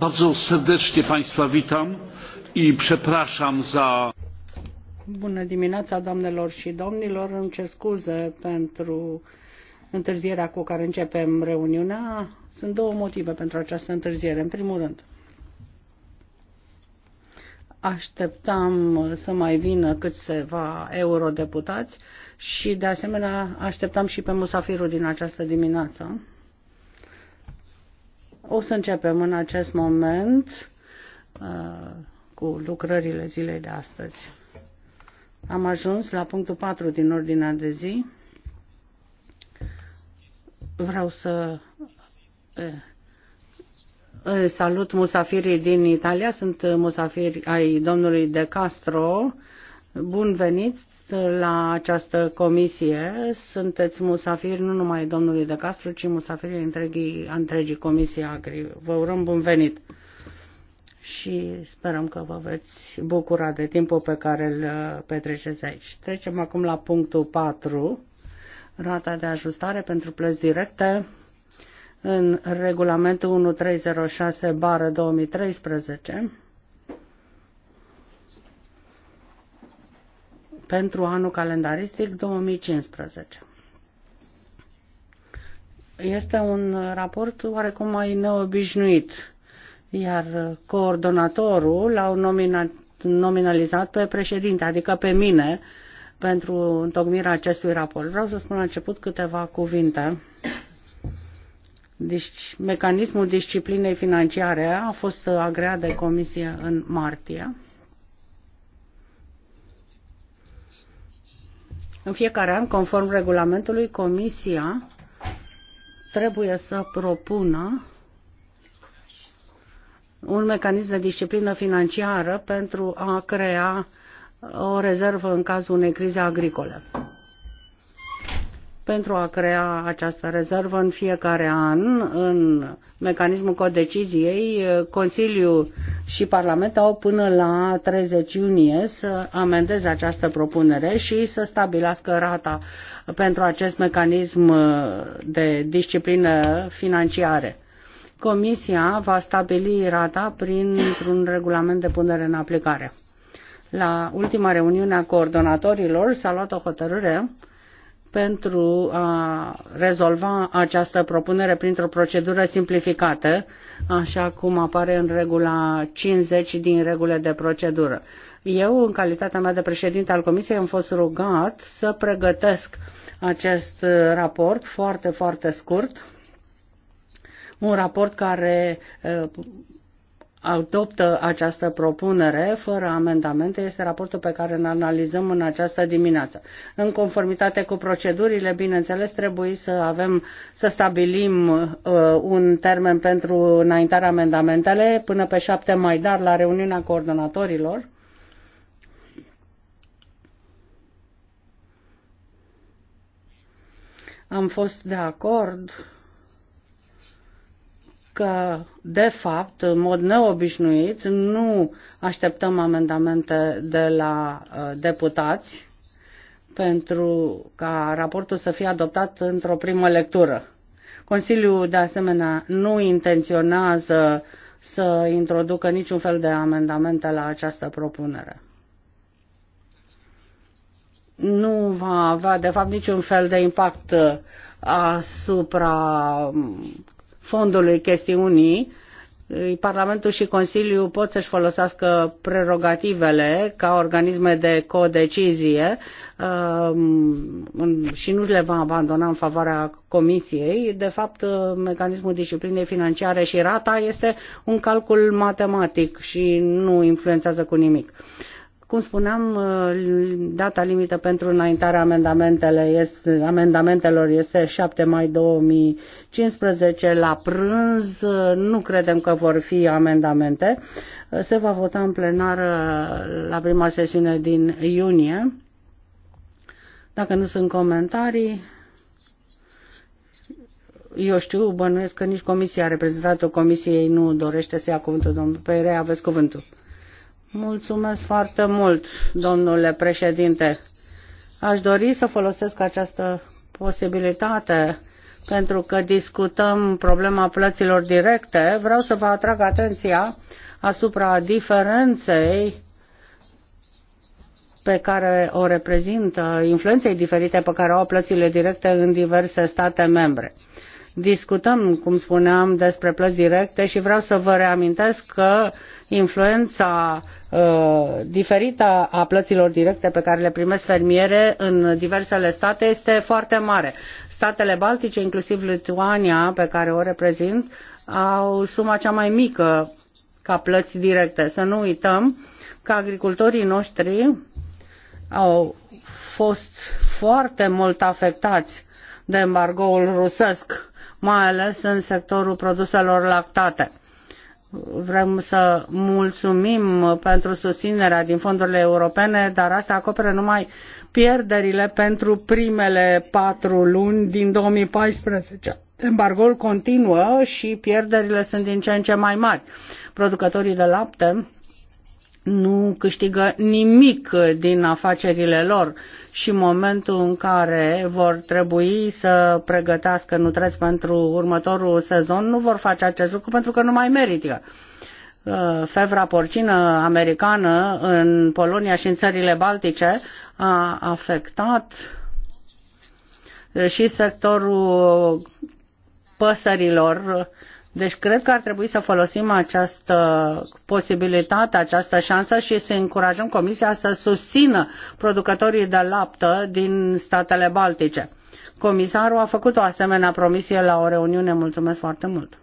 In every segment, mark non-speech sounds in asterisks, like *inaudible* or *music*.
Bardzo serdecznie Państwa witam i przepraszam za. Bună dimineața, doamnelor și domnilor. Îmi cer scuze pentru întârzierea cu care începem reuniunea. Sunt două motive pentru această întârziere. În primul rând, așteptam să mai vină câțiva eurodeputați și, de asemenea, așteptam și pe musafirul din această dimineață o să începem în acest moment uh, cu lucrările zilei de astăzi. Am ajuns la punctul 4 din ordinea de zi. Vreau să uh, salut musafirii din Italia. Sunt musafiri ai domnului De Castro. Bun venit! la această comisie. Sunteți musafiri nu numai domnului de Castru, ci musafirii întregii, întregii comisii Agri. Vă urăm bun venit și sperăm că vă veți bucura de timpul pe care îl petreceți aici. Trecem acum la punctul 4, rata de ajustare pentru plăți directe în regulamentul 1306 bară 2013 pentru anul calendaristic 2015. Este un raport oarecum mai neobișnuit, iar coordonatorul l-au nominat, nominalizat pe președinte, adică pe mine, pentru întocmirea acestui raport. Vreau să spun la început câteva cuvinte. Deci, mecanismul disciplinei financiare a fost agreat de comisie în martie În fiecare an, conform regulamentului, Comisia trebuie să propună un mecanism de disciplină financiară pentru a crea o rezervă în cazul unei crize agricole pentru a crea această rezervă în fiecare an în mecanismul codeciziei. Consiliul și Parlamentul au până la 30 iunie să amendeze această propunere și să stabilească rata pentru acest mecanism de disciplină financiare. Comisia va stabili rata printr-un regulament de punere în aplicare. La ultima reuniune a coordonatorilor s-a luat o hotărâre pentru a rezolva această propunere printr-o procedură simplificată, așa cum apare în regula 50 din regulile de procedură. Eu, în calitatea mea de președinte al Comisiei, am fost rugat să pregătesc acest raport foarte, foarte scurt, un raport care adoptă această propunere fără amendamente este raportul pe care îl analizăm în această dimineață. În conformitate cu procedurile, bineînțeles, trebuie să avem să stabilim uh, un termen pentru înaintarea amendamentele până pe 7 mai, dar la reuniunea coordonatorilor. Am fost de acord că, de fapt, în mod neobișnuit, nu așteptăm amendamente de la uh, deputați pentru ca raportul să fie adoptat într-o primă lectură. Consiliul, de asemenea, nu intenționează să introducă niciun fel de amendamente la această propunere. Nu va avea, de fapt, niciun fel de impact uh, asupra fondului chestiunii, Parlamentul și Consiliul pot să-și folosească prerogativele ca organisme de codecizie um, și nu le va abandona în favoarea Comisiei. De fapt, mecanismul disciplinei financiare și rata este un calcul matematic și nu influențează cu nimic. Cum spuneam, uh, data limită pentru înaintarea amendamentele este, amendamentelor este 7 mai 2015 la prânz. Uh, nu credem că vor fi amendamente. Uh, se va vota în plenară la prima sesiune din iunie. Dacă nu sunt comentarii, eu știu, bănuiesc că nici comisia, reprezentată comisiei nu dorește să ia cuvântul, domnul Peire, aveți cuvântul. Mulțumesc foarte mult, domnule președinte. Aș dori să folosesc această posibilitate pentru că discutăm problema plăților directe. Vreau să vă atrag atenția asupra diferenței pe care o reprezintă, influenței diferite pe care o au plățile directe în diverse state membre. Discutăm, cum spuneam, despre plăți directe și vreau să vă reamintesc că influența uh, Uh, diferită a plăților directe pe care le primesc fermiere în diversele state este foarte mare. Statele Baltice, inclusiv Lituania, pe care o reprezint, au suma cea mai mică ca plăți directe. Să nu uităm că agricultorii noștri au fost foarte mult afectați de embargoul rusesc, mai ales în sectorul produselor lactate Vrem să mulțumim pentru susținerea din fondurile europene, dar asta acoperă numai pierderile pentru primele patru luni din 2014. Embargoul continuă și pierderile sunt din ce în ce mai mari. Producătorii de lapte nu câștigă nimic din afacerile lor și momentul în care vor trebui să pregătească nutreți pentru următorul sezon, nu vor face acest lucru pentru că nu mai merită. Uh, Fevra porcină americană în Polonia și în țările Baltice a afectat uh, și sectorul păsărilor deci cred că ar trebui să folosim această posibilitate, această șansă și să încurajăm Comisia să susțină producătorii de lapte din statele baltice. Comisarul a făcut o asemenea promisie la o reuniune. Mulțumesc foarte mult!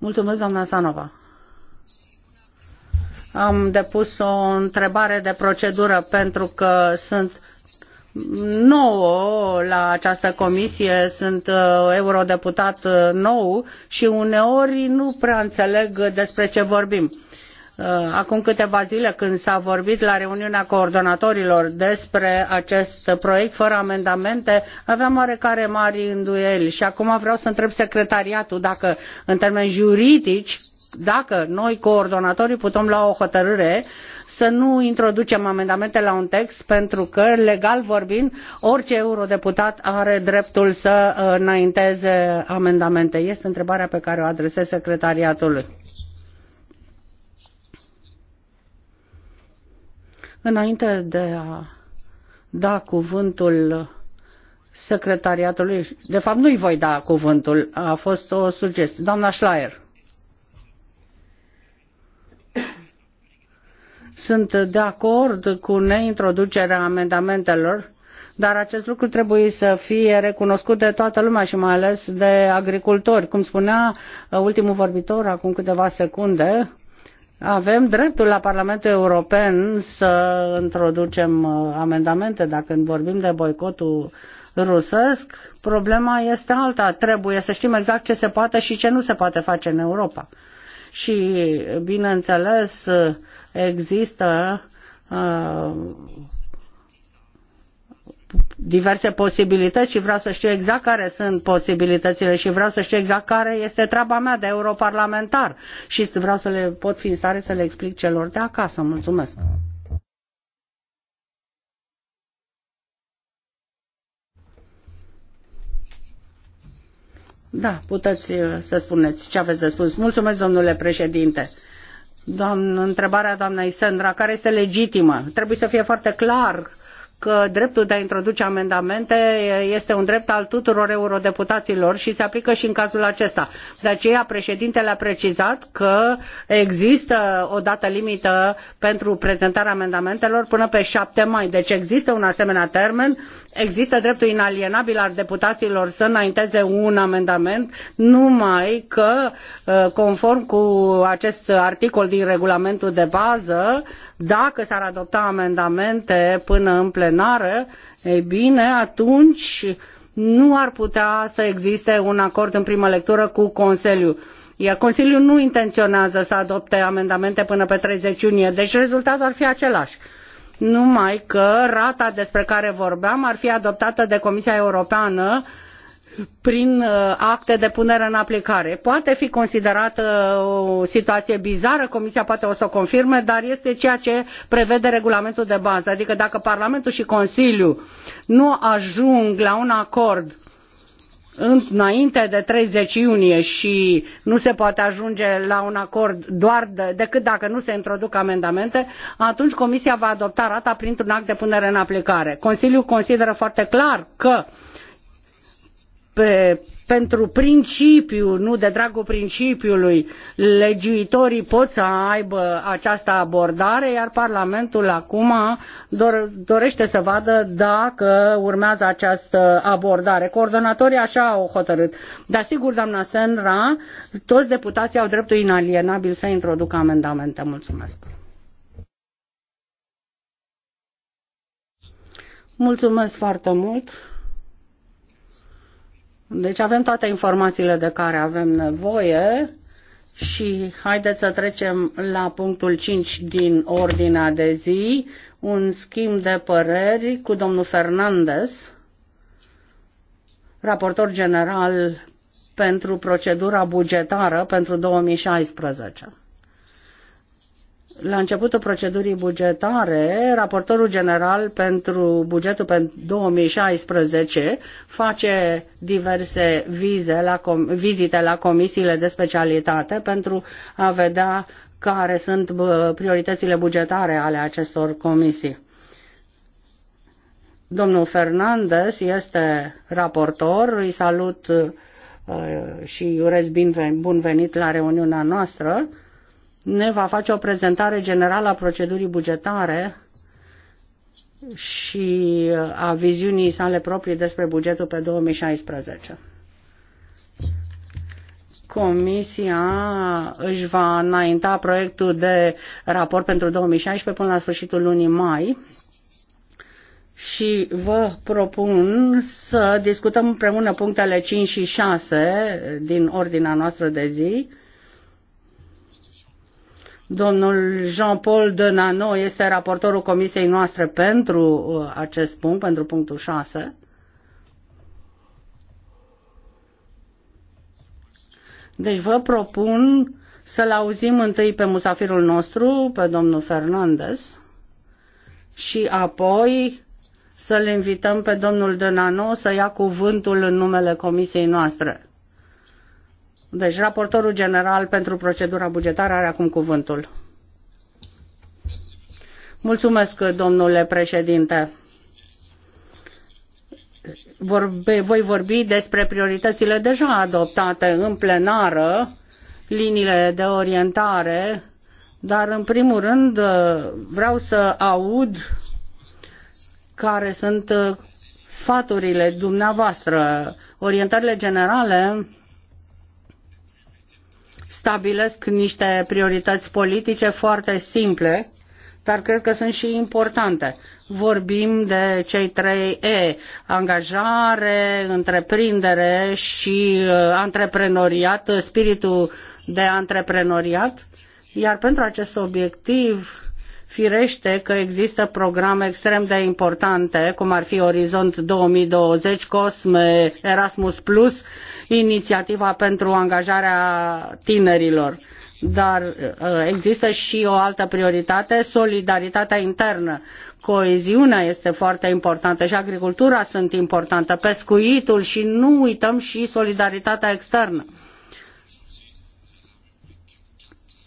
Mulțumesc, doamna Sanova. Am depus o întrebare de procedură pentru că sunt nouă la această comisie, sunt uh, eurodeputat uh, nou și uneori nu prea înțeleg despre ce vorbim. Uh, acum câteva zile când s-a vorbit la reuniunea coordonatorilor despre acest proiect fără amendamente, aveam oarecare mari îndoieli și acum vreau să întreb secretariatul dacă în termeni juridici dacă noi coordonatorii putem lua o hotărâre uh, să nu introducem amendamente la un text pentru că, legal vorbind, orice eurodeputat are dreptul să uh, înainteze amendamente. Este întrebarea pe care o adresez secretariatului. Înainte de a da cuvântul secretariatului, de fapt nu-i voi da cuvântul, a fost o sugestie. Doamna Schleier. Sunt de acord cu neintroducerea amendamentelor, dar acest lucru trebuie să fie recunoscut de toată lumea și mai ales de agricultori. Cum spunea uh, ultimul vorbitor acum câteva secunde, avem dreptul la Parlamentul European să introducem uh, amendamente. Dacă când vorbim de boicotul rusesc, problema este alta. Trebuie să știm exact ce se poate și ce nu se poate face în Europa. Și, bineînțeles, există uh, diverse posibilități și vreau să știu exact care sunt posibilitățile și vreau să știu exact care este treaba mea de europarlamentar și vreau să le pot fi în stare să le explic celor de acasă. Mulțumesc! Da, puteți uh, să spuneți ce aveți de spus. Mulțumesc, domnule președinte doamn, întrebarea doamnei Sandra, care este legitimă. Trebuie să fie foarte clar că dreptul de a introduce amendamente este un drept al tuturor eurodeputaților și se aplică și în cazul acesta. De aceea președintele a precizat că există o dată limită pentru prezentarea amendamentelor până pe 7 mai. Deci există un asemenea termen, există dreptul inalienabil al deputaților să înainteze un amendament, numai că ă, conform cu acest articol din regulamentul de bază, dacă s-ar adopta amendamente până în plenară, ei bine, atunci nu ar putea să existe un acord în primă lectură cu Consiliul. Iar Consiliul nu intenționează să adopte amendamente până pe 30 iunie, deci rezultatul ar fi același numai că rata despre care vorbeam ar fi adoptată de Comisia Europeană prin uh, acte de punere în aplicare. Poate fi considerată uh, o situație bizară, Comisia poate o să o confirme, dar este ceea ce prevede regulamentul de bază. Adică dacă Parlamentul și Consiliul nu ajung la un acord înainte de 30 iunie și nu se poate ajunge la un acord doar de, decât dacă nu se introduc amendamente, atunci Comisia va adopta rata printr-un act de punere în aplicare. Consiliul consideră foarte clar că uh, pe, pentru principiu, nu de dragul principiului, legiuitorii pot să aibă această abordare, iar Parlamentul acum dor, dorește să vadă dacă urmează această abordare. Coordonatorii așa au hotărât. Dar sigur, doamna Senra, toți deputații au dreptul inalienabil să introducă amendamente. Mulțumesc. Mulțumesc foarte mult. Deci avem toate informațiile de care avem nevoie și haideți să trecem la punctul 5 din ordinea de zi, un schimb de păreri cu domnul Fernandez, raportor general pentru procedura bugetară pentru 2016 la începutul procedurii bugetare, raportorul general pentru bugetul pentru 2016 face diverse vize la com- vizite la comisiile de specialitate pentru a vedea care sunt prioritățile bugetare ale acestor comisii. Domnul Fernandez este raportor, îi salut uh, și urez bun venit la reuniunea noastră ne va face o prezentare generală a procedurii bugetare și a viziunii sale proprii despre bugetul pe 2016. Comisia își va înainta proiectul de raport pentru 2016 până la sfârșitul lunii mai și vă propun să discutăm împreună punctele 5 și 6 din ordinea noastră de zi Domnul Jean-Paul Denano este raportorul comisiei noastre pentru uh, acest punct, pentru punctul 6. Deci vă propun să-l auzim întâi pe musafirul nostru, pe domnul Fernandez, și apoi să-l invităm pe domnul Denano să ia cuvântul în numele comisiei noastre. Deci, raportorul general pentru procedura bugetară are acum cuvântul. Mulțumesc, domnule președinte. Vorbe, voi vorbi despre prioritățile deja adoptate în plenară, liniile de orientare, dar în primul rând vreau să aud care sunt sfaturile dumneavoastră. Orientările generale stabilesc niște priorități politice foarte simple, dar cred că sunt și importante. Vorbim de cei trei E, angajare, întreprindere și uh, antreprenoriat, spiritul de antreprenoriat, iar pentru acest obiectiv Firește că există programe extrem de importante, cum ar fi Orizont 2020, COSME, Erasmus+, inițiativa pentru angajarea tinerilor dar uh, există și o altă prioritate, solidaritatea internă. Coeziunea este foarte importantă și agricultura sunt importantă, pescuitul și nu uităm și solidaritatea externă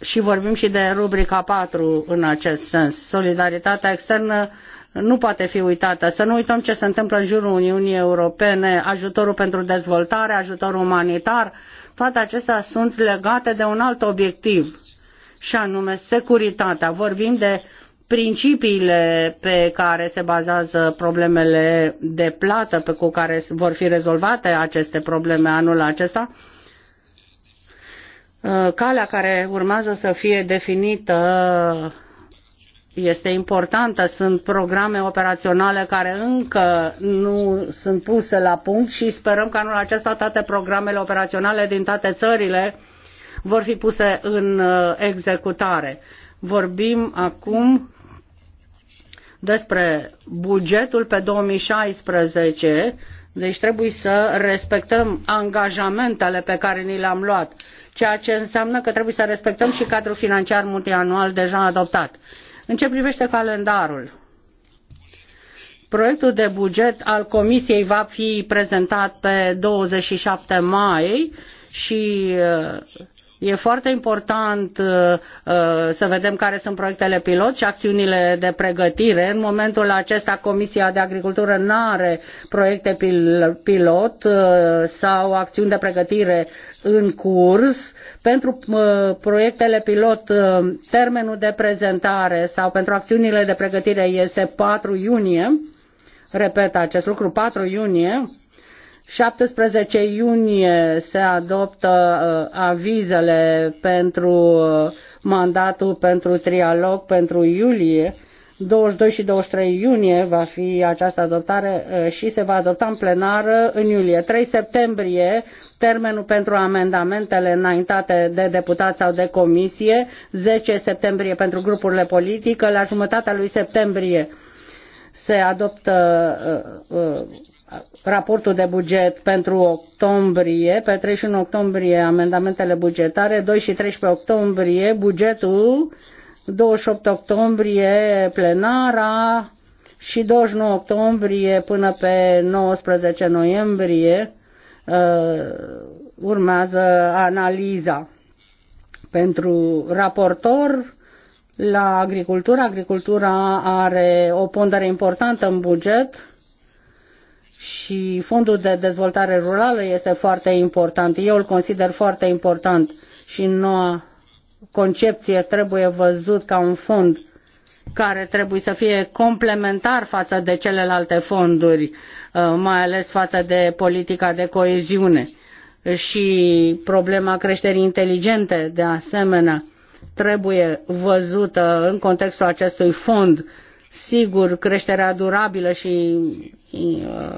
și vorbim și de rubrica 4 în acest sens. Solidaritatea externă nu poate fi uitată. Să nu uităm ce se întâmplă în jurul Uniunii Europene, ajutorul pentru dezvoltare, ajutorul umanitar, toate acestea sunt legate de un alt obiectiv, și anume securitatea. Vorbim de principiile pe care se bazează problemele de plată, pe cu care vor fi rezolvate aceste probleme anul acesta Uh, calea care urmează să fie definită este importantă. Sunt programe operaționale care încă nu sunt puse la punct și sperăm că anul acesta toate programele operaționale din toate țările vor fi puse în uh, executare. Vorbim acum despre bugetul pe 2016, deci trebuie să respectăm angajamentele pe care ni le-am luat ceea ce înseamnă că trebuie să respectăm și cadrul financiar multianual deja adoptat. În ce privește calendarul, proiectul de buget al Comisiei va fi prezentat pe 27 mai și uh, E foarte important uh, uh, să vedem care sunt proiectele pilot și acțiunile de pregătire. În momentul acesta Comisia de Agricultură nu are proiecte pilot sau acțiuni de pregătire în curs pentru proiectele pilot termenul de prezentare sau pentru acțiunile de pregătire este 4 iunie, repet acest lucru, 4 iunie, 17 iunie se adoptă ă, avizele pentru ă, mandatul pentru trialog pentru iulie, 22 și 23 iunie va fi această adoptare ă, și se va adopta în plenară în iulie. 3 septembrie Termenul pentru amendamentele înaintate de deputat sau de comisie, 10 septembrie pentru grupurile politice, la jumătatea lui septembrie se adoptă uh, uh, raportul de buget pentru octombrie, pe 31 octombrie amendamentele bugetare, 2 și 13 octombrie bugetul, 28 octombrie plenara și 29 octombrie până pe 19 noiembrie Uh, urmează analiza. Pentru raportor, la agricultură, agricultura are o pondere importantă în buget și fondul de dezvoltare rurală este foarte important. Eu îl consider foarte important și noua concepție trebuie văzut ca un fond care trebuie să fie complementar față de celelalte fonduri Uh, mai ales față de politica de coeziune și problema creșterii inteligente, de asemenea, trebuie văzută în contextul acestui fond. Sigur, creșterea durabilă și uh,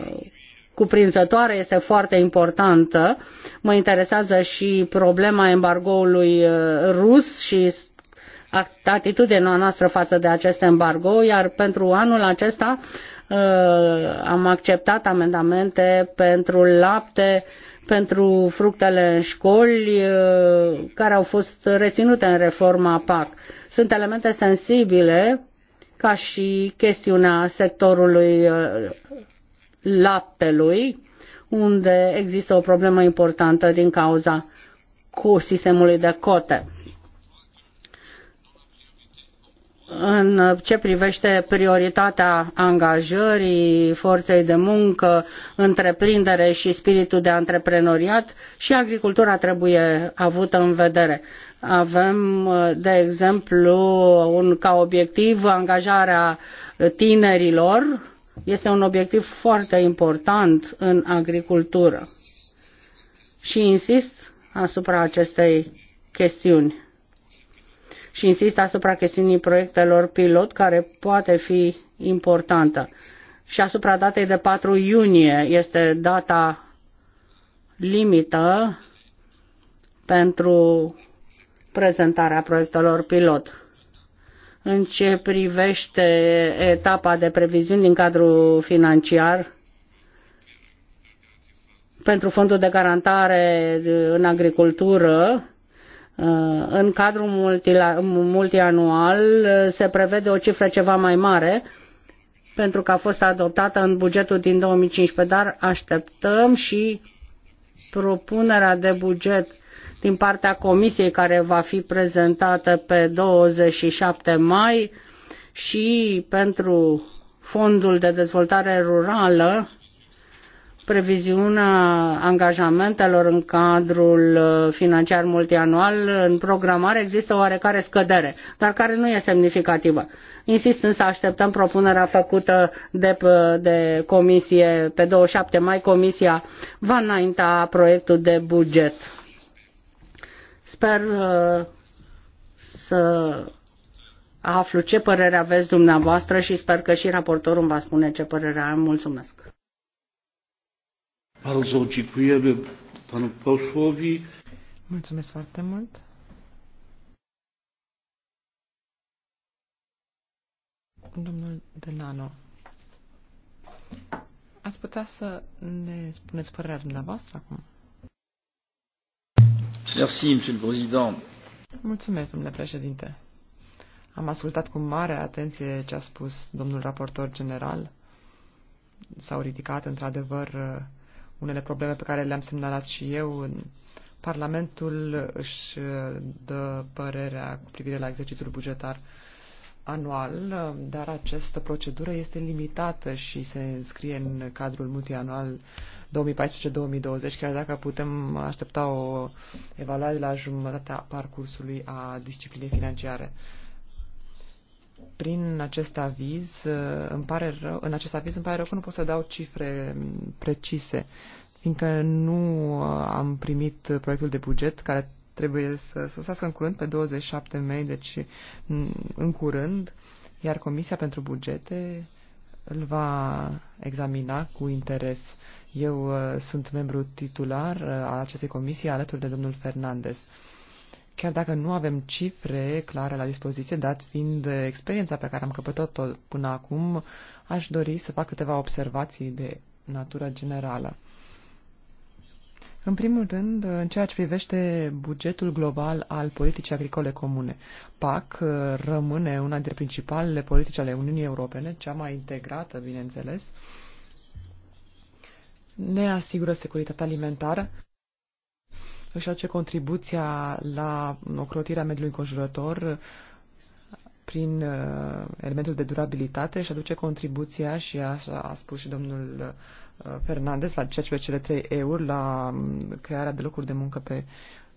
cuprinzătoare este foarte importantă. Mă interesează și problema embargoului uh, rus și atitudinea noastră față de acest embargo, iar pentru anul acesta Uh, am acceptat amendamente pentru lapte, pentru fructele în școli, uh, care au fost reținute în reforma PAC. Sunt elemente sensibile, ca și chestiunea sectorului uh, laptelui, unde există o problemă importantă din cauza cu sistemului de cote. în ce privește prioritatea angajării forței de muncă, întreprindere și spiritul de antreprenoriat și agricultura trebuie avută în vedere. Avem, de exemplu, un, ca obiectiv angajarea tinerilor. Este un obiectiv foarte important în agricultură. Și insist asupra acestei chestiuni și insist asupra chestiunii proiectelor pilot care poate fi importantă și asupra datei de 4 iunie este data limită pentru prezentarea proiectelor pilot. În ce privește etapa de previziuni din cadrul financiar pentru fondul de garantare în agricultură, Uh, în cadrul multianual uh, se prevede o cifră ceva mai mare, pentru că a fost adoptată în bugetul din 2015, dar așteptăm și propunerea de buget din partea comisiei care va fi prezentată pe 27 mai și pentru fondul de dezvoltare rurală previziunea angajamentelor în cadrul uh, financiar multianual, în programare există oarecare scădere, dar care nu e semnificativă. Insist să așteptăm propunerea făcută de, de comisie pe 27 mai. Comisia va înainta proiectul de buget. Sper uh, să aflu ce părere aveți dumneavoastră și sper că și raportorul îmi va spune ce părere am. Mulțumesc! Bardzo dziękujemy panu posłowi. Mulțumesc foarte mult. Domnul Delano, ați putea să ne spuneți părerea dumneavoastră acum? Merci, monsieur le président. Mulțumesc, domnule președinte. Am ascultat cu mare atenție ce a spus domnul raportor general. S-au ridicat, într-adevăr, unele probleme pe care le-am semnalat și eu. Parlamentul își uh, dă părerea cu privire la exercițiul bugetar anual, uh, dar această procedură este limitată și se înscrie în cadrul multianual 2014-2020, chiar dacă putem aștepta o evaluare la jumătatea parcursului a disciplinei financiare prin acest aviz, uh, îmi pare rău, în acest aviz îmi pare rău că nu pot să dau cifre mm, precise, fiindcă nu uh, am primit proiectul de buget care trebuie să sosească în curând pe 27 mai, deci mm, în curând, iar Comisia pentru Bugete îl va examina cu interes. Eu uh, sunt membru titular al acestei comisii alături de domnul Fernandez. Chiar dacă nu avem cifre clare la dispoziție, dat fiind experiența pe care am căpătat-o până acum, aș dori să fac câteva observații de natură generală. În primul rând, în ceea ce privește bugetul global al politicii agricole comune, PAC rămâne una dintre principalele politici ale Uniunii Europene, cea mai integrată, bineînțeles, ne asigură securitatea alimentară își face contribuția la ocrotirea mediului înconjurător prin uh, elementul de durabilitate și aduce contribuția și așa a spus și domnul uh, Fernandez la ceea ce cele trei euri la um, crearea de locuri de muncă pe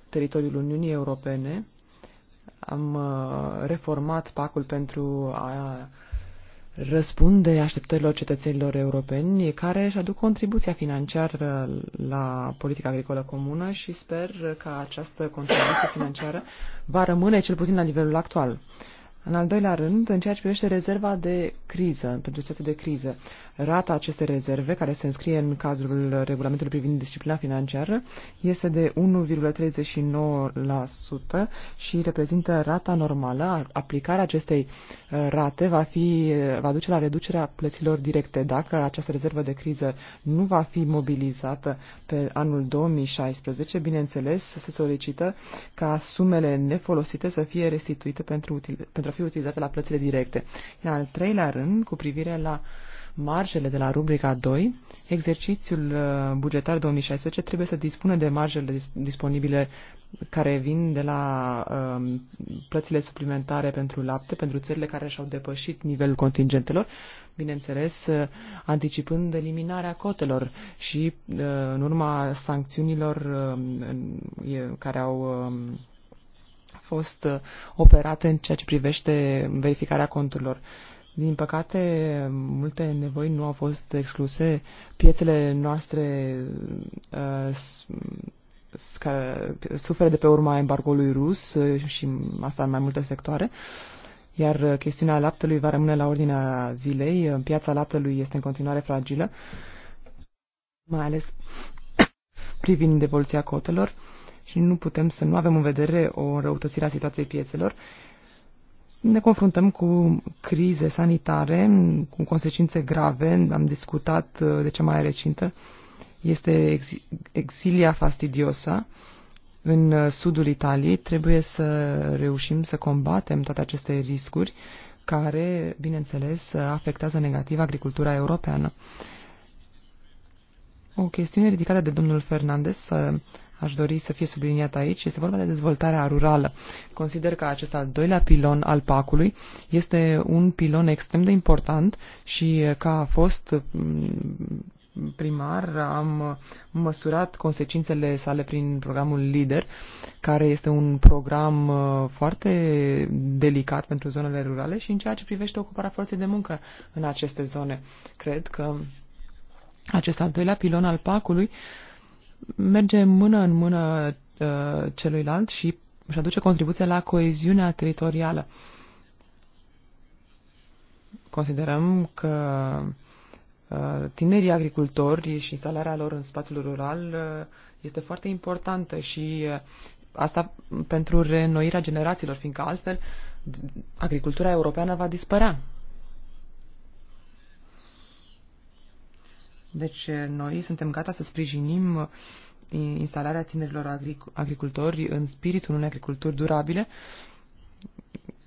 teritoriul Uniunii Europene. Am uh, reformat pacul pentru a răspunde așteptărilor cetățenilor europeni care își aduc contribuția financiară la politica agricolă comună și sper că această contribuție financiară va rămâne cel puțin la nivelul actual. În al doilea rând, în ceea ce privește rezerva de criză, pentru situația de criză, rata acestei rezerve, care se înscrie în cadrul regulamentului privind disciplina financiară, este de 1,39% și reprezintă rata normală. Aplicarea acestei uh, rate va, fi, uh, va duce la reducerea plăților directe. Dacă această rezervă de criză nu va fi mobilizată pe anul 2016, bineînțeles, se solicită ca sumele nefolosite să fie restituite pentru, util, pentru fi utilizate la plățile directe. În al treilea rând, cu privire la marjele de la rubrica 2, exercițiul uh, bugetar 2016 trebuie să dispună de marjele disponibile care vin de la um, plățile suplimentare pentru lapte, pentru țările care și-au depășit nivelul contingentelor, bineînțeles, uh, anticipând eliminarea cotelor și uh, în urma sancțiunilor uh, care au uh, fost uh, operate în ceea ce privește verificarea conturilor. Din păcate, multe nevoi nu au fost excluse. Piețele noastre uh, care suferă de pe urma embargoului rus uh, și asta în mai multe sectoare. Iar uh, chestiunea laptelui va rămâne la ordinea zilei. Piața laptelui este în continuare fragilă, mai ales *coughs* privind evoluția cotelor și nu putem să nu avem în vedere o răutățire a situației piețelor. Ne confruntăm cu crize sanitare, cu consecințe grave, am discutat uh, de cea mai recintă, este ex exilia fastidiosa în uh, sudul Italiei. Trebuie să reușim să combatem toate aceste riscuri care, bineînțeles, afectează negativ agricultura europeană. O chestiune ridicată de domnul Fernandez aș dori să fie subliniat aici, este vorba de dezvoltarea rurală. Consider că acest al doilea pilon al PAC-ului este un pilon extrem de important și ca a fost mm, primar, am măsurat consecințele sale prin programul LIDER, care este un program uh, foarte delicat pentru zonele rurale și în ceea ce privește ocuparea forței de muncă în aceste zone. Cred că acest al doilea pilon al PAC-ului uh, merge mână în mână uh, celuilalt și își aduce contribuția la coeziunea teritorială. Considerăm că uh, tinerii agricultori și instalarea lor în spațiul rural uh, este foarte importantă și uh, asta pentru reînnoirea generațiilor, fiindcă altfel agricultura europeană va dispărea. Deci eh, noi suntem gata să sprijinim eh, instalarea tinerilor agric agricultori în spiritul unei agriculturi durabile,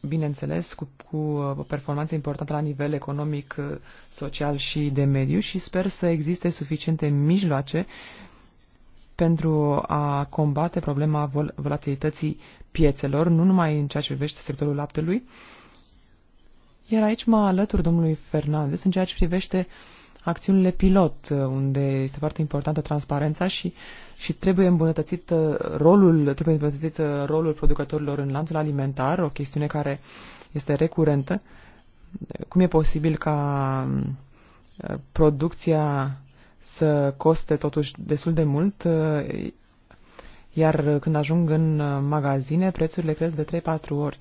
bineînțeles, cu, cu eh, performanță importantă la nivel economic, social și de mediu și sper să existe suficiente mijloace pentru a combate problema vol volatilității piețelor, nu numai în ceea ce privește sectorul laptelui, iar aici mă alătur domnului Fernandez în ceea ce privește acțiunile pilot, uh, unde este foarte importantă transparența și, și trebuie îmbunătățit uh, rolul, trebuie îmbunătățit uh, rolul producătorilor în lanțul alimentar, o chestiune care este recurentă. Cum e posibil ca um, producția să coste totuși destul de mult, iar când ajung în magazine, prețurile cresc de 3-4 ori.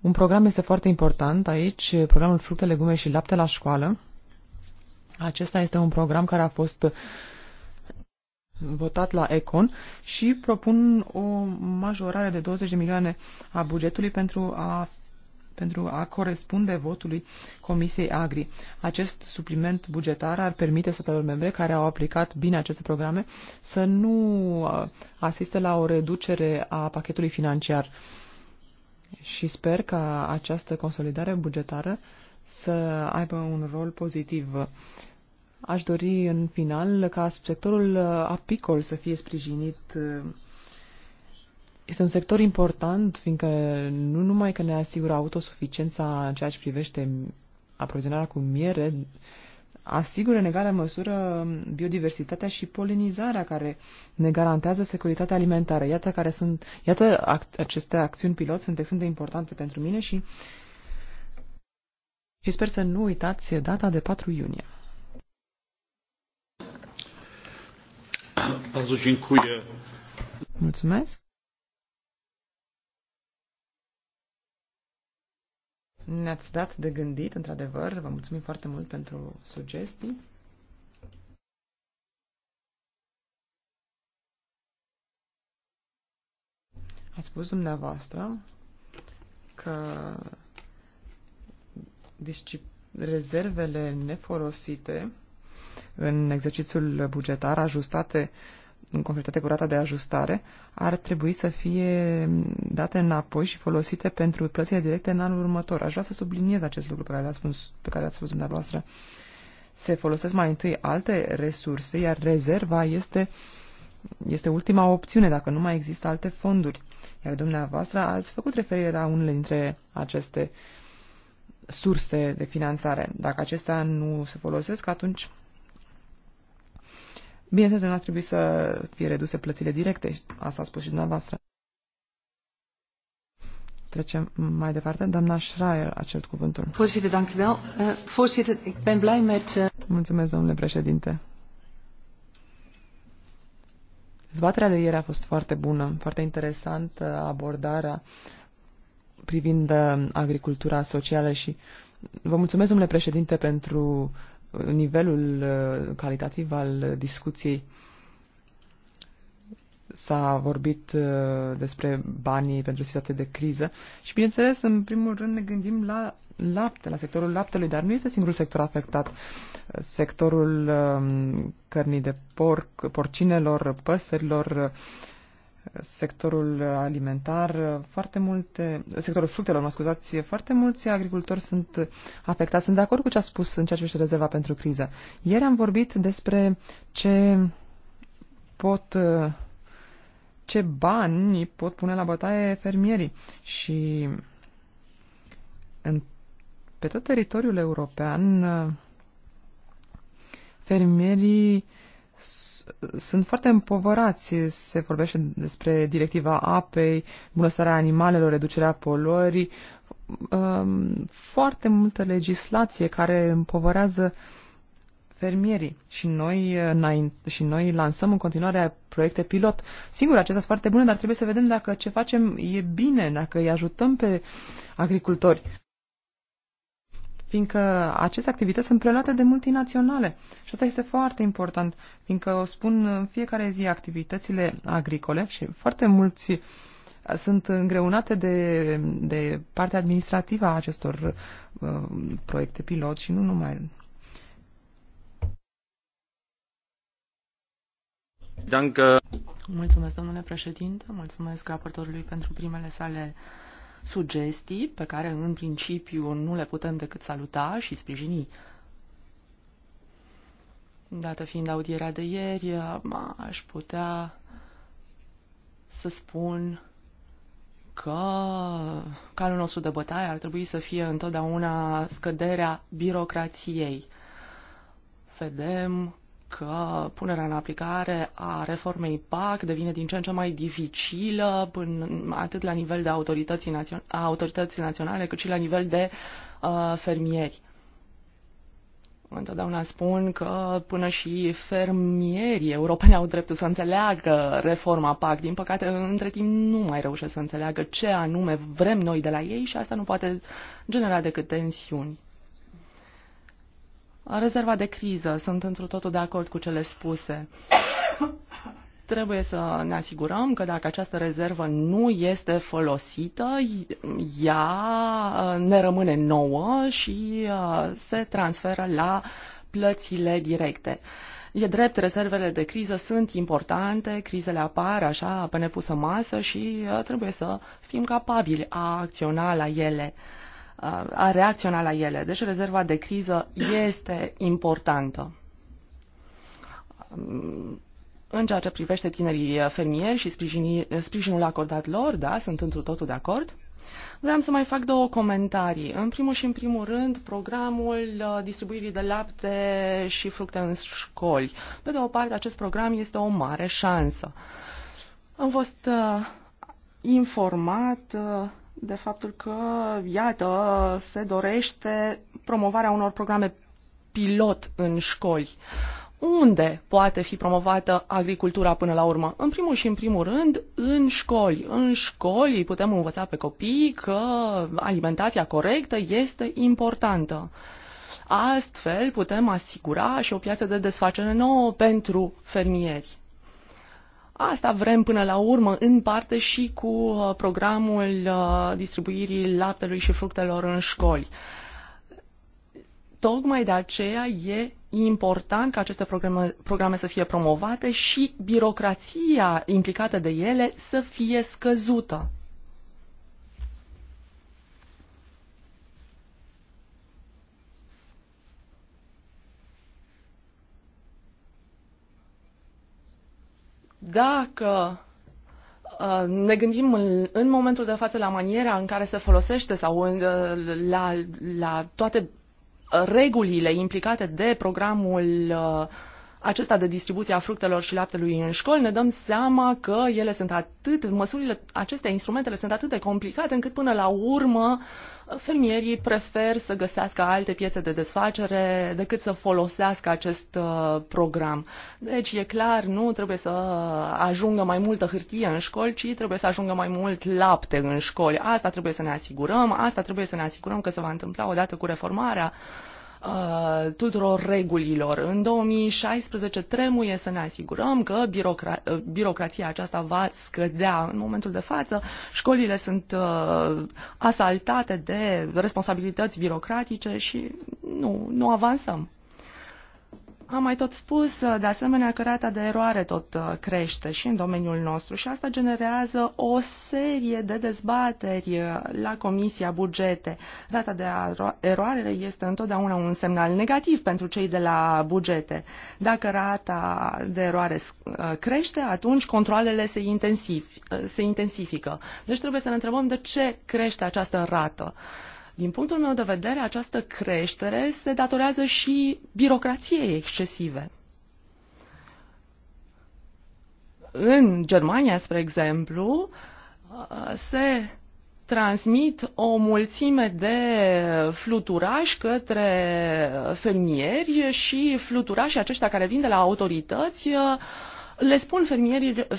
Un program este foarte important aici, programul Fructe, Legume și Lapte la școală. Acesta este un program care a fost votat la Econ și propun o majorare de 20 de milioane a bugetului pentru a pentru a corespunde votului Comisiei Agri. Acest supliment bugetar ar permite statelor membre care au aplicat bine aceste programe să nu uh, asiste la o reducere a pachetului financiar și sper ca această consolidare bugetară să aibă un rol pozitiv. Aș dori în final ca sectorul uh, apicol să fie sprijinit. Uh, este un sector important, fiindcă nu numai că ne asigură autosuficiența în ceea ce privește aprovizionarea cu miere, asigură în egală măsură biodiversitatea și polinizarea care ne garantează securitatea alimentară. Iată care sunt, iată act, aceste acțiuni pilot sunt extrem de importante pentru mine și și sper să nu uitați data de 4 iunie. Mulțumesc. Ne-ați dat de gândit, într-adevăr. Vă mulțumim foarte mult pentru sugestii. Ați spus dumneavoastră că rezervele nefolosite în exercițiul bugetar ajustate în conformitate cu rata de ajustare, ar trebui să fie date înapoi și folosite pentru plățile directe în anul următor. Aș vrea să subliniez acest lucru pe care l-ați spus, pe care l-ați spus dumneavoastră. Se folosesc mai întâi alte resurse, iar rezerva este, este ultima opțiune dacă nu mai există alte fonduri. Iar dumneavoastră ați făcut referire la unele dintre aceste surse de finanțare. Dacă acestea nu se folosesc, atunci Bineînțeles, nu ar trebui să fie reduse plățile directe, asta a spus și dumneavoastră. Trecem mai departe. Doamna Schreier a cerut cuvântul. Eh, eh, mulțumesc, domnule președinte. Zbaterea de ieri a fost foarte bună, foarte interesantă abordarea privind eh, agricultura socială și vă mulțumesc, domnule președinte, pentru nivelul uh, calitativ al discuției. S-a vorbit uh, despre banii pentru situații de criză și, bineînțeles, în primul rând ne gândim la lapte, la sectorul laptelui, dar nu este singurul sector afectat. Sectorul um, cărnii de porc, porcinelor, păsărilor, sectorul alimentar, foarte multe, sectorul fructelor, mă scuzați, foarte mulți agricultori sunt afectați. Sunt de acord cu ce a spus în ceea ce privește rezerva pentru criză. Ieri am vorbit despre ce pot ce bani pot pune la bătaie fermierii și în, pe tot teritoriul european fermierii sunt foarte împovărați. Se vorbește despre directiva apei, bunăstarea animalelor, reducerea poluării, um, foarte multă legislație care împovărează fermierii și noi, uh, și noi lansăm în continuare proiecte pilot. Singur, acestea sunt foarte bune, dar trebuie să vedem dacă ce facem e bine, dacă îi ajutăm pe agricultori fiindcă aceste activități sunt preluate de multinaționale. Și asta este foarte important, fiindcă o spun în fiecare zi activitățile agricole și foarte mulți uh, sunt îngreunate de, de partea administrativă a acestor uh, proiecte pilot și nu numai. Danke. Mulțumesc, domnule președinte, mulțumesc raportorului pentru primele sale uh, sugestii pe care în principiu nu le putem decât saluta și sprijini. Dată fiind audierea de ieri, aș putea să spun că calul nostru de bătaie ar trebui să fie întotdeauna scăderea birocrației. Vedem că punerea în aplicare a reformei PAC devine din ce în ce mai dificilă, până, atât la nivel de autorității naționale, autorității naționale, cât și la nivel de uh, fermieri. Întotdeauna spun că până și fermierii europeni au dreptul să înțeleagă reforma PAC. Din păcate, între timp nu mai reușesc să înțeleagă ce anume vrem noi de la ei și asta nu poate genera decât tensiuni. Rezerva de criză, sunt într totul de acord cu cele spuse. Trebuie să ne asigurăm că dacă această rezervă nu este folosită, ea uh, ne rămâne nouă și uh, se transferă la plățile directe. E drept, rezervele de criză sunt importante, crizele apar așa pe nepusă masă și uh, trebuie să fim capabili a acționa la ele a reacționa la ele. Deci rezerva de criză este importantă. În ceea ce privește tinerii fermieri și sprijinul acordat lor, da, sunt întru totul de acord. Vreau să mai fac două comentarii. În primul și în primul rând, programul uh, distribuirii de lapte și fructe în școli. Pe de o parte, acest program este o mare șansă. Am fost uh, informat uh, de faptul că, iată, se dorește promovarea unor programe pilot în școli. Unde poate fi promovată agricultura până la urmă? În primul și în primul rând, în școli. În școli putem învăța pe copii că alimentația corectă este importantă. Astfel putem asigura și o piață de desfacere nouă pentru fermieri. Asta vrem până la urmă, în parte și cu uh, programul uh, distribuirii laptelui și fructelor în școli. Tocmai de aceea e important ca aceste programe, programe să fie promovate și birocrația implicată de ele să fie scăzută. Dacă uh, ne gândim în, în momentul de față la maniera în care se folosește sau în, uh, la, la toate uh, regulile implicate de programul uh, acesta de distribuție a fructelor și laptelui în școli, ne dăm seama că ele sunt atât, măsurile acestea, instrumentele sunt atât de complicate încât până la urmă fermierii prefer să găsească alte piețe de desfacere decât să folosească acest uh, program. Deci e clar, nu trebuie să ajungă mai multă hârtie în școli, ci trebuie să ajungă mai mult lapte în școli. Asta trebuie să ne asigurăm, asta trebuie să ne asigurăm că se va întâmpla odată cu reformarea uh, Uh, tuturor regulilor. În 2016 trebuie să ne asigurăm că birocra- uh, birocrația aceasta va scădea. În momentul de față, școlile sunt uh, asaltate de responsabilități birocratice și nu, nu avansăm. Am mai tot spus, uh, de asemenea, că rata de eroare tot uh, crește și în domeniul nostru și asta generează o serie de dezbateri uh, la Comisia Bugete. Rata de eroare este întotdeauna un semnal negativ pentru cei de la bugete. Dacă rata de eroare crește, atunci controlele se, intensif, se intensifică. Deci trebuie să ne întrebăm de ce crește această rată. Din punctul meu de vedere, această creștere se datorează și birocrației excesive. În Germania, spre exemplu, se transmit o mulțime de fluturași către fermieri și fluturașii aceștia care vin de la autorități uh, le spun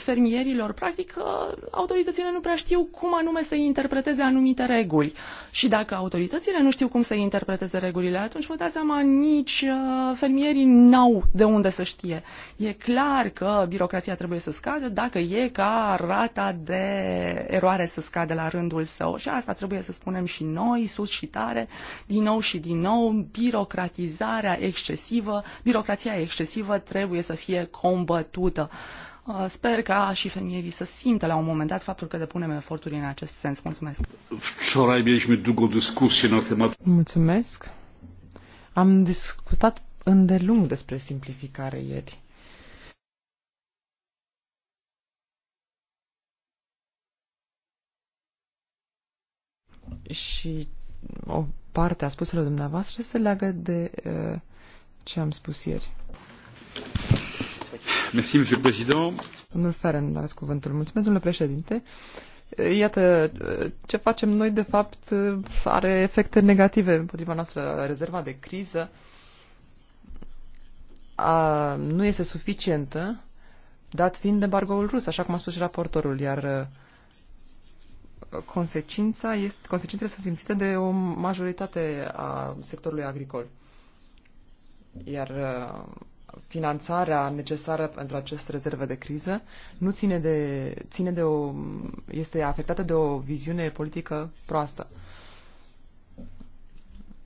fermierilor, practic, că autoritățile nu prea știu cum anume să interpreteze anumite reguli. Și dacă autoritățile nu știu cum să interpreteze regulile, atunci vă dați seama, nici uh, fermierii n-au de unde să știe. E clar că birocrația trebuie să scadă dacă e ca rata de eroare să scadă la rândul său. Și asta trebuie să spunem și noi, sus și tare, din nou și din nou, birocratizarea excesivă, birocrația excesivă trebuie să fie combătută. Uh, sper ca și fermierii să simtă la un moment dat faptul că depunem eforturi în acest sens. Mulțumesc. Mulțumesc. Am discutat îndelung despre simplificare ieri. Și o parte a spuselor dumneavoastră se leagă de uh, ce am spus ieri. Domnul cuvântul. Mulțumesc, domnule președinte. Iată, ce facem noi, de fapt, are efecte negative împotriva noastră rezerva de criză. A, nu este suficientă, dat fiind embargoul rus, așa cum a spus și raportorul, iar uh, consecința este, consecințele sunt simțite de o majoritate a sectorului agricol. Iar uh, finanțarea necesară pentru aceste rezerve de criză nu ține de, ține de o, este afectată de o viziune politică proastă.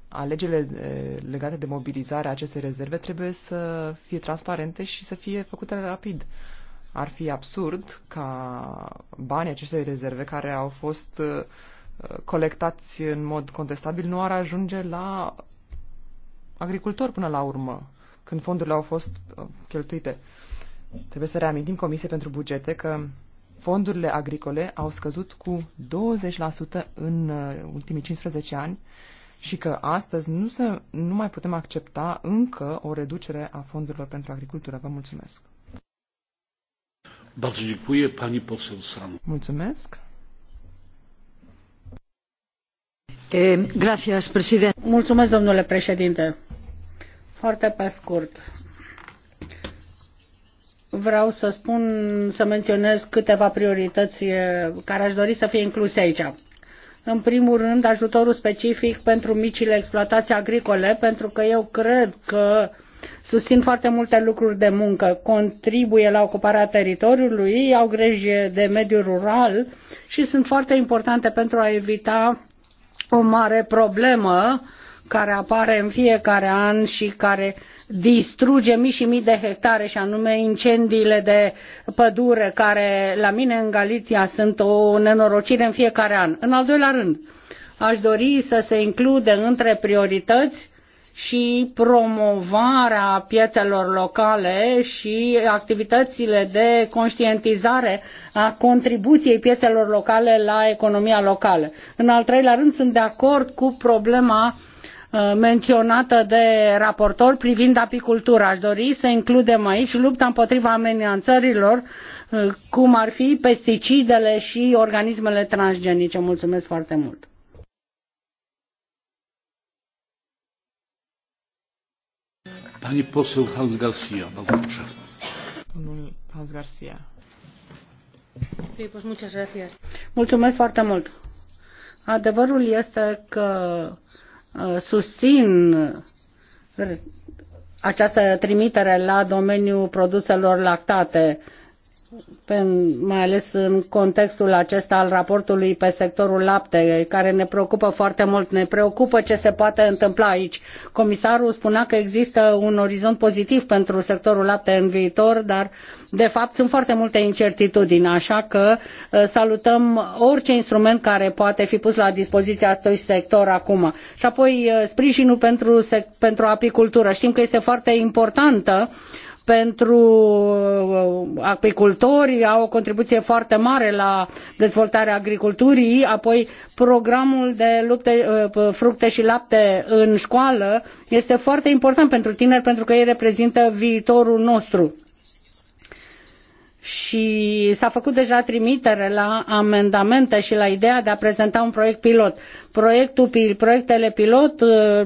Alegerile legate de mobilizarea acestei rezerve trebuie să fie transparente și să fie făcute rapid. Ar fi absurd ca banii acestei rezerve care au fost colectați în mod contestabil nu ar ajunge la agricultor până la urmă, când fondurile au fost uh, cheltuite. Trebuie să reamintim Comisiei pentru Bugete că fondurile agricole au scăzut cu 20% în uh, ultimii 15 ani și că astăzi nu, se, nu mai putem accepta încă o reducere a fondurilor pentru agricultură. Vă mulțumesc. Mulțumesc. Eh, mulțumesc, domnule președinte foarte pe scurt. Vreau să spun, să menționez câteva priorități care aș dori să fie incluse aici. În primul rând, ajutorul specific pentru micile exploatații agricole, pentru că eu cred că susțin foarte multe lucruri de muncă, contribuie la ocuparea teritoriului, au grijă de mediul rural și sunt foarte importante pentru a evita o mare problemă care apare în fiecare an și care distruge mii și mii de hectare și anume incendiile de pădure care la mine în Galiția sunt o nenorocire în fiecare an. În al doilea rând, aș dori să se include între priorități și promovarea piețelor locale și activitățile de conștientizare a contribuției piețelor locale la economia locală. În al treilea rând, sunt de acord cu problema uh, Uh, menționată de raportor privind apicultura. Aș dori să includem aici lupta împotriva amenințărilor, uh, cum ar fi pesticidele și organismele transgenice. Mulțumesc foarte mult! Pani poseł Hans Garcia, bardzo proszę. Hans Garcia. Mulțumesc foarte mult. Adevărul este că Uh, susțin această trimitere la domeniul produselor lactate mai ales în contextul acesta al raportului pe sectorul lapte, care ne preocupă foarte mult. Ne preocupă ce se poate întâmpla aici. Comisarul spunea că există un orizont pozitiv pentru sectorul lapte în viitor, dar de fapt sunt foarte multe incertitudini, așa că ă, salutăm orice instrument care poate fi pus la dispoziția acestui sector acum. Și apoi ă, sprijinul pentru, pentru apicultură. Știm că este foarte importantă pentru uh, apicultori, au o contribuție foarte mare la dezvoltarea agriculturii, apoi programul de lupte, uh, fructe și lapte în școală este foarte important pentru tineri pentru că ei reprezintă viitorul nostru și s-a făcut deja trimitere la amendamente și la ideea de a prezenta un proiect pilot. Proiectul, proiectele pilot, ă,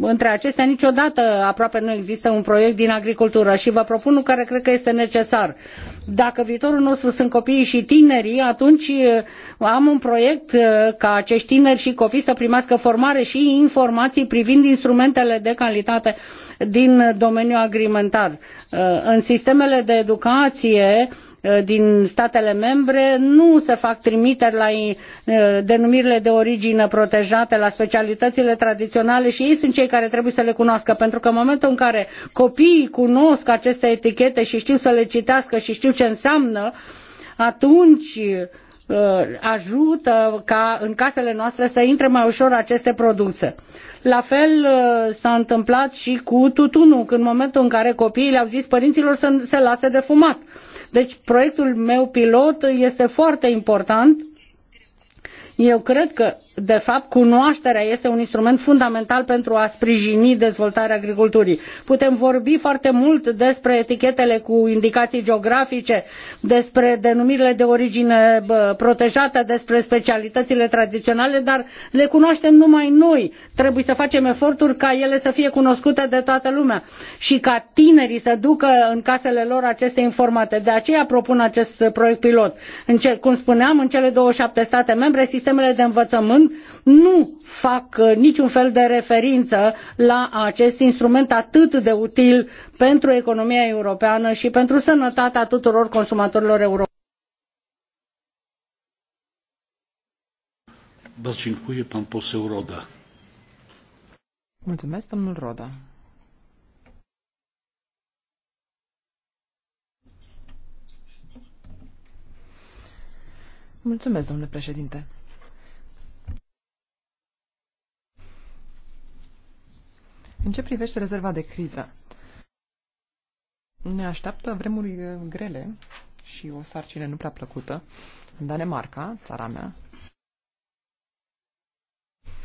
între acestea niciodată aproape nu există un proiect din agricultură și vă propun un care cred că este necesar. Dacă viitorul nostru sunt copiii și tinerii, atunci ă, am un proiect ă, ca acești tineri și copii să primească formare și informații privind instrumentele de calitate din domeniul agrimentar. Uh, în sistemele de educație uh, din statele membre nu se fac trimiteri la uh, denumirile de origine protejate, la specialitățile tradiționale și ei sunt cei care trebuie să le cunoască, pentru că în momentul în care copiii cunosc aceste etichete și știu să le citească și știu ce înseamnă, atunci uh, Uh, ajută ca în casele noastre să intre mai ușor aceste produse. La fel uh, s-a întâmplat și cu tutunul, în momentul în care copiii le-au zis părinților să se lase de fumat. Deci proiectul meu pilot este foarte important. Eu cred că de fapt, cunoașterea este un instrument fundamental pentru a sprijini dezvoltarea agriculturii. Putem vorbi foarte mult despre etichetele cu indicații geografice, despre denumirile de origine protejată, despre specialitățile tradiționale, dar le cunoaștem numai noi. Trebuie să facem eforturi ca ele să fie cunoscute de toată lumea și ca tinerii să ducă în casele lor aceste informate. De aceea propun acest proiect pilot. Cum spuneam, în cele 27 state membre, sistemele de învățământ nu fac uh, niciun fel de referință la acest instrument atât de util pentru economia europeană și pentru sănătatea tuturor consumatorilor europeni. Mulțumesc, domnul Roda. Mulțumesc, domnule președinte. În ce privește rezerva de criză? Ne așteaptă vremuri uh, grele și o sarcină nu prea plăcută. În Danemarca, țara mea,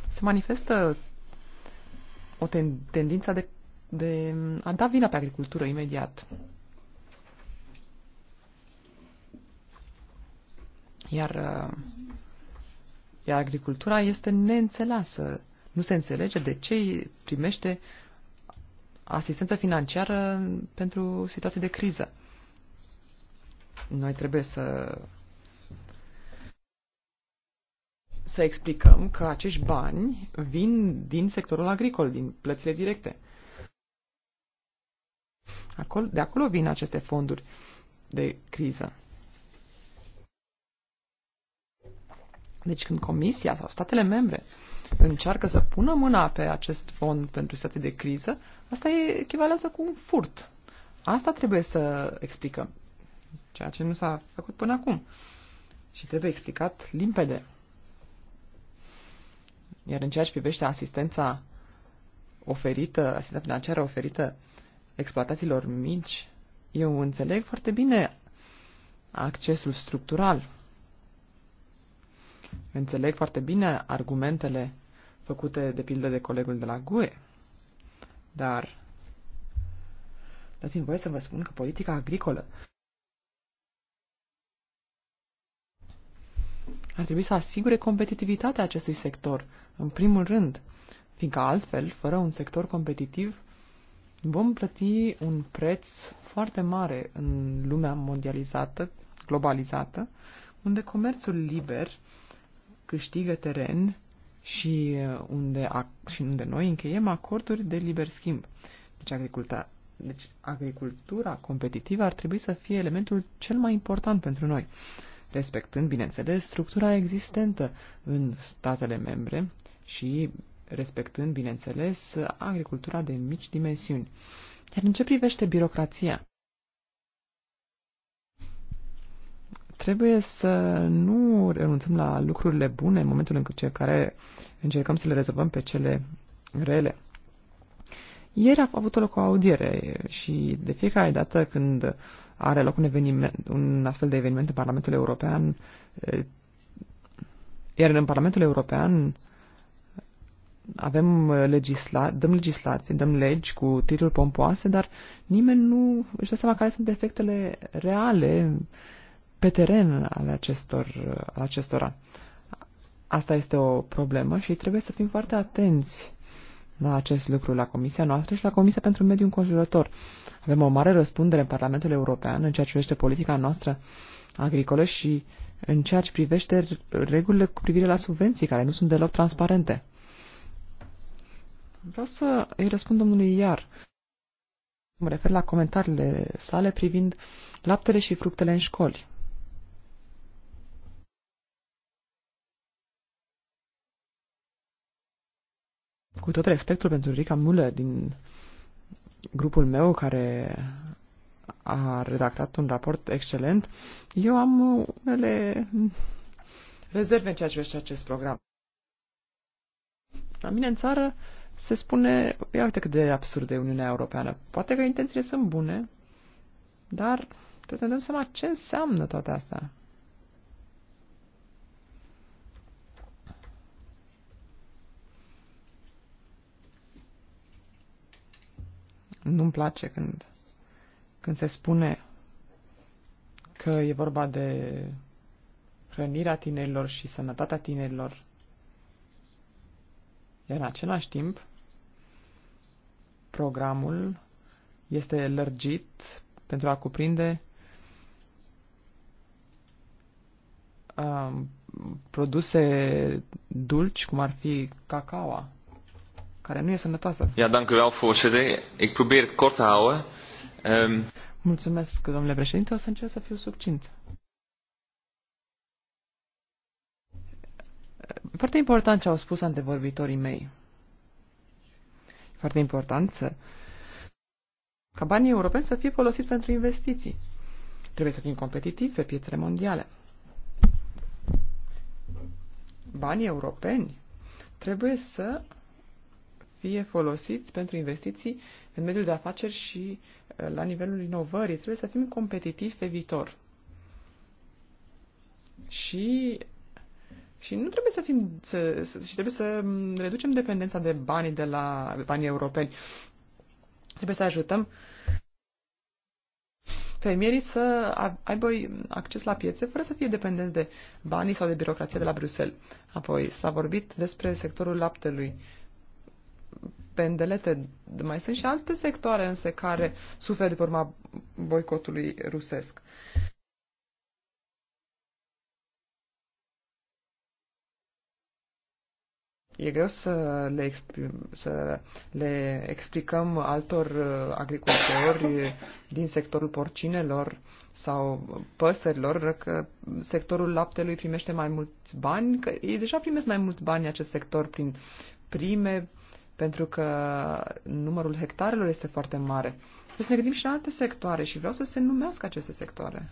se manifestă o ten- tendință de, de a da vina pe agricultură imediat. Iar, uh, iar agricultura este neînțeleasă nu se înțelege de ce primește asistență financiară pentru situații de criză. Noi trebuie să să explicăm că acești bani vin din sectorul agricol, din plățile directe. Acolo, de acolo vin aceste fonduri de criză. Deci când Comisia sau statele membre încearcă să pună mâna pe acest fond pentru situații de criză, asta e echivalează cu un furt. Asta trebuie să explicăm, ceea ce nu s-a făcut până acum. Și trebuie explicat limpede. Iar în ceea ce privește asistența oferită, asistența financiară oferită exploatațiilor mici, eu înțeleg foarte bine accesul structural Înțeleg foarte bine argumentele făcute, de pildă, de colegul de la GUE, dar dați-mi voie să vă spun că politica agricolă ar trebui să asigure competitivitatea acestui sector, în primul rând, fiindcă altfel, fără un sector competitiv, vom plăti un preț foarte mare în lumea mondializată, globalizată, unde comerțul liber câștigă teren și uh, unde, și unde noi încheiem acorduri de liber schimb. Deci, agricultura, deci agricultura competitivă ar trebui să fie elementul cel mai important pentru noi, respectând, bineînțeles, structura existentă în statele membre și respectând, bineînțeles, agricultura de mici dimensiuni. Iar în ce privește birocrația? Trebuie să nu renunțăm la lucrurile bune în momentul în care încercăm să le rezolvăm pe cele rele. Ieri a avut loc o audiere și de fiecare dată când are loc un, eveniment, un astfel de eveniment în Parlamentul European, eh, iar în Parlamentul European avem eh, legisla- dăm legislații, dăm legi cu titluri pompoase, dar nimeni nu își dă seama care sunt efectele reale pe teren al acestor, acestora. Asta este o problemă și trebuie să fim foarte atenți la acest lucru la Comisia noastră și la Comisia pentru Mediul Înconjurător. Avem o mare răspundere în Parlamentul European în ceea ce privește politica noastră agricolă și în ceea ce privește regulile cu privire la subvenții, care nu sunt deloc transparente. Vreau să îi răspund domnului Iar. Mă refer la comentariile sale privind laptele și fructele în școli. Cu tot respectul pentru Rica Muller din grupul meu care a redactat un raport excelent, eu am unele rezerve în ceea ce vește acest program. La mine în țară se spune, ia uite cât de absurd e Uniunea Europeană. Poate că intențiile sunt bune, dar trebuie să ne dăm seama ce înseamnă toate astea. nu-mi place când, când se spune că e vorba de hrănirea tinerilor și sănătatea tinerilor. Iar în același timp, programul este lărgit pentru a cuprinde uh, produse dulci, cum ar fi cacaua, care nu e sănătoasă. Ja, dank u wel, voorzitter. Ik probeer het kort te houden. Um... Mulțumesc, domnule președinte. O să încerc să fiu succint. Foarte important ce au spus antevorbitorii mei. Foarte important să, ca banii europeni să fie folosiți pentru investiții. Trebuie să fim competitivi pe piețele mondiale. Banii europeni trebuie să fie folosiți pentru investiții în mediul de afaceri și eh, la nivelul inovării. Trebuie să fim competitivi pe viitor. Și, și nu trebuie să fim să, să, și trebuie să mm, reducem dependența de banii de la de banii europeni. Trebuie să ajutăm fermierii să aibă acces la piețe fără să fie dependenți de banii sau de birocrație de la Bruxelles. Apoi s-a vorbit despre sectorul laptelui pendelete. Mai sunt și alte sectoare însă care suferă de pe urma boicotului rusesc. E greu să le, exprim, să le explicăm altor uh, agricultori din sectorul porcinelor sau păsărilor că sectorul laptelui primește mai mulți bani, că ei deja primesc mai mulți bani acest sector prin prime, pentru că numărul hectarelor este foarte mare. Trebuie să ne gândim și la alte sectoare și vreau să se numească aceste sectoare.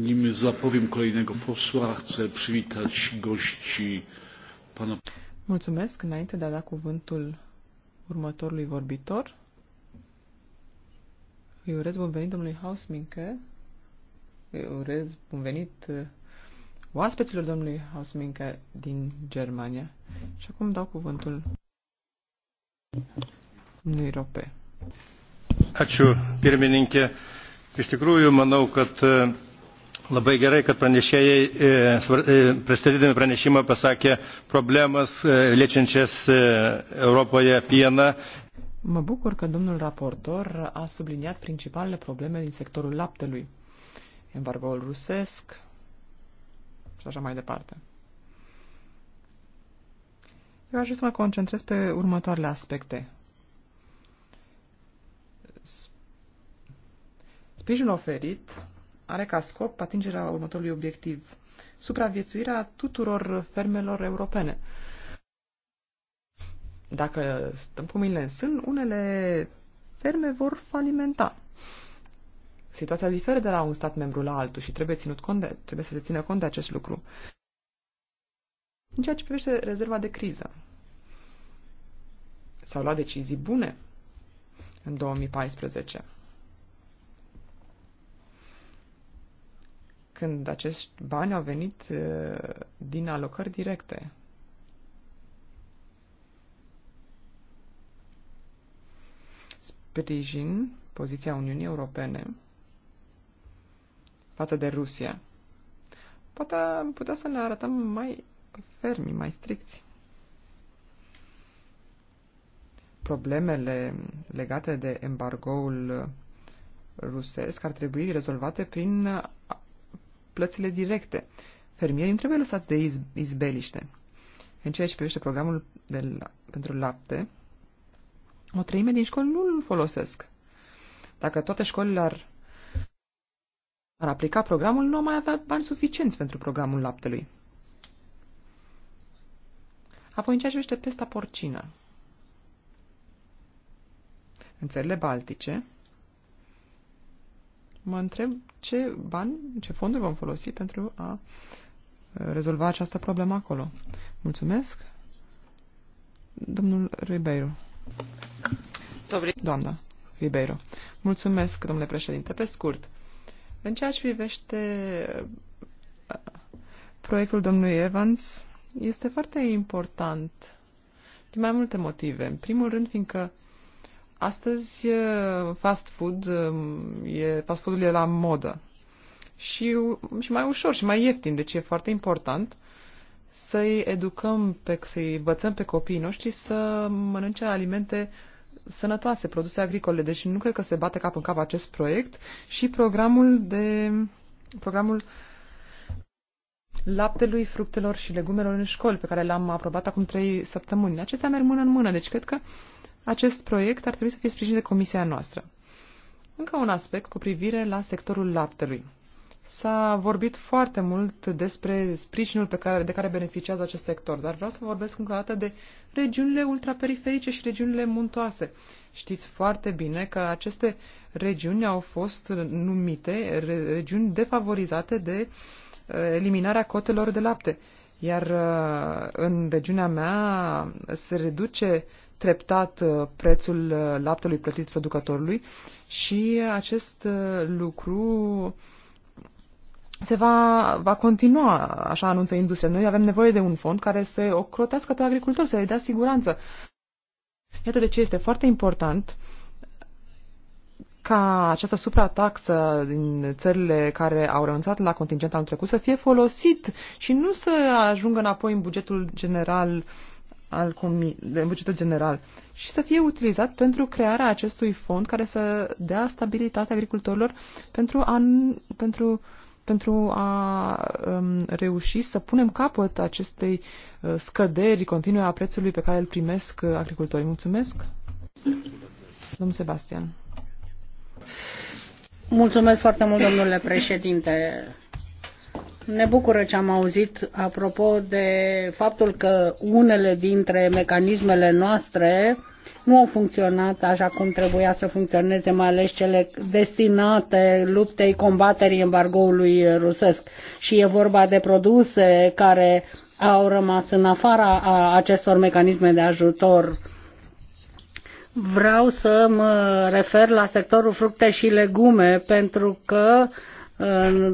Nim zapowiem kolejnego posła, chcę przywitać gości pana. Mulțumesc înainte de a da cuvântul următorului vorbitor. Îi urez bun venit domnului Hausminke, urez bun venit uh, oaspeților domnului Hausminka din Germania. Și acum dau cuvântul domnului Rope. Ačiū, pirmininkė. Iš tikrųjų, manau, kad uh, labai gerai, kad pranešėjai, pristatydami pranešimą, pasakė problemas liečiančias Europoje pieną. Mă bucur că domnul raportor a subliniat principalele probleme din sectorul laptelui embargoul rusesc și așa mai departe. Eu aș vrea să mă concentrez pe următoarele aspecte. Sprijinul oferit are ca scop atingerea următorului obiectiv, supraviețuirea tuturor fermelor europene. Dacă stăm cu mâinile în sân, unele ferme vor falimenta situația diferă de la un stat membru la altul și trebuie, ținut cont de, trebuie să se țină cont de acest lucru. În ceea ce privește rezerva de criză, s-au luat decizii bune în 2014. Când acești bani au venit uh, din alocări directe. Sprijin poziția Uniunii Europene față de Rusia. Poate am putea să ne arătăm mai fermi, mai stricți. Problemele legate de embargoul rusesc ar trebui rezolvate prin plățile directe. Fermierii nu trebuie lăsați de iz- izbeliște. În ceea ce privește programul de la, pentru lapte, o treime din școli nu îl folosesc. Dacă toate școlile ar ar aplica programul, nu mai avea bani suficienți pentru programul laptelui. Apoi, în ceea ce privește pesta porcină, în țările baltice, mă întreb ce bani, ce fonduri vom folosi pentru a uh, rezolva această problemă acolo. Mulțumesc. Domnul Ribeiro. Doamna Ribeiro. Mulțumesc, domnule președinte. Pe scurt, în ceea ce privește uh, proiectul domnului Evans, este foarte important din mai multe motive. În primul rând, fiindcă astăzi uh, fast food, um, e, fast food e la modă și, și mai ușor și mai ieftin, deci e foarte important să-i educăm, pe, să-i învățăm pe copiii noștri să mănânce alimente sănătoase, produse agricole, deci nu cred că se bate cap în cap acest proiect și programul de programul laptelui, fructelor și legumelor în școli, pe care l-am aprobat acum trei săptămâni. Acestea merg mână în mână, deci cred că acest proiect ar trebui să fie sprijinit de comisia noastră. Încă un aspect cu privire la sectorul laptelui. S-a vorbit foarte mult despre sprijinul pe care, de care beneficiază acest sector, dar vreau să vorbesc încă o dată de regiunile ultraperiferice și regiunile muntoase. Știți foarte bine că aceste regiuni au fost numite regiuni defavorizate de uh, eliminarea cotelor de lapte. Iar uh, în regiunea mea se reduce treptat uh, prețul laptelui plătit producătorului și acest lucru se va, va continua, așa anunță industria. Noi avem nevoie de un fond care să ocrotească pe agricultori, să le dea siguranță. Iată de ce este foarte important ca această suprataxă din țările care au renunțat la contingent anul trecut să fie folosit și nu să ajungă înapoi în bugetul general al comi- de bugetul general și să fie utilizat pentru crearea acestui fond care să dea stabilitate agricultorilor pentru an pentru pentru a um, reuși să punem capăt acestei uh, scăderi continue a prețului pe care îl primesc uh, agricultorii. Mulțumesc! Domnul Sebastian. Mulțumesc foarte mult, domnule președinte. Ne bucură ce am auzit apropo de faptul că unele dintre mecanismele noastre nu au funcționat așa cum trebuia să funcționeze, mai ales cele destinate luptei combaterii embargoului rusesc. Și e vorba de produse care au rămas în afara a acestor mecanisme de ajutor. Vreau să mă refer la sectorul fructe și legume, pentru că uh,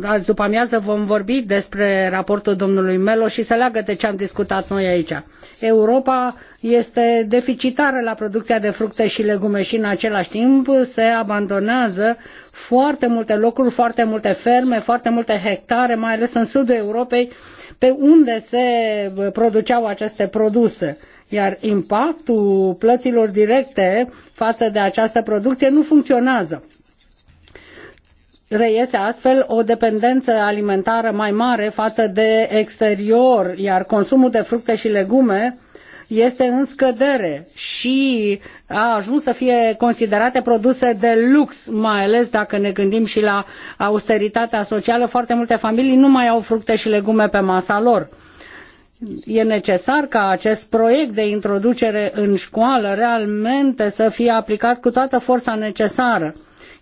azi după amiază vom vorbi despre raportul domnului Melo și se leagă de ce am discutat noi aici. Europa este deficitară la producția de fructe și legume și în același timp se abandonează foarte multe locuri, foarte multe ferme, foarte multe hectare, mai ales în sudul Europei, pe unde se produceau aceste produse. Iar impactul plăților directe față de această producție nu funcționează reiese astfel o dependență alimentară mai mare față de exterior, iar consumul de fructe și legume este în scădere și a ajuns să fie considerate produse de lux, mai ales dacă ne gândim și la austeritatea socială. Foarte multe familii nu mai au fructe și legume pe masa lor. E necesar ca acest proiect de introducere în școală realmente să fie aplicat cu toată forța necesară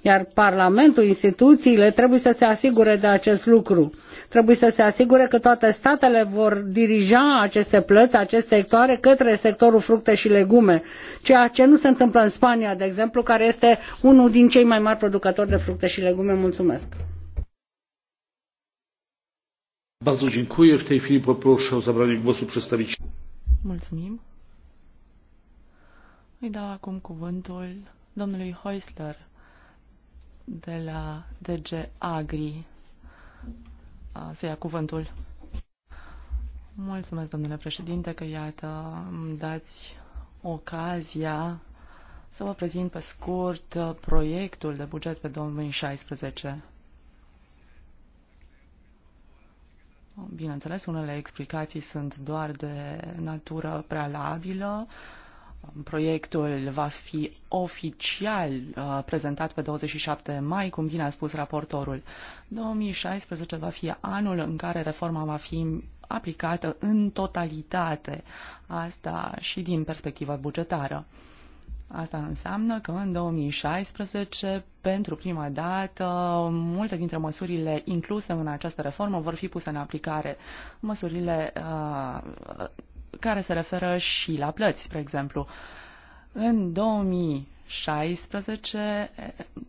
iar Parlamentul, instituțiile trebuie să se asigure de acest lucru. Trebuie să se asigure că toate statele vor dirija aceste plăți, aceste sectoare către sectorul fructe și legume, ceea ce nu se întâmplă în Spania, de exemplu, care este unul din cei mai mari producători de fructe și legume. Mulțumesc! Bardzo dziękuję. W tej chwili poproszę o zabranie głosu przedstawiciela. Mulțumim. Îi dau acum cuvântul domnului Heusler, de la DG Agri să ia cuvântul. Mulțumesc, domnule președinte, că iată îmi dați ocazia să vă prezint pe scurt uh, proiectul de buget pe 2016. Bineînțeles, unele explicații sunt doar de natură prealabilă, uh, Proiectul va fi oficial uh, prezentat pe 27 mai, cum bine a spus raportorul. 2016 va fi anul în care reforma va fi aplicată în totalitate, asta și din perspectivă bugetară. Asta înseamnă că în 2016, pentru prima dată, multe dintre măsurile incluse în această reformă vor fi puse în aplicare. Măsurile uh, care se referă și la plăți, spre exemplu. În 2016,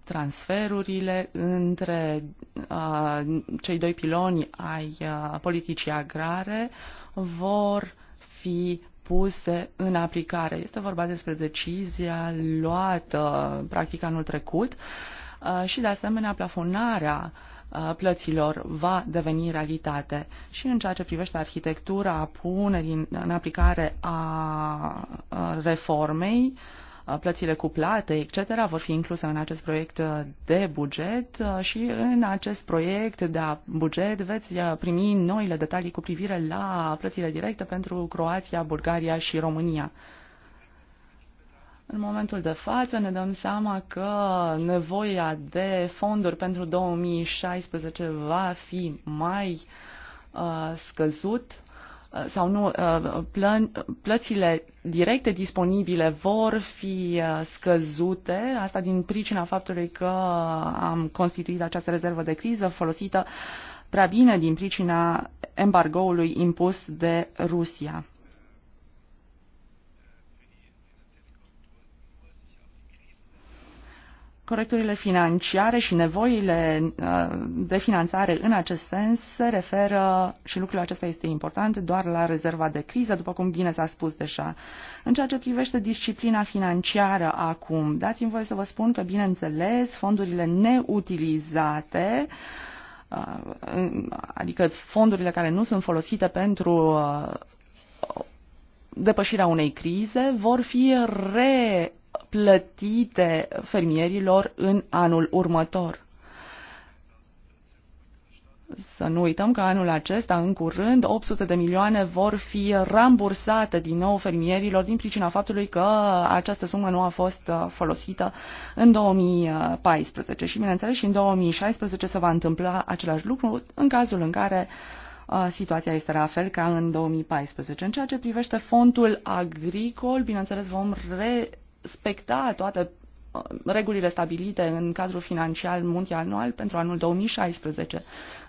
transferurile între uh, cei doi piloni ai uh, politicii agrare vor fi puse în aplicare. Este vorba despre decizia luată practic anul trecut uh, și de asemenea plafonarea uh, plăților va deveni realitate. Și în ceea ce privește arhitectura punerii în aplicare a reformei, plățile cuplate, etc., vor fi incluse în acest proiect de buget și în acest proiect de buget veți primi noile detalii cu privire la plățile directe pentru Croația, Bulgaria și România. În momentul de față ne dăm seama că nevoia de fonduri pentru 2016 va fi mai uh, scăzut uh, sau nu, uh, plă, plățile directe disponibile vor fi uh, scăzute, asta din pricina faptului că am constituit această rezervă de criză folosită prea bine din pricina embargoului impus de Rusia. Corecturile financiare și nevoile uh, de finanțare în acest sens se referă, și lucrul acesta este important, doar la rezerva de criză, după cum bine s-a spus deja. În ceea ce privește disciplina financiară acum, dați-mi voie să vă spun că, bineînțeles, fondurile neutilizate uh, adică fondurile care nu sunt folosite pentru uh, depășirea unei crize vor fi re plătite fermierilor în anul următor. Să nu uităm că anul acesta, în curând, 800 de milioane vor fi rambursate din nou fermierilor din pricina faptului că această sumă nu a fost uh, folosită în 2014 și, bineînțeles, și în 2016 se va întâmpla același lucru în cazul în care uh, situația este la fel ca în 2014. În ceea ce privește fondul agricol, bineînțeles, vom re respecta toate uh, regulile stabilite în cadrul financiar multianual pentru anul 2016.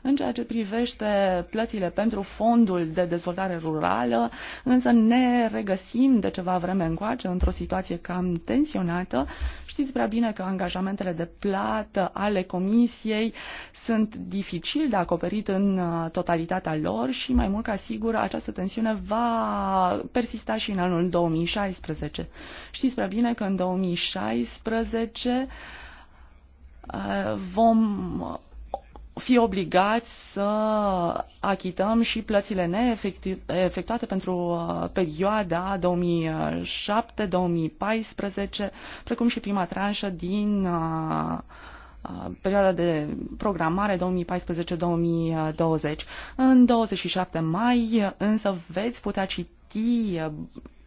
În ceea ce privește plățile pentru fondul de dezvoltare rurală, însă ne regăsim de ceva vreme încoace într-o situație cam tensionată. Știți prea bine că angajamentele de plată ale Comisiei sunt dificil de acoperit în uh, totalitatea lor și mai mult ca sigur această tensiune va persista și în anul 2016. Știți prea bine că în 2016 uh, vom fi obligați să achităm și plățile neefectuate pentru uh, perioada 2007-2014, precum și prima tranșă din uh, uh, perioada de programare 2014-2020. În 27 mai însă veți putea citi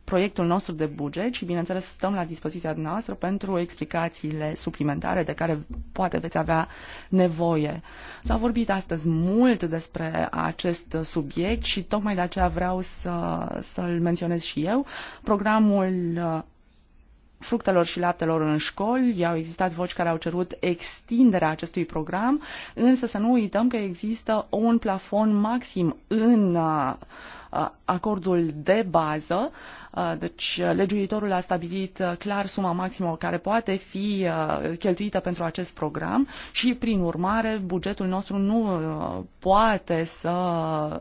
proiectul nostru de buget și, bineînțeles, stăm la dispoziția noastră pentru explicațiile suplimentare de care poate veți avea nevoie. S-a vorbit astăzi mult despre acest subiect și tocmai de aceea vreau să, să-l menționez și eu. Programul uh, fructelor și laptelor în școli. Au existat voci care au cerut extinderea acestui program, însă să nu uităm că există un plafon maxim în uh, Uh, acordul de bază. Uh, deci, uh, legiuitorul a stabilit clar suma maximă care poate fi cheltuită pentru acest program și, prin urmare, bugetul nostru nu poate să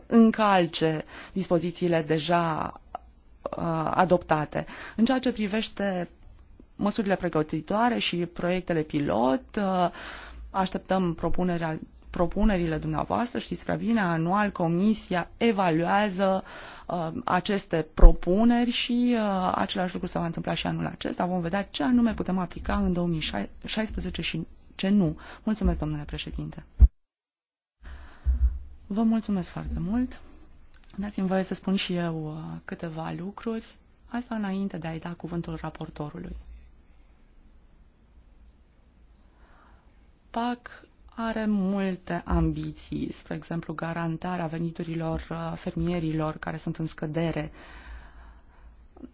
încalce dispozițiile deja adoptate. În ceea ce privește măsurile pregătitoare și proiectele pilot, așteptăm propunerea propunerile dumneavoastră, știți prea bine, anual Comisia evaluează uh, aceste propuneri și uh, același lucru se va întâmpla și anul acesta. Vom vedea ce anume putem aplica în 2016 și ce nu. Mulțumesc, domnule președinte. Vă mulțumesc foarte mult. Dați-mi voie să spun și eu uh, câteva lucruri, asta înainte de a-i da cuvântul raportorului. PAC are multe ambiții, spre exemplu garantarea veniturilor uh, fermierilor care sunt în scădere,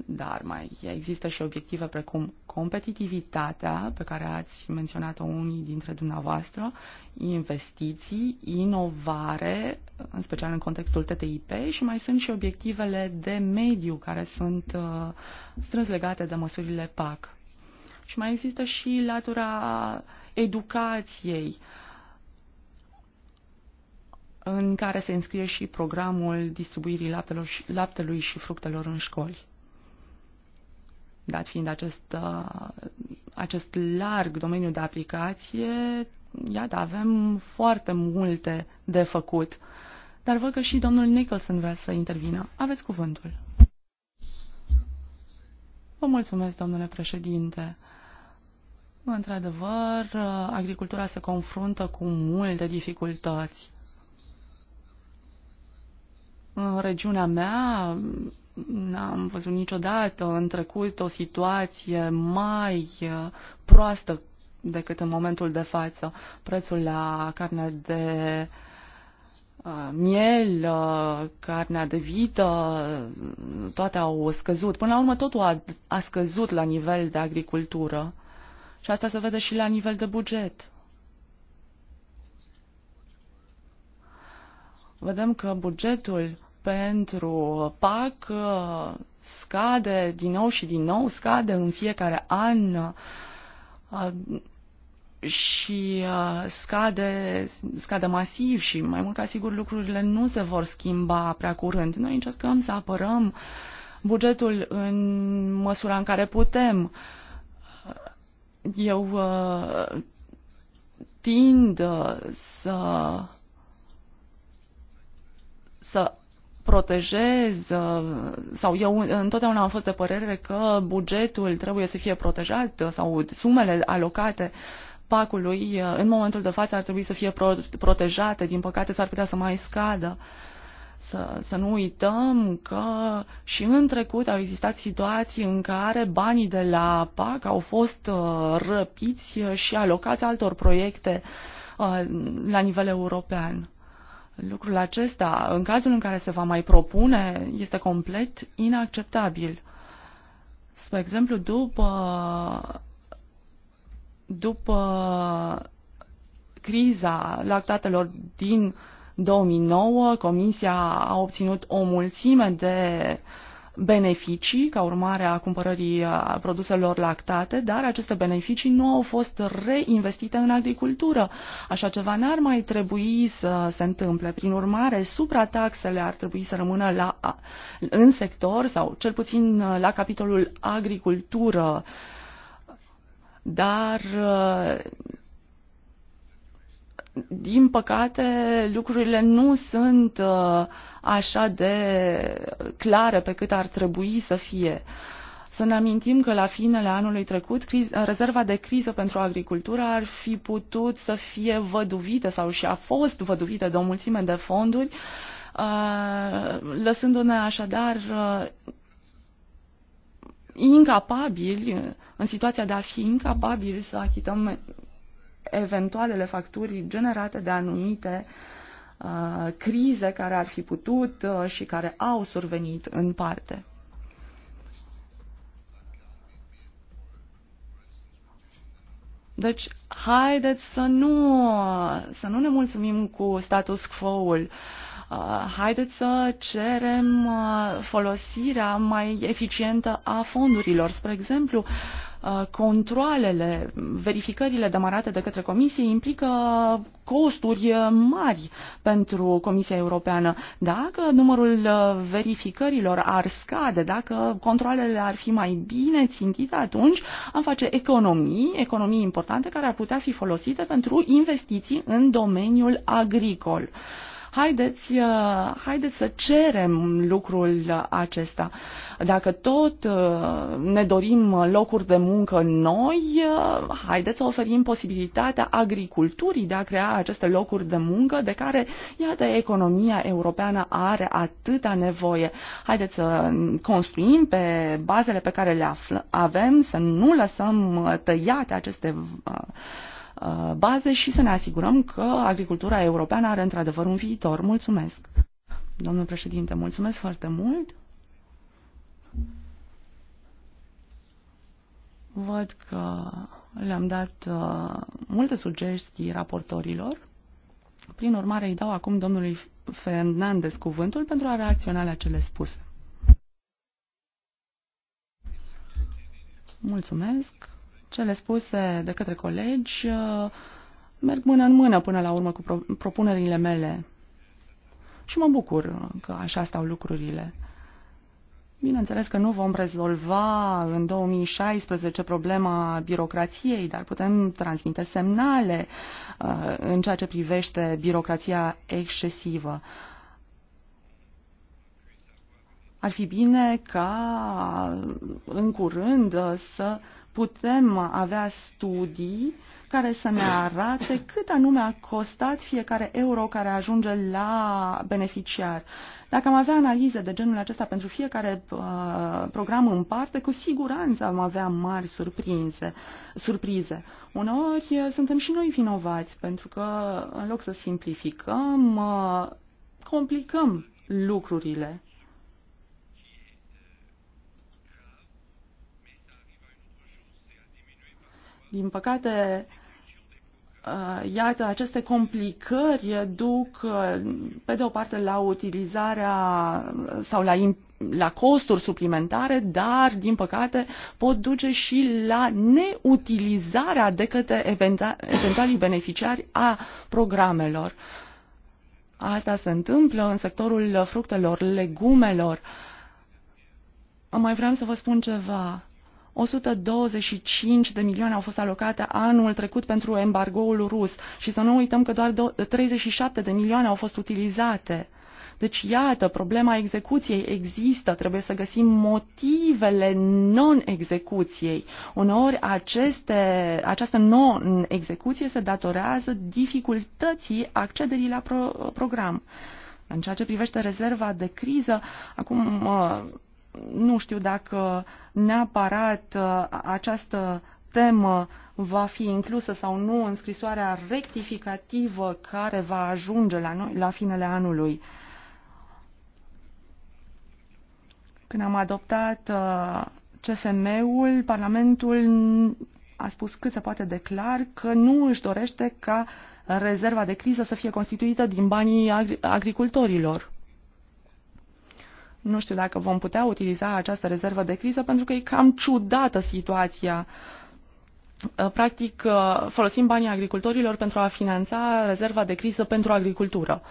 dar mai există și obiective precum competitivitatea, pe care ați menționat-o unii dintre dumneavoastră, investiții, inovare, în special în contextul TTIP, și mai sunt și obiectivele de mediu care sunt uh, strâns legate de măsurile PAC. Și mai există și latura educației, uh, în care se înscrie și programul distribuirii laptelor și, laptelui și fructelor în școli. Dat fiind acest, uh, acest larg domeniu de aplicație, iată, avem foarte multe de făcut. Dar văd că și domnul Nicholson vrea să intervină. Aveți cuvântul. Vă mulțumesc, domnule președinte. Într-adevăr, uh, agricultura se confruntă cu multe dificultăți. În regiunea mea n-am văzut niciodată în trecut o situație mai uh, proastă decât în momentul de față. Prețul la carne de uh, miel, uh, carnea de vită, toate au scăzut. Până la urmă totul a, a scăzut la nivel de agricultură. Și asta se vede și la nivel de buget. Vedem că bugetul pentru PAC scade din nou și din nou, scade în fiecare an uh, și uh, scade, scade masiv și mai mult ca sigur lucrurile nu se vor schimba prea curând. Noi încercăm să apărăm bugetul în măsura în care putem. Eu uh, tind să să protejez uh, sau eu uh, întotdeauna am fost de părere că bugetul trebuie să fie protejat uh, sau sumele alocate pacului în momentul de față ar trebui să fie pro- protejate. Din păcate s-ar putea să mai scadă. Să, să nu uităm că și în trecut au existat situații în care banii de la PAC au fost răpiți și alocați altor proiecte la nivel european. Lucrul acesta, în cazul în care se va mai propune, este complet inacceptabil. Spre exemplu, după, după criza lactatelor din 2009, Comisia a obținut o mulțime de uh, beneficii ca urmare a cumpărării produselor lactate, dar aceste beneficii nu au fost reinvestite în agricultură. Așa ceva n-ar mai trebui să se întâmple. Prin urmare, suprataxele ar trebui să rămână la, în sector sau cel puțin la capitolul agricultură. Dar din păcate, lucrurile nu sunt uh, așa de clare pe cât ar trebui să fie. Să ne amintim că la finele anului trecut, rezerva de criză pentru agricultură ar fi putut să fie văduvită sau și a fost văduvită de o mulțime de fonduri, uh, lăsându-ne așadar uh, incapabili, în situația de a fi incapabili să achităm eventualele facturi generate de anumite uh, crize care ar fi putut uh, și care au survenit în parte. Deci, haideți să nu, să nu ne mulțumim cu status quo-ul. Uh, haideți să cerem uh, folosirea mai eficientă a fondurilor. Spre exemplu, Uh, controlele, verificările demarate de către Comisie implică costuri uh, mari pentru Comisia Europeană. Dacă numărul uh, verificărilor ar scade, dacă controlele ar fi mai bine țintite, atunci am face economii, economii importante care ar putea fi folosite pentru investiții în domeniul agricol. Uh, Haideți, uh, haideți să cerem lucrul acesta. Dacă tot uh, ne dorim locuri de muncă noi, uh, haideți să oferim posibilitatea agriculturii de a crea aceste locuri de muncă de care, iată, economia europeană are atâta nevoie. Haideți să construim pe bazele pe care le avem, să nu lăsăm tăiate aceste Uh, baze și să ne asigurăm că agricultura europeană are într-adevăr un viitor. Mulțumesc! Domnul președinte, mulțumesc foarte mult! Văd că le-am dat uh, multe sugestii raportorilor. Prin urmare, îi dau acum domnului Fernandez cuvântul pentru a reacționa la cele spuse. Mulțumesc. Cele spuse de către colegi uh, merg mână în mână până la urmă cu propunerile mele. Și mă bucur că așa stau lucrurile. Bineînțeles că nu vom rezolva în 2016 problema birocrației, dar putem transmite semnale uh, în ceea ce privește birocrația excesivă. Ar fi bine ca în curând să putem avea studii care să ne arate cât anume a costat fiecare euro care ajunge la beneficiar. Dacă am avea analize de genul acesta pentru fiecare uh, program în parte, cu siguranță am avea mari surprinze, surprize. Uneori uh, suntem și noi vinovați, pentru că în loc să simplificăm, uh, complicăm lucrurile. Din păcate, uh, iată, aceste complicări duc, uh, pe de o parte, la utilizarea sau la, la costuri suplimentare, dar, din păcate, pot duce și la neutilizarea de către eventualii beneficiari a programelor. Asta se întâmplă în sectorul fructelor, legumelor. Mai vreau să vă spun ceva. 125 de milioane au fost alocate anul trecut pentru embargoul rus și să nu uităm că doar 37 de milioane au fost utilizate. Deci, iată, problema execuției există, trebuie să găsim motivele non-execuției. Uneori, aceste, această non-execuție se datorează dificultății accederii la pro- program. În ceea ce privește rezerva de criză, acum nu știu dacă neapărat uh, această temă va fi inclusă sau nu în scrisoarea rectificativă care va ajunge la noi la finele anului. Când am adoptat uh, CFM-ul, Parlamentul a spus cât se poate de clar că nu își dorește ca rezerva de criză să fie constituită din banii agricultorilor. Nu știu dacă vom putea utiliza această rezervă de criză pentru că e cam ciudată situația. Uh, practic, uh, folosim banii agricultorilor pentru a finanța rezerva de criză pentru agricultură.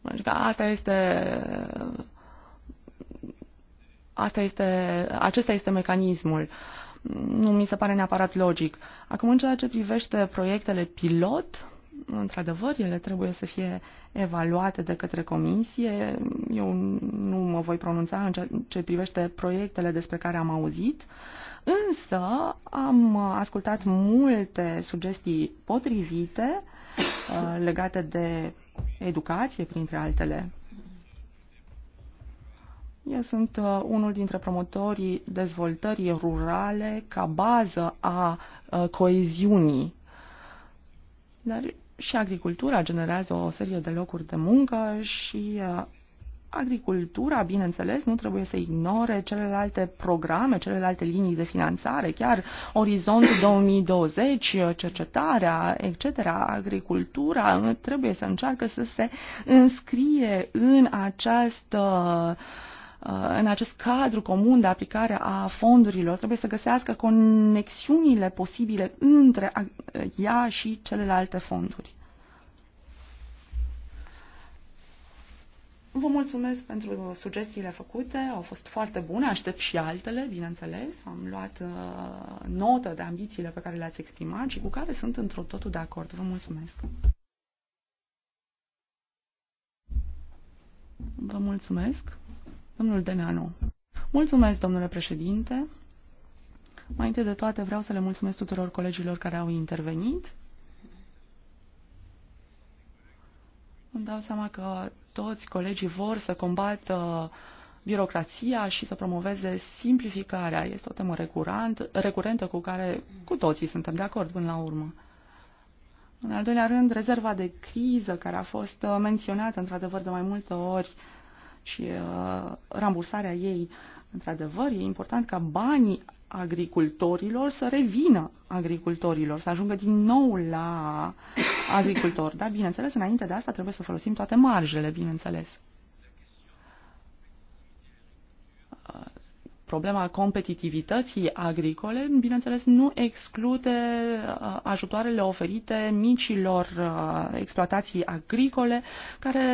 Deci da, asta este asta este, acesta este mecanismul. Nu mi se pare neapărat logic. Acum, în ceea ce privește proiectele pilot, Într-adevăr, ele trebuie să fie evaluate de către comisie. Eu nu mă voi pronunța în ce privește proiectele despre care am auzit, însă am ascultat multe sugestii potrivite uh, legate de educație, printre altele. Eu sunt uh, unul dintre promotorii dezvoltării rurale ca bază a uh, coeziunii. Dar și agricultura generează o serie de locuri de muncă și uh, agricultura, bineînțeles, nu trebuie să ignore celelalte programe, celelalte linii de finanțare, chiar Orizontul 2020, uh, cercetarea, etc. Agricultura uh, trebuie să încearcă să se înscrie în această uh, Uh, în acest cadru comun de aplicare a fondurilor trebuie să găsească conexiunile posibile între ea și celelalte fonduri. Vă mulțumesc pentru sugestiile făcute, au fost foarte bune, aștept și altele, bineînțeles. Am luat uh, notă de ambițiile pe care le-ați exprimat și cu care sunt într-o totul de acord. Vă mulțumesc. Vă mulțumesc. Domnul Deneanu. Mulțumesc, domnule președinte. Mai întâi de toate vreau să le mulțumesc tuturor colegilor care au intervenit. Îmi dau seama că toți colegii vor să combată uh, birocrația și să promoveze simplificarea. Este o temă recurent, recurentă cu care cu toții suntem de acord până la urmă. În al doilea rând, rezerva de criză care a fost uh, menționată într-adevăr de mai multe ori uh, și deci, uh, rambursarea ei. Într-adevăr, e important ca banii agricultorilor să revină agricultorilor, să ajungă din nou la agricultor. Dar, bineînțeles, înainte de asta trebuie să folosim toate marjele, bineînțeles. problema competitivității agricole, bineînțeles, nu exclude uh, ajutoarele oferite micilor uh, exploatații agricole care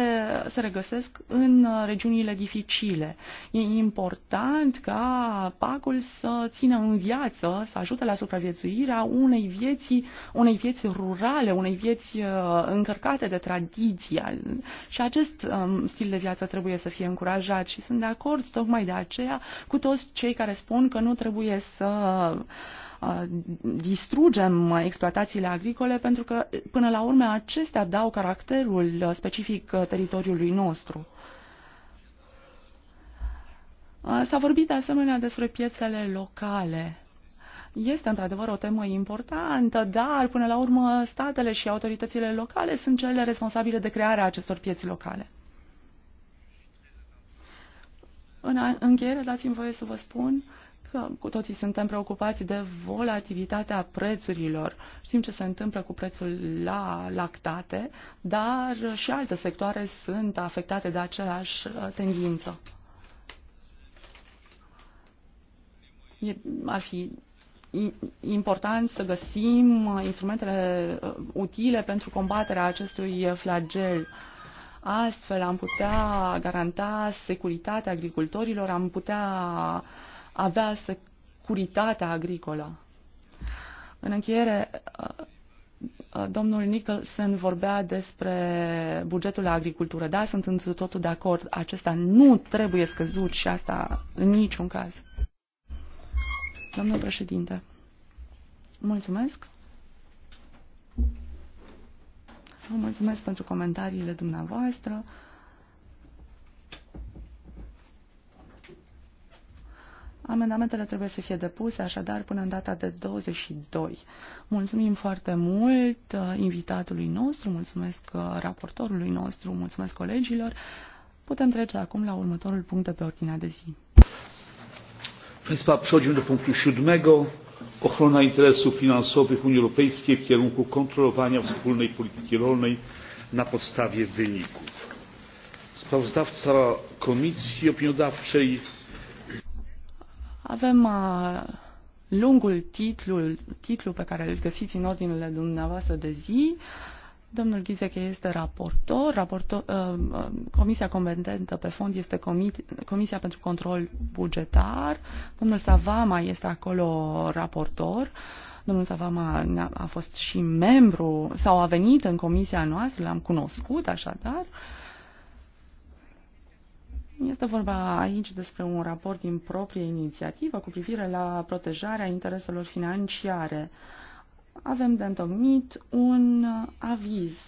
se regăsesc în uh, regiunile dificile. E important ca pacul să țină în viață, să ajute la supraviețuirea unei vieți, unei vieți rurale, unei vieți încărcate de tradiție. Și acest um, stil de viață trebuie să fie încurajat și sunt de acord tocmai de aceea cu toți fost cei care spun că nu trebuie să uh, distrugem exploatațiile agricole pentru că, până la urmă, acestea dau caracterul uh, specific uh, teritoriului nostru. S-a vorbit de asemenea despre piețele locale. Este într-adevăr o temă importantă, dar până la urmă statele și autoritățile locale sunt cele responsabile de crearea acestor pieți locale. În încheiere, dați-mi voie să vă spun că cu toții suntem preocupați de volatilitatea prețurilor. Știm ce se întâmplă cu prețul la lactate, dar și alte sectoare sunt afectate de aceeași uh, tendință. E, ar fi important să găsim uh, instrumentele uh, utile pentru combaterea acestui flagel uh, Astfel am putea garanta securitatea agricultorilor, am putea avea securitatea agricolă. În încheiere, uh, domnul Nicholson vorbea despre bugetul la agricultură. Da, sunt întru totul de acord. Acesta nu trebuie scăzut și asta în niciun caz. Domnul președinte, mulțumesc. Vă mulțumesc pentru comentariile dumneavoastră. Amendamentele trebuie să fie depuse, așadar, până în data de 22. Mulțumim foarte mult uh, invitatului nostru, mulțumesc uh, raportorului nostru, mulțumesc colegilor. Putem trece acum la următorul punct de pe ordinea de zi. Państwa, przechodzimy do punktu siódmego ochrona interesów finansowych unii europejskiej w kierunku kontrolowania wspólnej polityki rolnej na podstawie wyników. sprawozdawca komisji opiniodawczej avem lungul titlu, titlu pe care îl găsiți în ordinele dumneavoastră de zi Domnul Ghizeche este raportor, raportor uh, uh, comisia competentă pe fond este comi- Comisia pentru Control Bugetar, domnul Savama este acolo raportor, domnul Savama a, a fost și membru sau a venit în comisia noastră, l-am cunoscut așadar. Este vorba aici despre un raport din proprie inițiativă cu privire la protejarea intereselor financiare. Uh, avem de întocmit un aviz.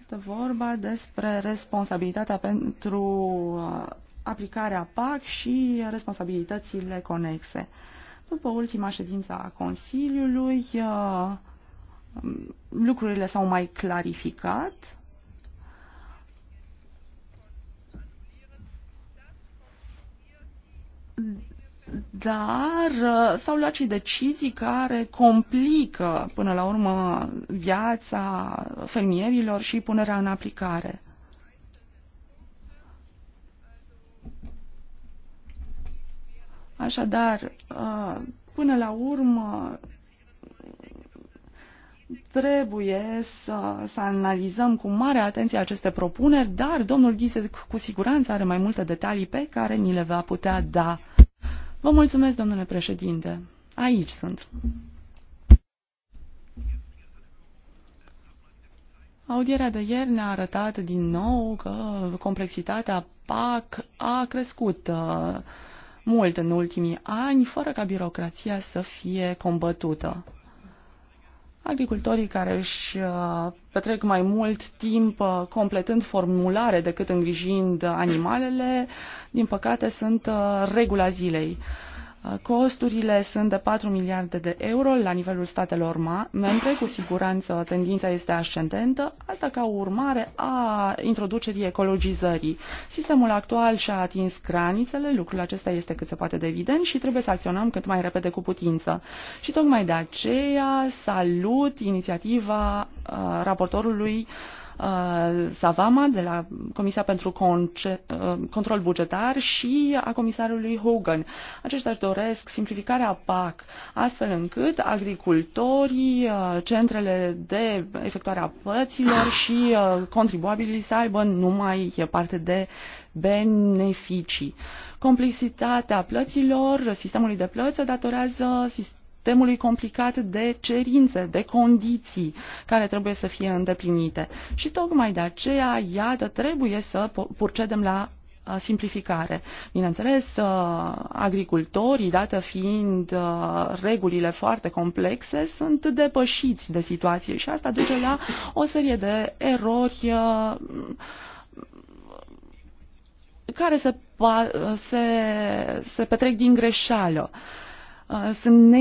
Este vorba despre responsabilitatea pentru uh, aplicarea PAC și responsabilitățile conexe. După ultima ședință a Consiliului, uh, lucrurile s-au mai clarificat dar uh, s-au luat și decizii care complică până la urmă viața fermierilor și punerea în aplicare. Așadar, uh, până la urmă, trebuie să, să analizăm cu mare atenție aceste propuneri, dar domnul Ghise cu siguranță are mai multe detalii pe care ni le va putea da. Vă mulțumesc, domnule președinte. Aici sunt. Audierea de ieri ne-a arătat din nou că complexitatea PAC a crescut uh, mult în ultimii ani, fără ca birocrația să fie combătută. Agricultorii care își uh, petrec mai mult timp uh, completând formulare decât îngrijind animalele, din păcate, sunt uh, regula zilei. Costurile sunt de 4 miliarde de euro la nivelul statelor membre, cu siguranță tendința este ascendentă, asta ca urmare a introducerii ecologizării. Sistemul actual și-a atins granițele, lucrul acesta este cât se poate de evident și trebuie să acționăm cât mai repede cu putință. Și tocmai de aceea salut inițiativa uh, raportorului uh, Uh, Savama de la Comisia pentru uh, Control Bugetar și a comisarului Hogan. Aceștia își doresc simplificarea PAC, astfel încât agricultorii, uh, centrele de efectuare a plăților și contribuabilii să aibă numai parte de beneficii. Complexitatea plăților, sistemului de plăți, datorează sistemului sistemului complicat de cerințe, de condiții care trebuie să fie îndeplinite. Și tocmai de aceea, iată, trebuie să procedem la uh, simplificare. Bineînțeles, uh, agricultorii, dată fiind uh, regulile foarte complexe, sunt depășiți de situație și asta duce la o serie de erori care se, se, se petrec din greșeală. Uh, sunt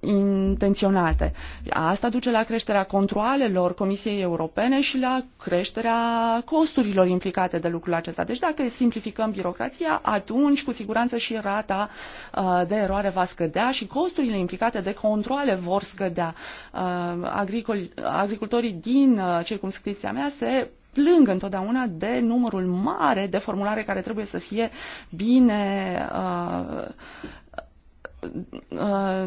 neintenționate. Asta duce la creșterea controalelor Comisiei Europene și la creșterea costurilor implicate de lucrul acesta. Deci dacă simplificăm birocrația, atunci cu siguranță și rata de eroare va scădea și costurile implicate de controle vor scădea. Agricol, agricultorii din circumscripția mea se plâng întotdeauna de numărul mare de formulare care trebuie să fie bine uh, Uh,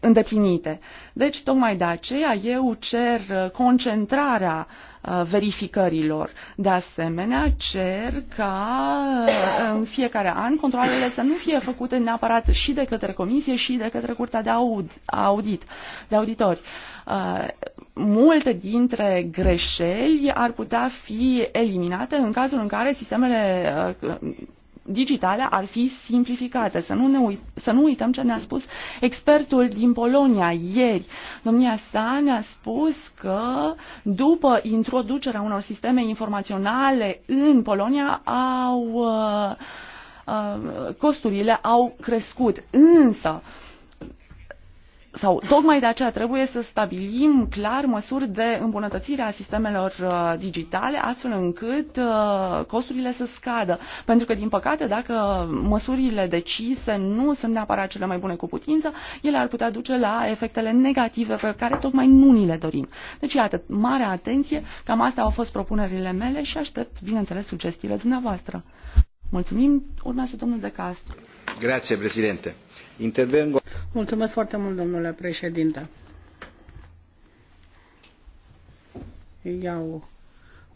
îndeplinite. Deci, tocmai de aceea eu cer uh, concentrarea uh, verificărilor. De asemenea, cer ca în fiecare an controlele să nu fie făcute neapărat și de către comisie și de către curtea de audit, de auditori. Multe dintre greșeli ar putea fi eliminate în cazul în care sistemele digitale ar fi simplificate. Să nu, ne uit, să nu uităm ce ne-a spus expertul din Polonia ieri. Domnia sa ne-a spus că după introducerea unor sisteme informaționale în Polonia au uh, uh, costurile au crescut. Însă, uh, sau tocmai de aceea trebuie să stabilim clar măsuri de îmbunătățire a sistemelor uh, digitale, astfel încât uh, costurile să scadă. Pentru că, din păcate, dacă măsurile decise nu sunt neapărat cele mai bune cu putință, ele ar putea duce la efectele negative pe care tocmai nu ni le dorim. Deci, iată, mare atenție, cam astea au fost propunerile mele și aștept, bineînțeles, sugestiile dumneavoastră. Mulțumim. Urmează domnul De Castro. Grazie, președinte. Intervengo. Mulțumesc foarte mult, domnule președinte. Iau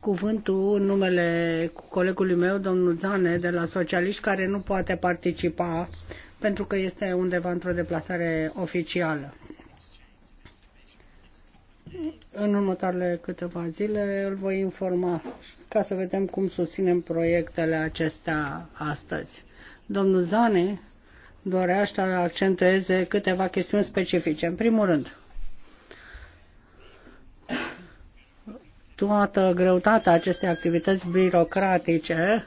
cuvântul în numele colegului meu, domnul Zane, de la Socialiști, care nu poate participa pentru că este undeva într-o deplasare oficială. În următoarele câteva zile îl voi informa ca să vedem cum susținem proiectele acestea astăzi. Domnul Zane dorea să accentueze câteva chestiuni specifice. În primul rând, toată greutatea acestei activități birocratice,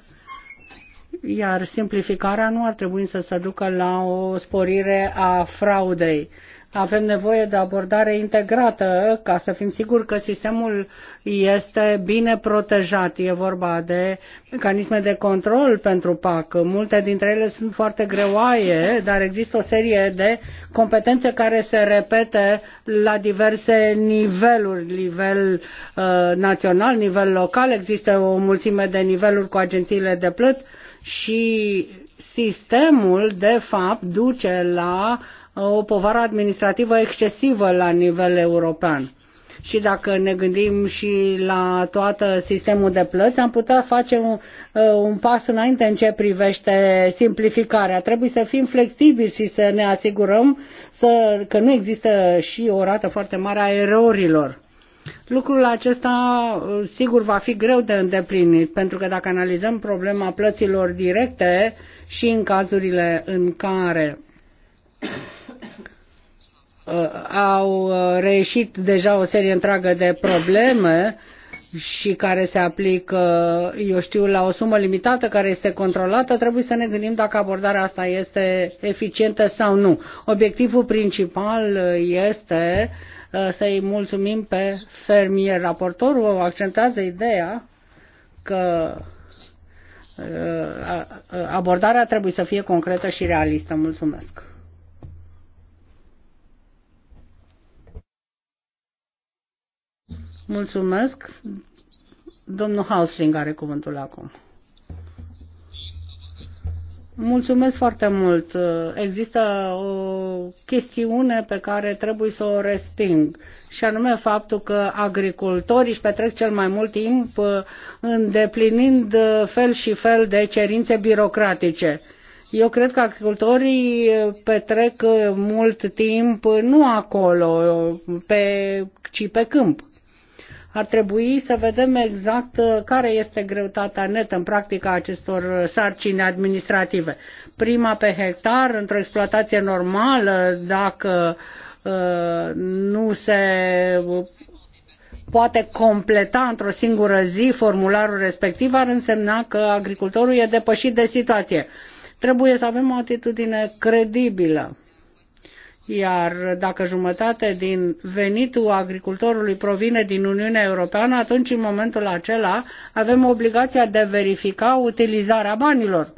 iar simplificarea nu ar trebui să se ducă la o sporire a fraudei avem nevoie de abordare integrată ca să fim siguri că sistemul este bine protejat. E vorba de mecanisme de control pentru PAC. Multe dintre ele sunt foarte greoaie, dar există o serie de competențe care se repete la diverse niveluri, nivel uh, național, nivel local. Există o mulțime de niveluri cu agențiile de plăt și sistemul, de fapt, duce la uh, o povară administrativă excesivă la nivel european. Și dacă ne gândim și la toată sistemul de plăți, am putea face un, uh, un pas înainte în ce privește simplificarea. Trebuie să fim flexibili și să ne asigurăm să, că nu există și o rată foarte mare a erorilor. Lucrul acesta uh, sigur va fi greu de îndeplinit, pentru că dacă analizăm problema plăților directe și în cazurile în care Uh, au uh, reieșit deja o serie întreagă de probleme și care se aplică, eu știu, la o sumă limitată care este controlată, trebuie să ne gândim dacă abordarea asta este eficientă sau nu. Obiectivul principal uh, este să-i mulțumim pe fermier. Raportorul accentează ideea că abordarea trebuie să fie concretă și realistă. Mulțumesc! Mulțumesc. Domnul Hausling are cuvântul acum. Mulțumesc foarte mult. Există o chestiune pe care trebuie să o resping și anume faptul că agricultorii își petrec cel mai mult timp uh, îndeplinind uh, fel și fel de cerințe birocratice. Eu cred că agricultorii uh, petrec mult timp nu acolo, pe, ci pe câmp ar trebui să vedem exact uh, care este greutatea netă în practica acestor uh, sarcini administrative. Prima pe hectar într-o exploatație normală, dacă uh, nu se poate completa într-o singură zi formularul respectiv, ar însemna că agricultorul e depășit de situație. Trebuie să avem o atitudine credibilă iar dacă jumătate din venitul agricultorului provine din Uniunea Europeană, atunci în momentul acela avem obligația de a verifica utilizarea banilor.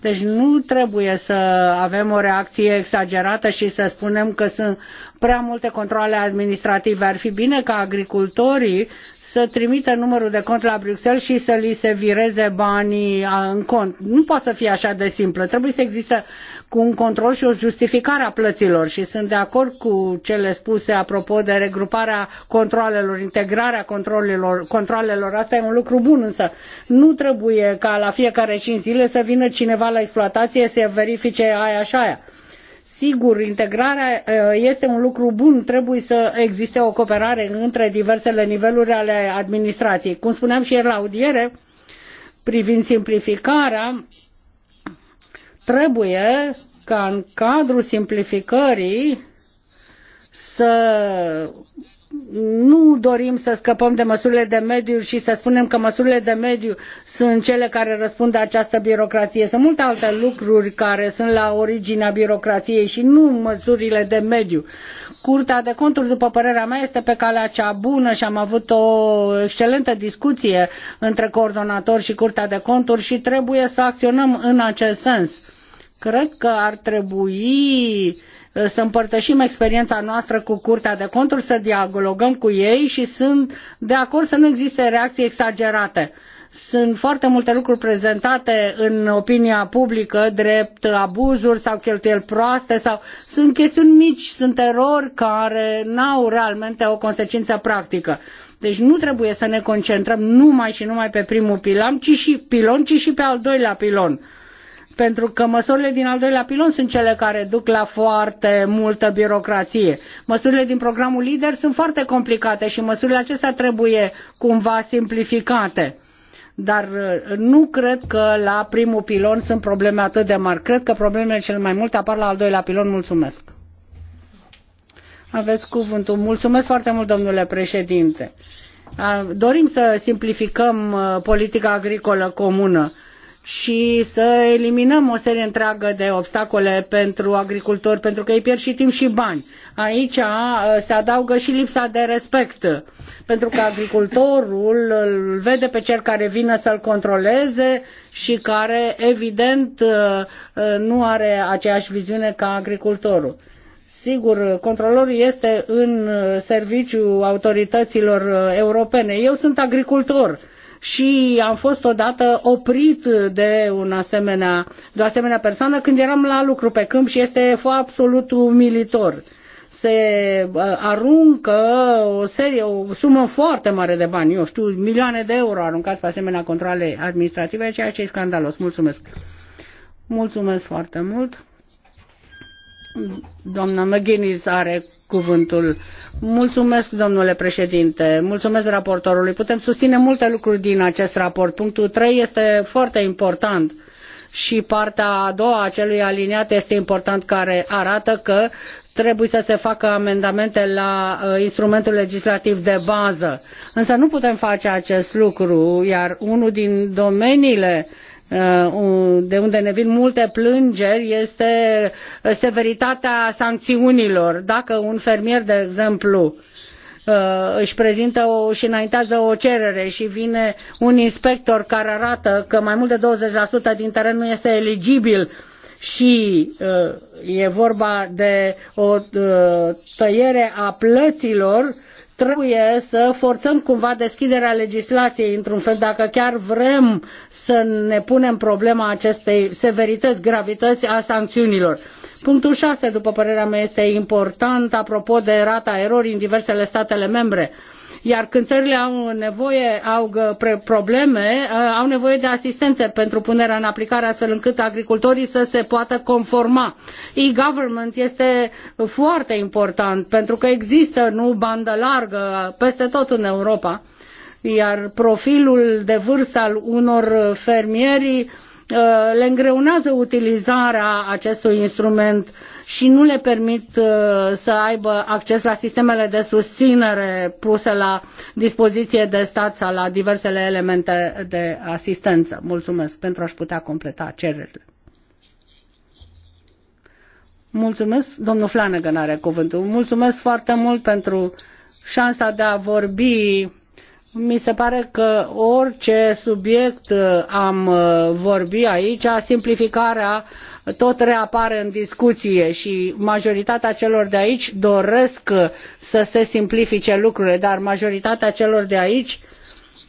Deci nu trebuie să avem o reacție exagerată și să spunem că sunt prea multe controle administrative. Ar fi bine ca agricultorii să trimită numărul de cont la Bruxelles și să li se vireze banii în cont. Nu poate să fie așa de simplu. Trebuie să existe cu un control și o justificare a plăților și sunt de acord cu cele spuse apropo de regruparea controalelor, integrarea controlelor, controlelor. Asta e un lucru bun, însă nu trebuie ca la fiecare cinci zile să vină cineva la exploatație să verifice aia și aia. Sigur, integrarea eh, este un lucru bun, trebuie să existe o cooperare între diversele niveluri ale administrației. Cum spuneam și ieri la audiere, privind simplificarea, Trebuie ca în cadrul simplificării să nu dorim să scăpăm de măsurile de mediu și să spunem că măsurile de mediu sunt cele care răspund de această birocrație. Sunt multe alte lucruri care sunt la originea birocrației și nu măsurile de mediu. Curtea de conturi, după părerea mea, este pe calea cea bună și am avut o excelentă discuție între coordonator și Curtea de conturi și trebuie să acționăm în acest sens Cred că ar trebui uh, să împărtășim experiența noastră cu Curtea de Conturi, să dialogăm cu ei și sunt de acord să nu existe reacții exagerate. Sunt foarte multe lucruri prezentate în opinia publică, drept abuzuri sau cheltuieli proaste sau sunt chestiuni mici, sunt erori care n-au realmente o consecință practică. Deci nu trebuie să ne concentrăm numai și numai pe primul pilon, ci și, pilon, ci și pe al doilea pilon pentru că măsurile din al doilea pilon sunt cele care duc la foarte multă birocrație. Măsurile din programul LIDER sunt foarte complicate și măsurile acestea trebuie cumva simplificate. Dar uh, nu cred că la primul pilon sunt probleme atât de mari. Cred că problemele cel mai mult apar la al doilea pilon. Mulțumesc. Aveți cuvântul. Mulțumesc foarte mult, domnule președinte. Dorim să simplificăm uh, politica agricolă comună și să eliminăm o serie întreagă de obstacole pentru agricultori, pentru că ei pierd și timp și bani. Aici se adaugă și lipsa de respect, pentru că agricultorul îl vede pe cel care vine să-l controleze și care, evident, nu are aceeași viziune ca agricultorul. Sigur, controlorul este în serviciu autorităților europene. Eu sunt agricultor și am fost odată oprit de, un asemenea, de o asemenea persoană când eram la lucru pe câmp și este absolut umilitor. Se uh, aruncă o serie, o sumă foarte mare de bani, eu știu, milioane de euro aruncați pe asemenea controle administrative, ceea ce e scandalos. Mulțumesc! Mulțumesc foarte mult! Doamna McGuinness are cuvântul. Mulțumesc, domnule președinte, mulțumesc raportorului. Putem susține multe lucruri din acest raport. Punctul 3 este foarte important și partea a doua a acelui aliniat este important care arată că trebuie să se facă amendamente la uh, instrumentul legislativ de bază. Însă nu putem face acest lucru, iar unul din domeniile Uh, de unde ne vin multe plângeri este uh, severitatea sancțiunilor. Dacă un fermier, de exemplu, uh, își prezintă o, și înaintează o cerere și vine un inspector care arată că mai mult de 20% din teren nu este eligibil și e vorba de o tăiere a plăților, trebuie să forțăm cumva deschiderea legislației într-un fel, dacă chiar vrem să ne punem problema acestei severități, gravități a sancțiunilor. Punctul 6, după părerea mea, este important apropo de rata erorii în diversele statele membre. Iar când țările au nevoie, au uh, probleme, uh, au nevoie de asistență pentru punerea în aplicare astfel încât agricultorii să se poată conforma. E-government este foarte important pentru că există nu bandă largă uh, peste tot în Europa iar profilul de vârstă al unor fermieri le îngreunează utilizarea acestui instrument uh, și nu le permit uh, să aibă acces la sistemele de susținere puse la dispoziție de stat sau la diversele elemente de asistență. Mulțumesc pentru a-și putea completa cererile. Mulțumesc, domnul Flanagan are cuvântul. Mulțumesc foarte mult pentru șansa de a vorbi. Mi se pare că orice subiect uh, am uh, vorbi aici, simplificarea tot reapare în discuție și majoritatea celor de aici doresc să se simplifice lucrurile, dar majoritatea celor de aici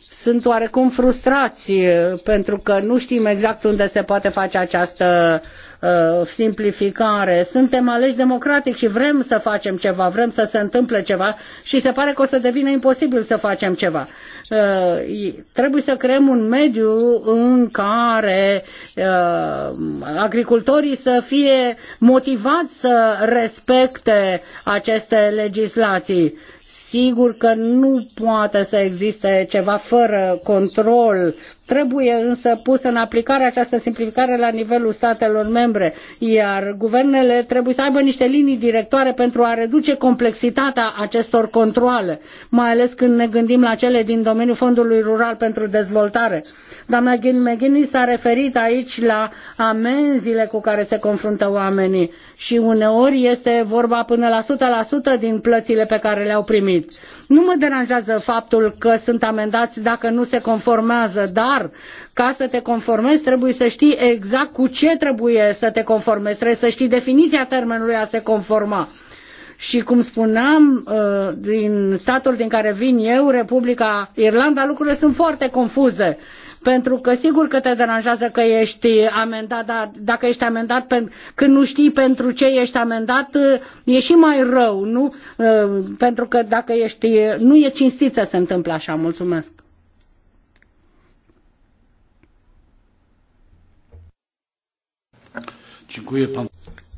sunt oarecum frustrați eh, pentru că nu știm exact unde se poate face această uh, simplificare. Suntem aleși democratic și vrem să facem ceva, vrem să se întâmple ceva și se pare că o să devină imposibil să facem ceva. Uh, trebuie să creăm un mediu în care uh, agricultorii să fie motivați să respecte aceste legislații Sigur că nu poate să existe ceva fără control. Trebuie însă pusă în aplicare această simplificare la nivelul statelor membre, iar guvernele trebuie să aibă niște linii directoare pentru a reduce complexitatea acestor controle, mai ales când ne gândim la cele din domeniul Fondului Rural pentru Dezvoltare. Doamna McGuinness s-a referit aici la amenziile cu care se confruntă oamenii și uneori este vorba până la 100% din plățile pe care le-au primit primit. Nu mă deranjează faptul că sunt amendați dacă nu se conformează, dar ca să te conformezi trebuie să știi exact cu ce trebuie să te conformezi, trebuie să știi definiția termenului a se conforma. Și cum spuneam, uh, din statul din care vin eu, Republica Irlanda, lucrurile sunt foarte confuze pentru că sigur că te deranjează că ești amendat, dar dacă ești amendat când nu știi pentru ce ești amendat, e și mai rău, nu? Uh, pentru că dacă ești, nu e cinstit să se întâmple așa. Mulțumesc.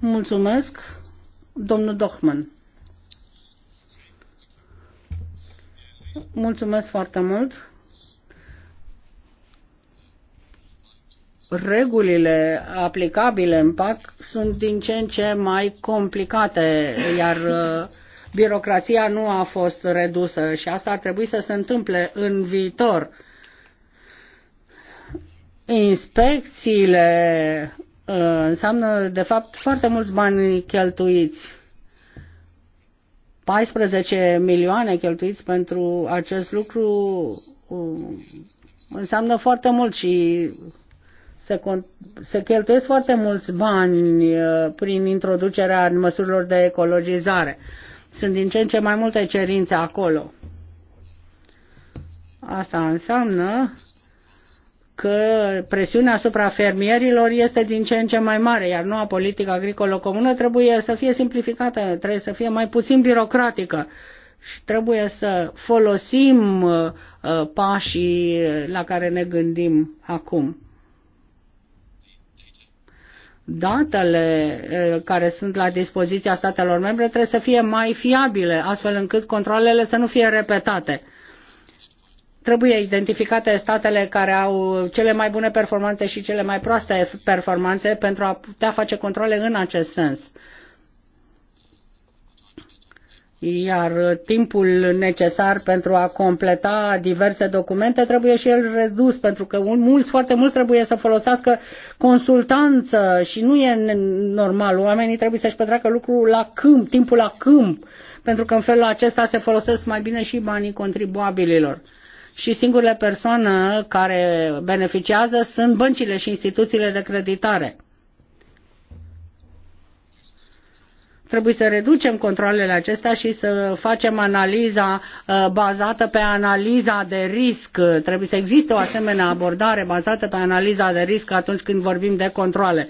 Mulțumesc, domnul Dohman. Mulțumesc foarte mult. regulile aplicabile în PAC sunt din ce în ce mai complicate, iar uh, birocrația nu a fost redusă și asta ar trebui să se întâmple în viitor. Inspecțiile uh, înseamnă, de fapt, foarte mulți bani cheltuiți. 14 milioane cheltuiți pentru acest lucru uh, înseamnă foarte mult și se, se cheltuiesc foarte mulți bani uh, prin introducerea măsurilor de ecologizare. Sunt din ce în ce mai multe cerințe acolo. Asta înseamnă că presiunea asupra fermierilor este din ce în ce mai mare, iar noua politică agricolă comună trebuie să fie simplificată, trebuie să fie mai puțin birocratică și trebuie să folosim uh, uh pașii la care ne gândim acum datele care sunt la dispoziția statelor membre trebuie să fie mai fiabile, astfel încât controlele să nu fie repetate. Trebuie identificate statele care au cele mai bune performanțe și cele mai proaste performanțe pentru a putea face controle în acest sens iar timpul necesar pentru a completa diverse documente trebuie și el redus, pentru că mulți, foarte mulți trebuie să folosească consultanță și nu e normal. Oamenii trebuie să-și petreacă lucrul la câmp, timpul la câmp, pentru că în felul acesta se folosesc mai bine și banii contribuabililor. Și singurele persoane care beneficiază sunt băncile și instituțiile de creditare Trebuie să reducem controlele acestea și să facem analiza uh, bazată pe analiza de risc. Trebuie să existe o asemenea abordare bazată pe analiza de risc atunci când vorbim de controle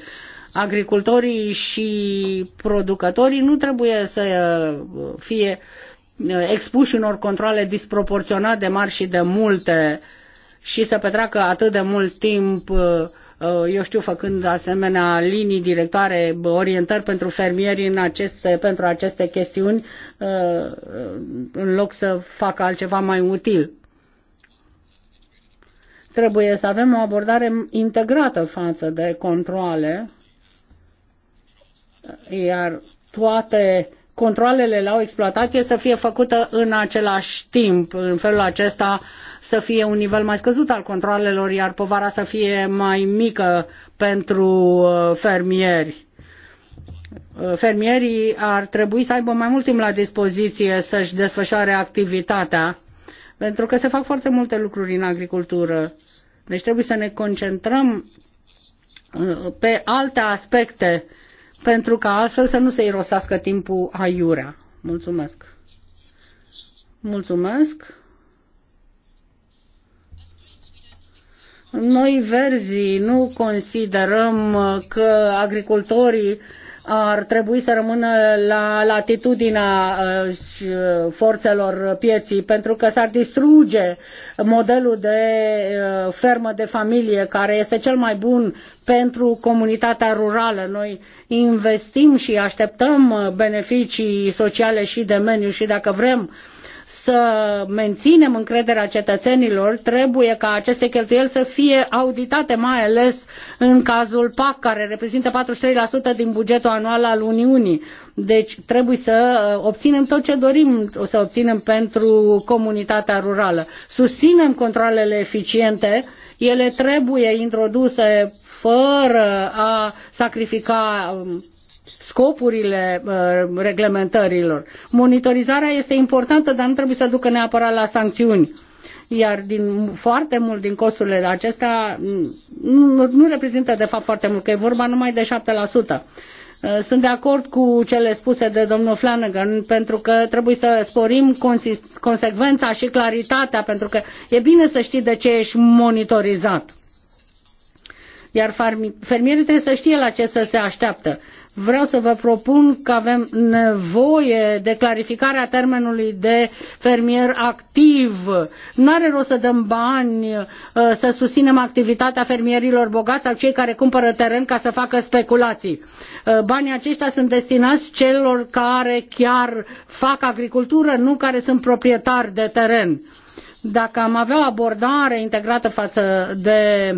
agricultorii și producătorii nu trebuie să uh, fie uh, expuși unor controle disproporționat de mari și de multe și să petreacă atât de mult timp Eh, eu știu, făcând asemenea linii directoare, orientări pentru fermieri în aceste, pentru aceste chestiuni, eh, în loc să facă altceva mai util. Trebuie să avem o abordare integrată față de controle, iar toate controlele la o exploatație să fie făcute în același timp. În felul acesta uh, să fie un nivel mai scăzut al controlelor, iar povara să fie mai mică pentru uh, fermieri. Uh, fermierii ar trebui să aibă mai mult timp la dispoziție să-și desfășoare activitatea, pentru că se fac foarte multe lucruri în agricultură. Deci trebuie să ne concentrăm uh, pe alte aspecte, pentru ca altfel să nu se irosească timpul aiurea. Mulțumesc! Mulțumesc! Noi verzii nu considerăm că agricultorii ar trebui să rămână la latitudinea uh, forțelor pieții, pentru că s-ar distruge modelul de uh, fermă de familie, care este cel mai bun pentru comunitatea rurală. Noi investim și așteptăm uh, beneficii sociale și de meniu și dacă vrem să menținem încrederea cetățenilor, trebuie ca aceste cheltuieli să fie auditate, mai ales în cazul PAC, care reprezintă 43% din bugetul anual al Uniunii. Deci trebuie să uh, obținem tot ce dorim o să obținem pentru comunitatea rurală. Susținem controlele eficiente, ele trebuie introduse fără a sacrifica um, scopurile uh, reglementărilor. Monitorizarea este importantă, dar nu trebuie să ducă neapărat la sancțiuni iar din foarte mult din costurile acestea mm, nu, nu reprezintă de fapt foarte mult, că e vorba numai de 7%. Uh, sunt de acord cu cele spuse de domnul Flanagan, pentru că trebuie să sporim consecvența și claritatea, pentru că e bine să știi de ce ești monitorizat. Iar fermierii trebuie să știe la ce să se așteaptă vreau să vă propun că avem nevoie de clarificarea termenului de fermier activ. Nu are rost să dăm bani uh, să susținem activitatea fermierilor bogați sau cei care cumpără teren ca să facă speculații. Uh, banii aceștia sunt destinați celor care chiar fac agricultură, nu care sunt proprietari de teren dacă am avea o abordare integrată față de,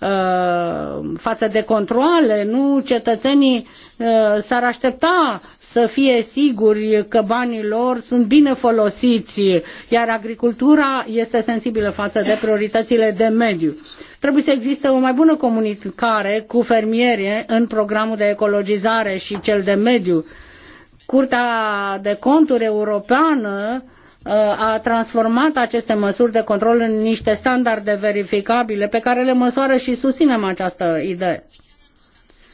uh, față de controle, nu cetățenii uh, s-ar aștepta să fie siguri că banii lor sunt bine folosiți, iar agricultura este sensibilă față de prioritățile de mediu. Trebuie să existe o mai bună comunicare cu fermierii în programul de ecologizare și cel de mediu. Curtea de Conturi Europeană Uh, a transformat aceste măsuri de control în niște standarde verificabile pe care le măsoară și susținem această idee.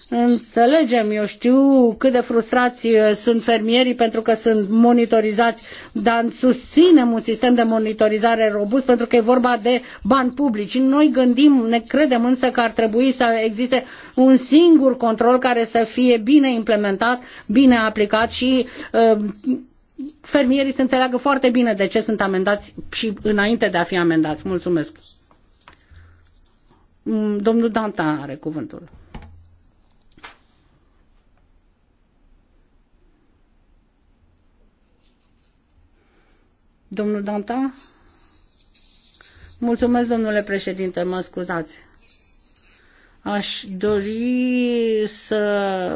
Înțelegem, eu știu cât de frustrați uh, sunt fermierii pentru că sunt monitorizați, dar susținem un sistem de monitorizare robust pentru că e vorba de bani publici. Noi gândim, ne credem însă că ar trebui să existe un singur control care să fie bine implementat, bine aplicat și uh, fermierii să înțeleagă foarte bine de ce sunt amendați și înainte de a fi amendați. Mulțumesc. Mm, domnul Danta are cuvântul. Domnul Danta? Mulțumesc, domnule președinte, mă scuzați. Aș dori să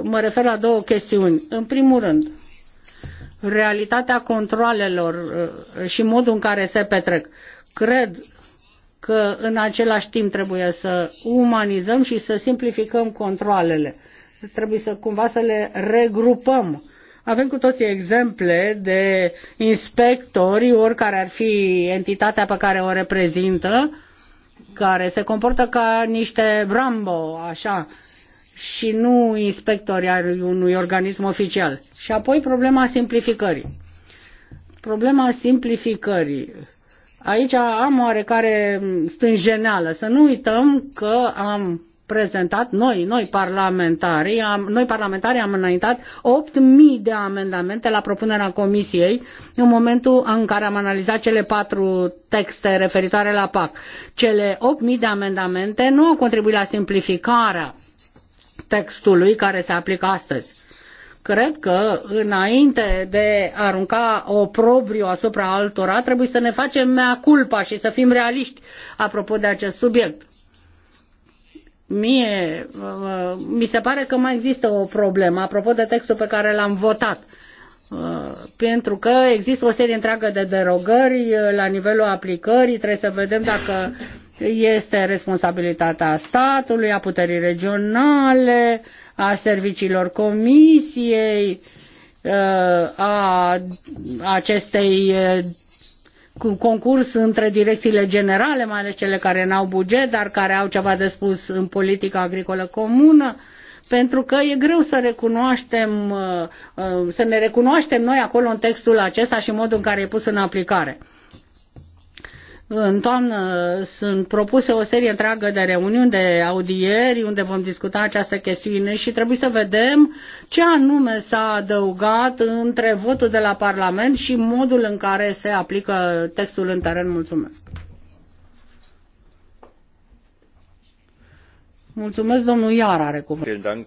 mă refer la două chestiuni. În primul rând, realitatea controlelor uh, și modul în care se petrec. Cred că în același timp trebuie să umanizăm și să simplificăm controlele. Trebuie să cumva să le regrupăm. Avem cu toții exemple de inspectori, oricare ar fi entitatea pe care o reprezintă, care se comportă ca niște Rambo, așa, și nu inspectori ar unui organism oficial. Și apoi problema simplificării. Problema simplificării. Aici am oarecare stânjeneală. Să nu uităm că am prezentat noi, noi parlamentari, am, noi parlamentari am înaintat 8.000 de amendamente la propunerea comisiei în momentul în care am analizat cele patru texte referitoare la PAC. Cele 8.000 de amendamente nu au contribuit la simplificarea textului care se aplică astăzi. Cred că înainte de a arunca oprobriu asupra altora, trebuie să ne facem mea culpa și să fim realiști apropo de acest subiect. Mie, uh, mi se pare că mai există o problemă apropo de textul pe care l-am votat uh, pentru că există o serie întreagă de derogări uh, la nivelul aplicării, trebuie să vedem dacă este responsabilitatea statului, a puterii regionale, a serviciilor comisiei, uh, a acestei uh, concurs între direcțiile generale, mai ales cele care n-au buget, dar care au ceva de spus în politica agricolă comună, pentru că e greu să recunoaștem, uh, să ne recunoaștem noi acolo în textul acesta și modul în care e pus în aplicare. În toamnă sunt propuse o serie întreagă de reuniuni, de audieri, unde vom discuta această chestiune și trebuie să vedem ce anume s-a adăugat între votul de la Parlament și modul în care se aplică textul în teren. Mulțumesc! Mulțumesc, domnul Iar are cuvântul.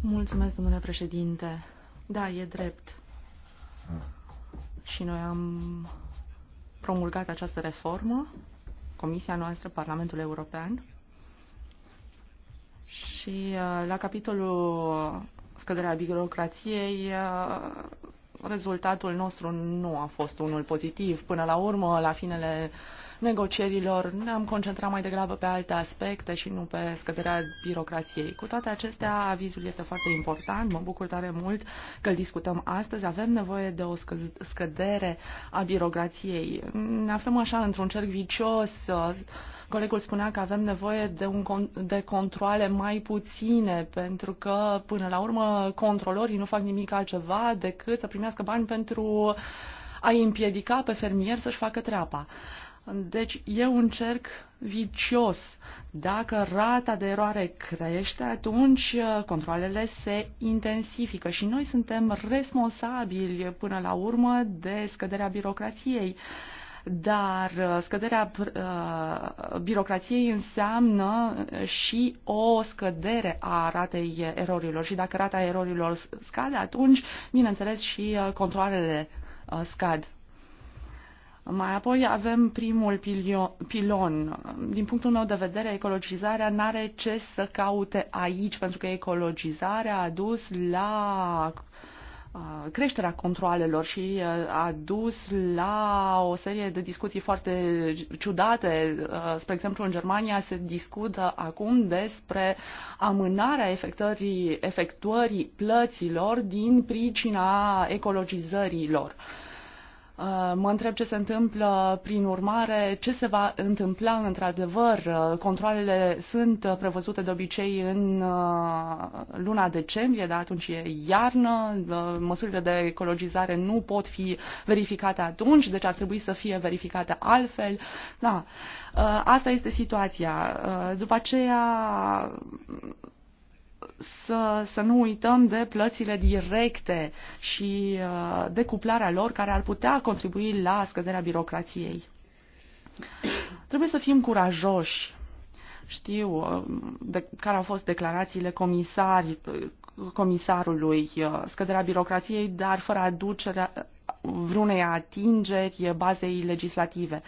Mulțumesc, domnule președinte. Da, e drept. Și noi am promulgat această reformă, Comisia noastră, Parlamentul European, și uh, la capitolul scăderea birocrației, uh, rezultatul nostru nu a fost unul pozitiv. Până la urmă, la finele uh, negocierilor ne-am concentrat mai degrabă pe alte aspecte și nu pe scăderea birocrației. Cu toate acestea, avizul este foarte important. Mă bucur tare mult că îl discutăm astăzi. Avem nevoie de o scădere a birocrației. Ne aflăm așa într-un cerc vicios. Colegul spunea că avem nevoie de, un, de controle mai puține, pentru că, până la urmă, controlorii nu fac nimic altceva decât să primească bani pentru a împiedica pe fermier să-și facă treaba. Deci e un cerc vicios. Dacă rata de eroare crește, atunci uh, controlele se intensifică și noi suntem responsabili până la urmă de scăderea birocrației dar uh, scăderea uh, birocrației înseamnă și o scădere a ratei erorilor și dacă rata erorilor scade, atunci, bineînțeles, și controlele scad. Mai apoi avem primul pilon. Din punctul meu de vedere, ecologizarea nu are ce să caute aici, pentru că ecologizarea a dus la uh, creșterea controalelor și uh, a dus la o serie de discuții foarte ciudate. Uh, spre exemplu, în Germania se discută acum despre amânarea efectării, efectuării plăților din pricina ecologizărilor. Uh, mă întreb ce se întâmplă, prin urmare, ce se va întâmpla într-adevăr. Uh, controlele sunt uh, prevăzute de obicei în luna decembrie, dar atunci e iarnă, măsurile de ecologizare nu pot fi verificate atunci, deci ar trebui să fie verificate altfel. Da, asta este situația. După aceea, să, să nu uităm de plățile directe și uh, decuplarea lor care ar putea contribui la scăderea birocrației. Trebuie să fim curajoși. Știu uh, de, care au fost declarațiile comisari, uh, comisarului, scăderea birocrației, dar fără aducerea vreunei atingeri bazei legislative.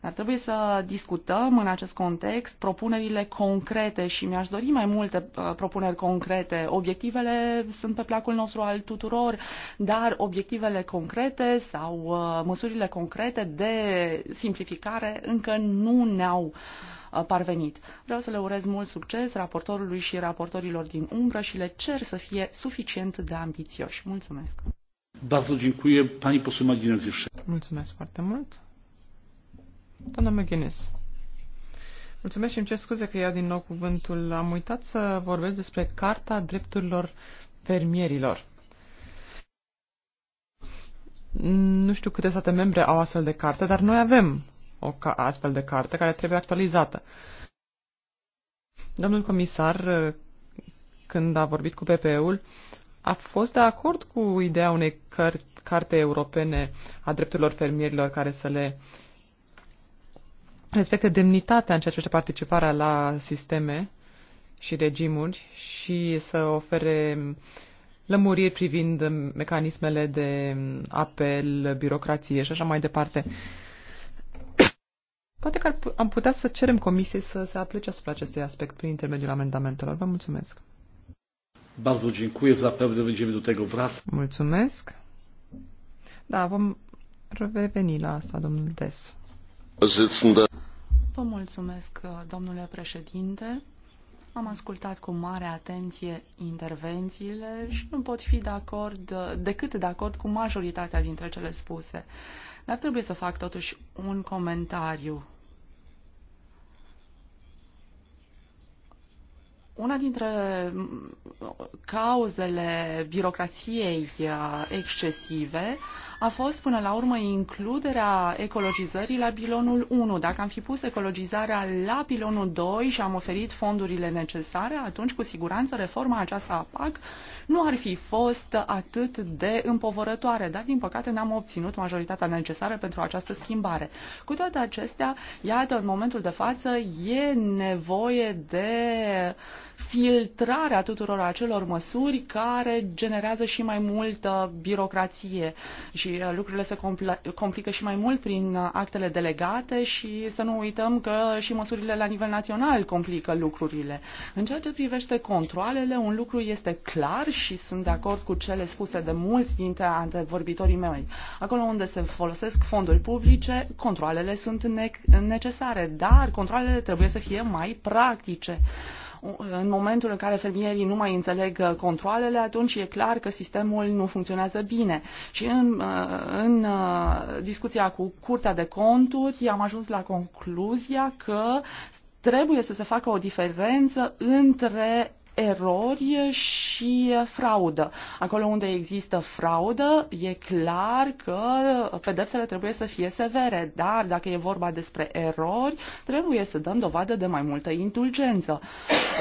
Dar trebuie să discutăm în acest context propunerile concrete și mi-aș dori mai multe uh, propuneri concrete. Obiectivele sunt pe placul nostru al tuturor, dar obiectivele concrete sau uh, măsurile concrete de simplificare încă nu ne-au uh, parvenit. Vreau să le urez mult succes raportorului și raportorilor din umbră și le cer să fie suficient de ambițioși. Mulțumesc! Bardzo dziękuję. Pani poseł jeszcze. Mulțumesc foarte mult. Doamna Maginez. Mulțumesc și îmi cer scuze că ia din nou cuvântul. Am uitat să vorbesc despre Carta Drepturilor Fermierilor. Nu știu câte state membre au astfel de carte, dar noi avem o astfel de carte care trebuie actualizată. Domnul comisar, când a vorbit cu PPE-ul, a fost de acord cu ideea unei căr- carte europene a drepturilor fermierilor care să le respecte demnitatea în ceea ce participarea la sisteme și regimuri și să ofere lămuriri privind mecanismele de apel, birocrație și așa mai departe. *coughs* Poate că am putea să cerem comisiei să se aplece asupra acestui aspect prin intermediul amendamentelor. Vă mulțumesc. Bardzo dziękuję, zapewne będziemy do tego wracać. Mulțumesc. Da, vom reveni la asta, domnul Des. Vă mulțumesc, domnule președinte. Am ascultat cu mare atenție intervențiile și nu pot fi de acord, decât de acord cu majoritatea dintre cele spuse. Dar trebuie să fac totuși un comentariu Una dintre mm, cauzele birocrației uh, excesive a fost până la urmă includerea ecologizării la bilonul 1. Dacă am fi pus ecologizarea la bilonul 2 și am oferit fondurile necesare, atunci cu siguranță reforma aceasta a PAC nu ar fi fost atât de împovărătoare, dar din păcate n-am obținut majoritatea necesară pentru această schimbare. Cu toate acestea, iată, în momentul de față e nevoie de filtrarea tuturor acelor măsuri care generează și mai multă birocrație și și uh, lucrurile se complică și mai mult prin uh, actele delegate și să nu uităm că și măsurile la nivel național complică lucrurile. În ceea ce privește controlele, un lucru este clar și sunt de acord cu cele spuse de mulți dintre antevorbitorii mei. Acolo unde se folosesc fonduri publice, controlele sunt necesare, dar controlele trebuie să fie mai practice. În momentul în care fermierii nu mai înțeleg uh, controlele, atunci e clar că sistemul nu funcționează bine. Și în, uh, în uh, discuția cu Curtea de Conturi am ajuns la concluzia că trebuie să se facă o diferență între erori și fraudă. Acolo unde există fraudă, e clar că pedepsele trebuie să fie severe, dar dacă e vorba despre erori, trebuie să dăm dovadă de mai multă indulgență.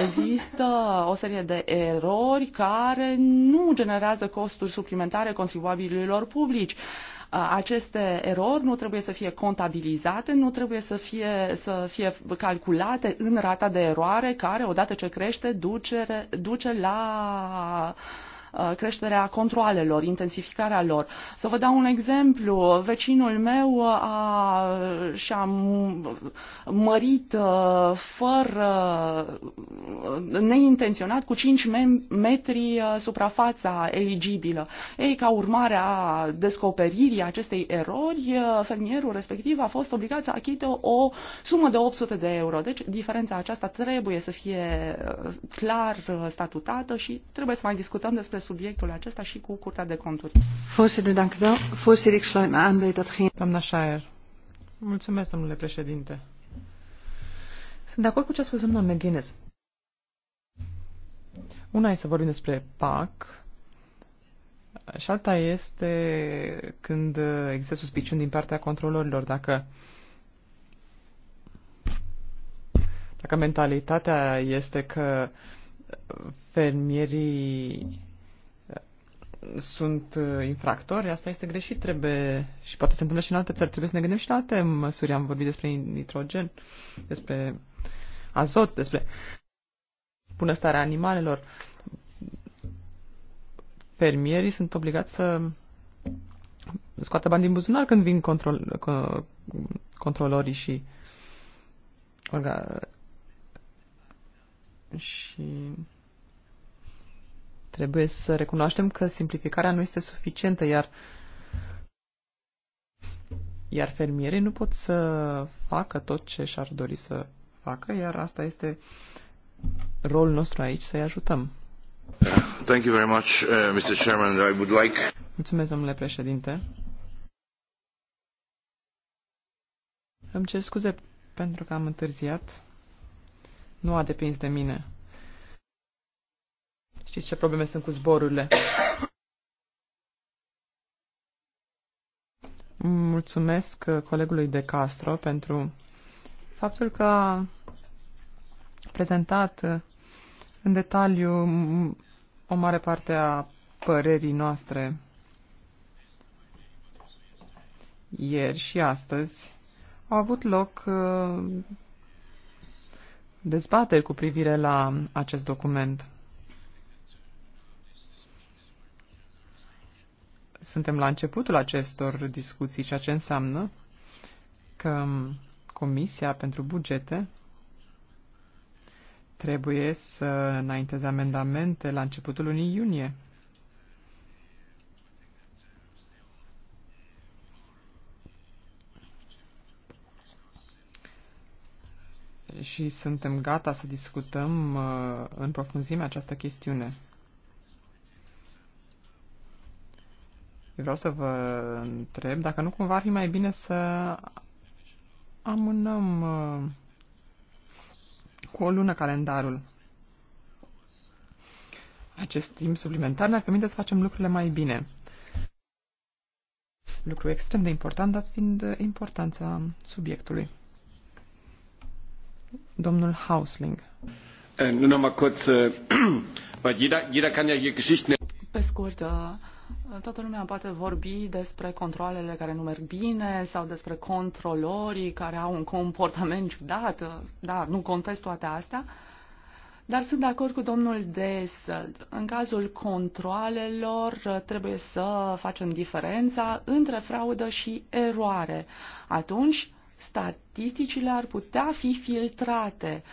Există o serie de erori care nu generează costuri suplimentare contribuabililor publici. Aceste erori nu trebuie să fie contabilizate, nu trebuie să fie, să fie calculate în rata de eroare care, odată ce crește, duce, duce la uh, Uh, creșterea controalelor, intensificarea lor. Să vă dau un exemplu. Vecinul meu uh, a, și-a mărit uh, fără neintenționat cu 5 metri suprafața eligibilă. Ei, ca urmare a descoperirii acestei erori, fermierul respectiv a fost obligat să achite o sumă de 800 de euro. Deci diferența aceasta trebuie să fie clar statutată și trebuie să mai discutăm despre pe subiectul acesta și cu Curtea de Conturi. Doamna Shire. Mulțumesc, domnule președinte. Sunt de acord cu ce a spus domnul McGuinness. Una este să vorbim despre PAC și alta este când există suspiciuni din partea controlorilor. Dacă dacă mentalitatea este că fermierii sunt uh, infractori, asta este greșit, trebuie, și poate se întâmplă și în alte țări, trebuie să ne gândim și la alte măsuri. Am vorbit despre nitrogen, despre azot, despre bunăstarea animalelor. Fermierii sunt obligați să scoată bani din buzunar când vin control, controlorii și orga, și Trebuie să recunoaștem că simplificarea nu este suficientă, iar iar fermierii nu pot să facă tot ce și-ar dori să facă, iar asta este rolul nostru aici, să-i ajutăm. Thank you very much, uh, Mr. Chairman. I would like... Mulțumesc, domnule președinte. Îmi cer scuze pentru că am întârziat. Nu a depins de mine. Știți ce probleme sunt cu zborurile. Mulțumesc uh, colegului de Castro pentru faptul că a prezentat uh, în detaliu o mare parte a părerii noastre ieri și astăzi au avut loc uh, dezbateri cu privire la acest document. suntem la începutul acestor discuții, ceea ce înseamnă că Comisia pentru Bugete trebuie să înainteze amendamente la începutul lunii iunie. Și suntem gata să discutăm uh, în profunzime această chestiune. Vreau să vă întreb dacă nu cumva ar fi mai bine să amânăm uh, cu o lună calendarul. Acest timp suplimentar ne-ar permite să facem lucrurile mai bine. Lucru extrem de important, dat fiind importanța subiectului. Domnul Hausling. Äh, äh, *clears throat* Pe scurt, uh, Toată lumea poate vorbi despre controlele care nu merg bine sau despre controlorii care au un comportament ciudat. Da, nu contest toate astea. Dar sunt de acord cu domnul Desel. În cazul controlelor trebuie să facem diferența între fraudă și eroare. Atunci, statisticile ar putea fi filtrate.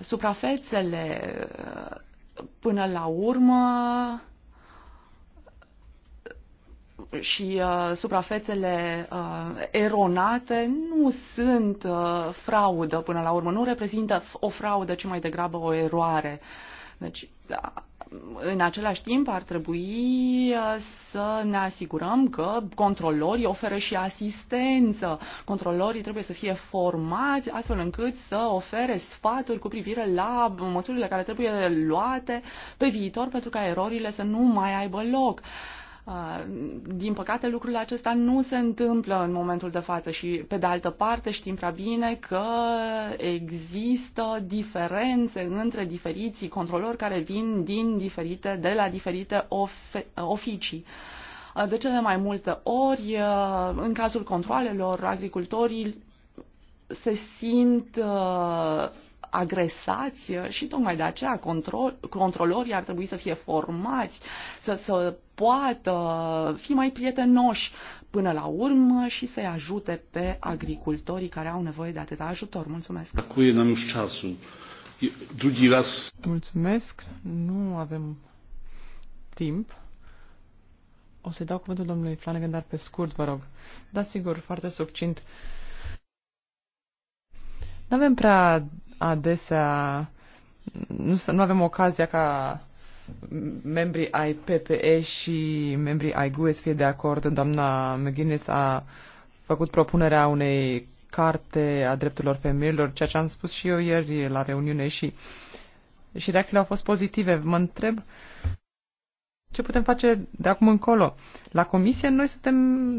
Suprafețele, până la urmă, și uh, suprafețele uh, eronate nu sunt uh, fraudă până la urmă, nu reprezintă o fraudă, ci mai degrabă o eroare. Deci, da, în același timp ar trebui uh, să ne asigurăm că controlorii oferă și asistență. Controlorii trebuie să fie formați astfel încât să ofere sfaturi cu privire la măsurile care trebuie luate pe viitor pentru ca erorile să nu mai aibă loc. Uh, din păcate, lucrurile acestea nu se întâmplă în momentul de față și, pe de altă parte, știm prea bine că există diferențe între diferiții controlori care vin din diferite, de la diferite oficii. De cele mai multe ori, în cazul controlelor, agricultorii se simt agresați uh, și tocmai de aceea control, controlorii ar trebui să fie formați, să, să poată fi mai prietenoși până la urmă și să-i ajute pe agricultorii care au nevoie de atâta ajutor. Mulțumesc! Acum n-am Mulțumesc! Nu avem timp. O să-i dau cuvântul domnului Flanagan, dar pe scurt, vă rog. Da, sigur, foarte succint. Nu avem prea adesea nu, nu avem ocazia ca membrii ai PPE și membrii ai GUE să fie de acord. Doamna McGuinness a făcut propunerea unei carte a drepturilor femeilor, ceea ce am spus și eu ieri la reuniune și, și reacțiile au fost pozitive. Mă întreb ce putem face de acum încolo. La comisie noi suntem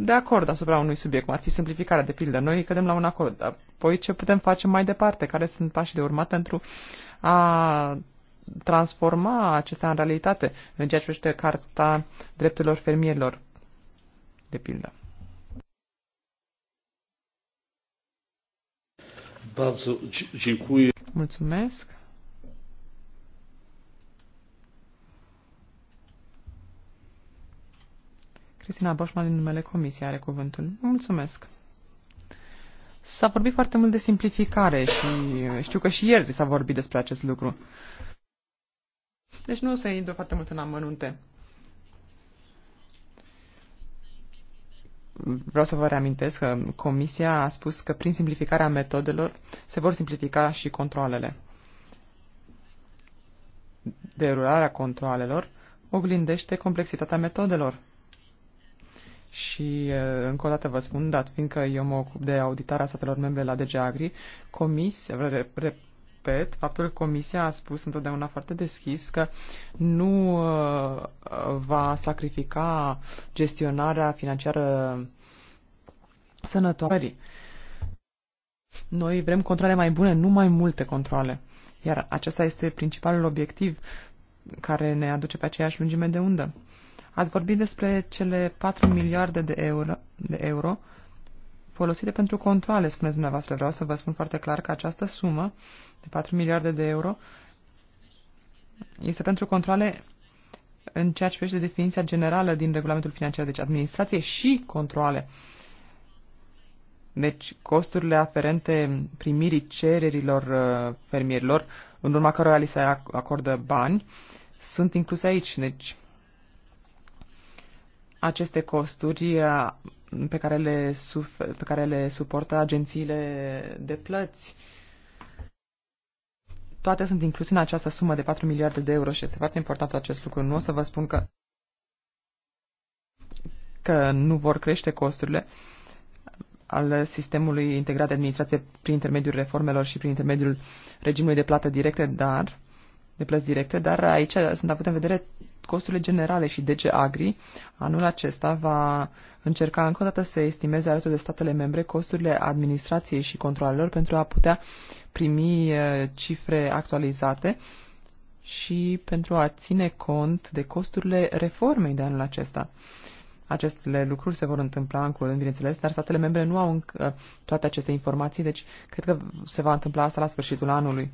de acord asupra unui subiect, cum ar fi simplificarea, de pildă. Noi cădem la un acord. Apoi ce putem face mai departe? Care sunt pașii de urmat pentru a transforma acestea în realitate în ceea ce privește Carta Drepturilor Fermierilor, de pildă? Mulțumesc. Cristina Boșman din numele Comisiei are cuvântul. Mulțumesc. S-a vorbit foarte mult de simplificare și știu că și ieri s-a vorbit despre acest lucru. Deci nu o să intru foarte mult în amănunte. Vreau să vă reamintesc că Comisia a spus că prin simplificarea metodelor se vor simplifica și controlele. Derularea controlelor oglindește complexitatea metodelor și uh, încă o dată vă spun, dat fiindcă eu mă ocup de auditarea statelor membre la DG Agri, comisia, repet, faptul că comisia a spus întotdeauna foarte deschis că nu uh, va sacrifica gestionarea financiară sănătoarei. Noi vrem controle mai bune, nu mai multe controle. Iar acesta este principalul obiectiv care ne aduce pe aceeași lungime de undă. Ați vorbit despre cele 4 miliarde de euro, de euro folosite pentru controle, spuneți dumneavoastră. Vreau să vă spun foarte clar că această sumă de 4 miliarde de euro este pentru controle în ceea ce privește definiția generală din regulamentul financiar, deci administrație și controle. Deci costurile aferente primirii cererilor uh, fermierilor, în urma cărora li se acordă bani, sunt incluse aici. Deci aceste costuri uh, pe care le, sufer, pe care le suportă agențiile de plăți. Toate sunt incluse în această sumă de 4 miliarde de euro și este foarte important acest lucru. Nu o să vă spun că, că nu vor crește costurile al sistemului integrat de administrație prin intermediul reformelor și prin intermediul regimului de plată directe, dar de plăți directe, dar aici sunt avut în vedere costurile generale și DG Agri, anul acesta va încerca încă o dată să estimeze alături de statele membre costurile administrației și controlelor pentru a putea primi cifre actualizate și pentru a ține cont de costurile reformei de anul acesta. Aceste lucruri se vor întâmpla în curând, bineînțeles, dar statele membre nu au încă toate aceste informații, deci cred că se va întâmpla asta la sfârșitul anului.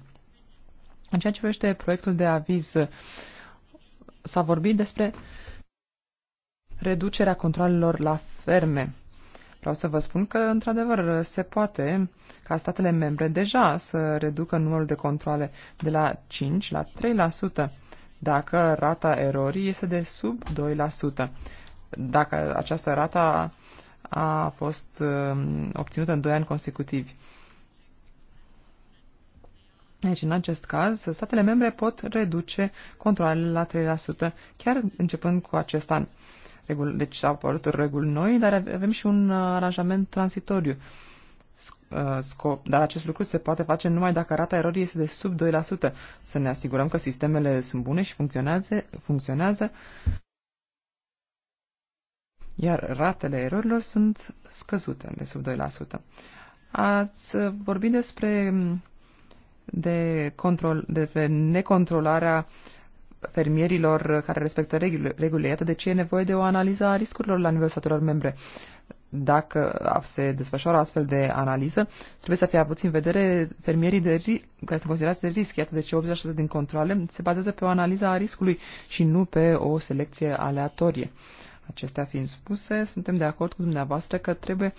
În ceea ce privește proiectul de aviz s-a vorbit despre reducerea controlelor la ferme. Vreau să vă spun că, într-adevăr, se poate ca statele membre deja să reducă numărul de controle de la 5 la 3%, dacă rata erorii este de sub 2%. Dacă această rata a fost um, obținută în 2 ani consecutivi. Deci, în acest caz, statele membre pot reduce controlele la 3%, chiar începând cu acest an. Deci s au apărut reguli noi, dar avem și un uh, aranjament transitoriu. Uh, scop, dar acest lucru se poate face numai dacă rata erorii este de sub 2%. Să ne asigurăm că sistemele sunt bune și funcționează, funcționează iar ratele erorilor sunt scăzute de sub 2%. Ați vorbit despre mm, de, control, de necontrolarea fermierilor care respectă regulile. Iată de ce e nevoie de o analiză a riscurilor la nivelul statelor membre. Dacă se desfășoară astfel de analiză, trebuie să fie avuți în vedere fermierii de ri- care sunt considerați de risc. Iată de ce 80% din controle se bazează pe o analiză a riscului și nu pe o selecție aleatorie. Acestea fiind spuse, suntem de acord cu dumneavoastră că trebuie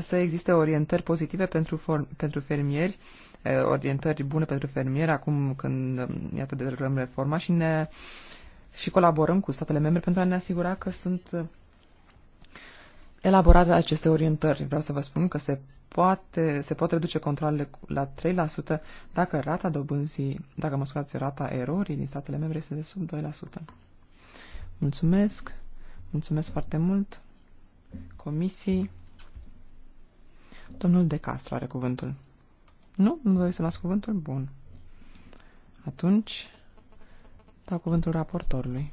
să existe orientări pozitive pentru, pentru fermieri uh, orientări bune pentru fermieri acum când, um, iată, derulăm reforma și ne și colaborăm cu statele membre pentru a ne asigura că sunt uh, elaborate aceste orientări. Vreau să vă spun că se poate, se pot reduce controlele la 3% dacă rata dobânzii, dacă mă scuzați, rata erorii din statele membre este de sub 2%. Mulțumesc, mulțumesc foarte mult, comisii. Domnul De Castro are cuvântul. Nu? Nu doriți să las cuvântul? Bun. Atunci, dau cuvântul raportorului.